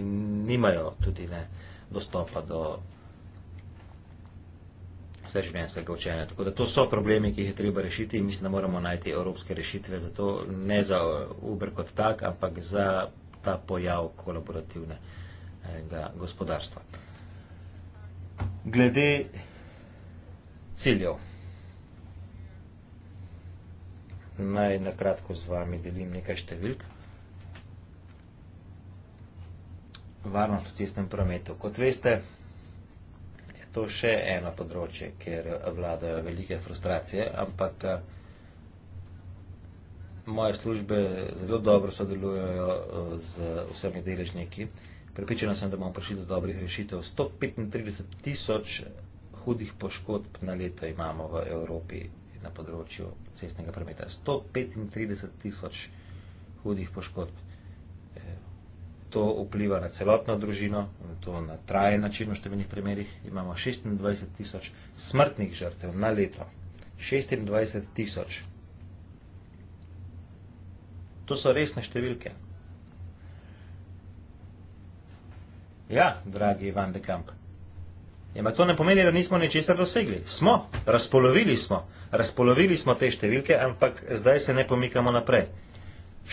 [SPEAKER 3] in nimajo tudi ne, dostopa do vse življenjskega učenja. Tako da to so problemi, ki jih je treba rešiti in mislim, da moramo najti evropske rešitve za to, ne za Uber kot tak, ampak za ta pojav kolaborativnega gospodarstva. Glede ciljev. Naj na kratko z vami delim nekaj številk. Varnost v cestnem prometu. Kot veste, to še eno področje, kjer vladajo velike frustracije, ampak eh, moje službe zelo dobro sodelujejo eh, z vsemi deležniki. Pripričana sem, da bomo prišli do dobrih rešitev. 135 tisoč hudih poškodb na leto imamo v Evropi na področju cestnega prometa. 135 tisoč hudih poškodb to vpliva na celotno družino, to na trajen način v številnih primerjih. Imamo 26 tisoč smrtnih žrtev na leto. 26 tisoč. To so resne številke. Ja, dragi Van de Kamp. Ja, to ne pomeni, da nismo nečesar dosegli. Smo, razpolovili smo, razpolovili smo te številke, ampak zdaj se ne pomikamo naprej.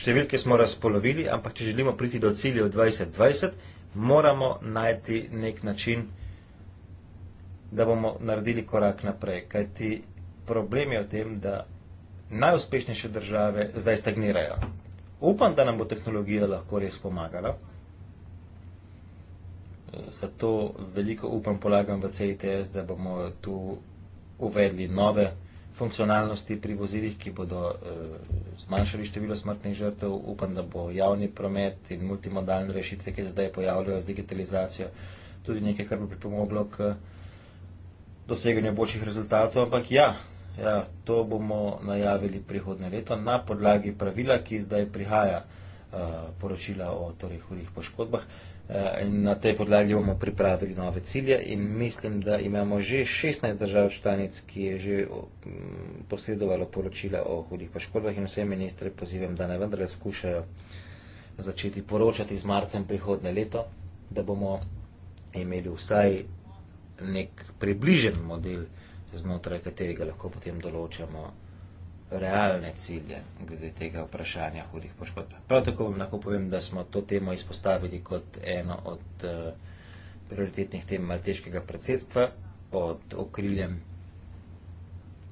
[SPEAKER 3] Številke smo razpolovili, ampak če želimo priti do ciljev 2020, moramo najti nek način, da bomo naredili korak naprej. Kajti problem je v tem, da najuspešnejše države zdaj stagnirajo. Upam, da nam bo tehnologija lahko res pomagala. Zato veliko upam polagam v CITS, da bomo tu uvedli nove funkcionalnosti pri vozilih, ki bodo eh, zmanjšali število smrtnih žrtev. Upam, da bo javni promet in multimodalne rešitve, ki se zdaj pojavljajo z digitalizacijo, tudi nekaj, kar bo pripomoglo k doseganju boljših rezultatov. Ampak ja, ja, to bomo najavili prihodne leto na podlagi pravila, ki zdaj prihaja eh, poročila o torej hudih poškodbah. Eh, in na tej podlagi bomo pripravili nove cilje in mislim, da imamo že 16 držav članic, ki je že mm, posredovalo poročila o hudih poškodbah in vse ministre pozivam, da ne vendarle skušajo začeti poročati z marcem prihodne leto, da bomo imeli vsaj nek približen model, znotraj katerega lahko potem določamo realne cilje glede tega vprašanja hudih poškodb. Prav tako vam lahko povem, da smo to temo izpostavili kot eno od eh, prioritetnih tem malteškega predsedstva. Pod okriljem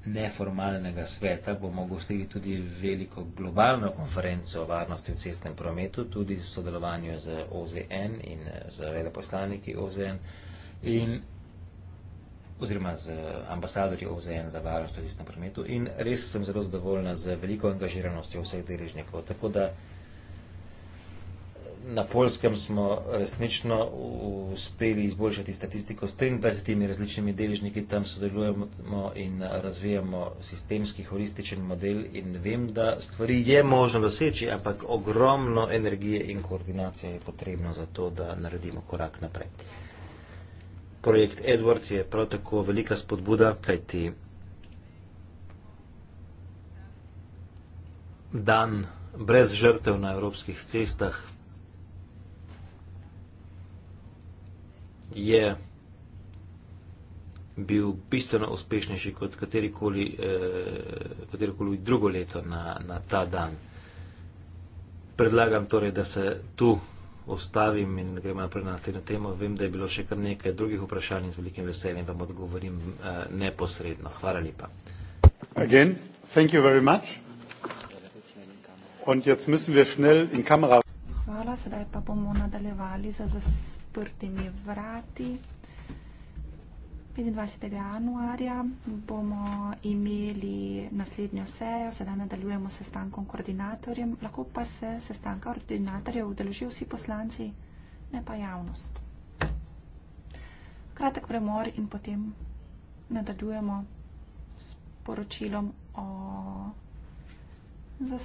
[SPEAKER 3] neformalnega sveta bomo gostili tudi veliko globalno konferenco o varnosti v cestnem prometu, tudi v sodelovanju z OZN in eh, z veleposlaniki OZN. In oziroma z eh, ambasadorji OZN za varnost v tistem prometu in res sem zelo zadovoljna z veliko angažiranostjo vseh deležnikov. Tako da eh, na Polskem smo resnično uspeli izboljšati statistiko s 23 različnimi deležniki, tam sodelujemo in razvijamo sistemski holističen model in vem, da stvari je možno doseči, ampak ogromno energije in koordinacije je potrebno za to, da naredimo korak naprej projekt Edward je prav tako velika spodbuda, kaj ti dan brez žrtev na evropskih cestah je bil bistveno uspešnejši kot katerikoli, eh, katerikoli drugo leto na, na ta dan. Predlagam torej, da se tu ostavim in gremo naprej na naslednjo temo. Vem, da je bilo še kar nekaj drugih vprašanj in z velikim veseljem vam odgovorim eh, neposredno. Hvala lepa.
[SPEAKER 1] Again, thank you very much. Und jetzt müssen wir schnell in Kamera.
[SPEAKER 2] Hvala, sedaj pa bomo nadaljevali za zasprtimi vrati. 25. januarja bomo imeli naslednjo sejo, sedaj nadaljujemo s sestankom koordinatorjem, lahko pa se sestanka koordinatorjev udeležijo vsi poslanci, ne pa javnost. Kratek premor in potem nadaljujemo s poročilom o zastavljanju.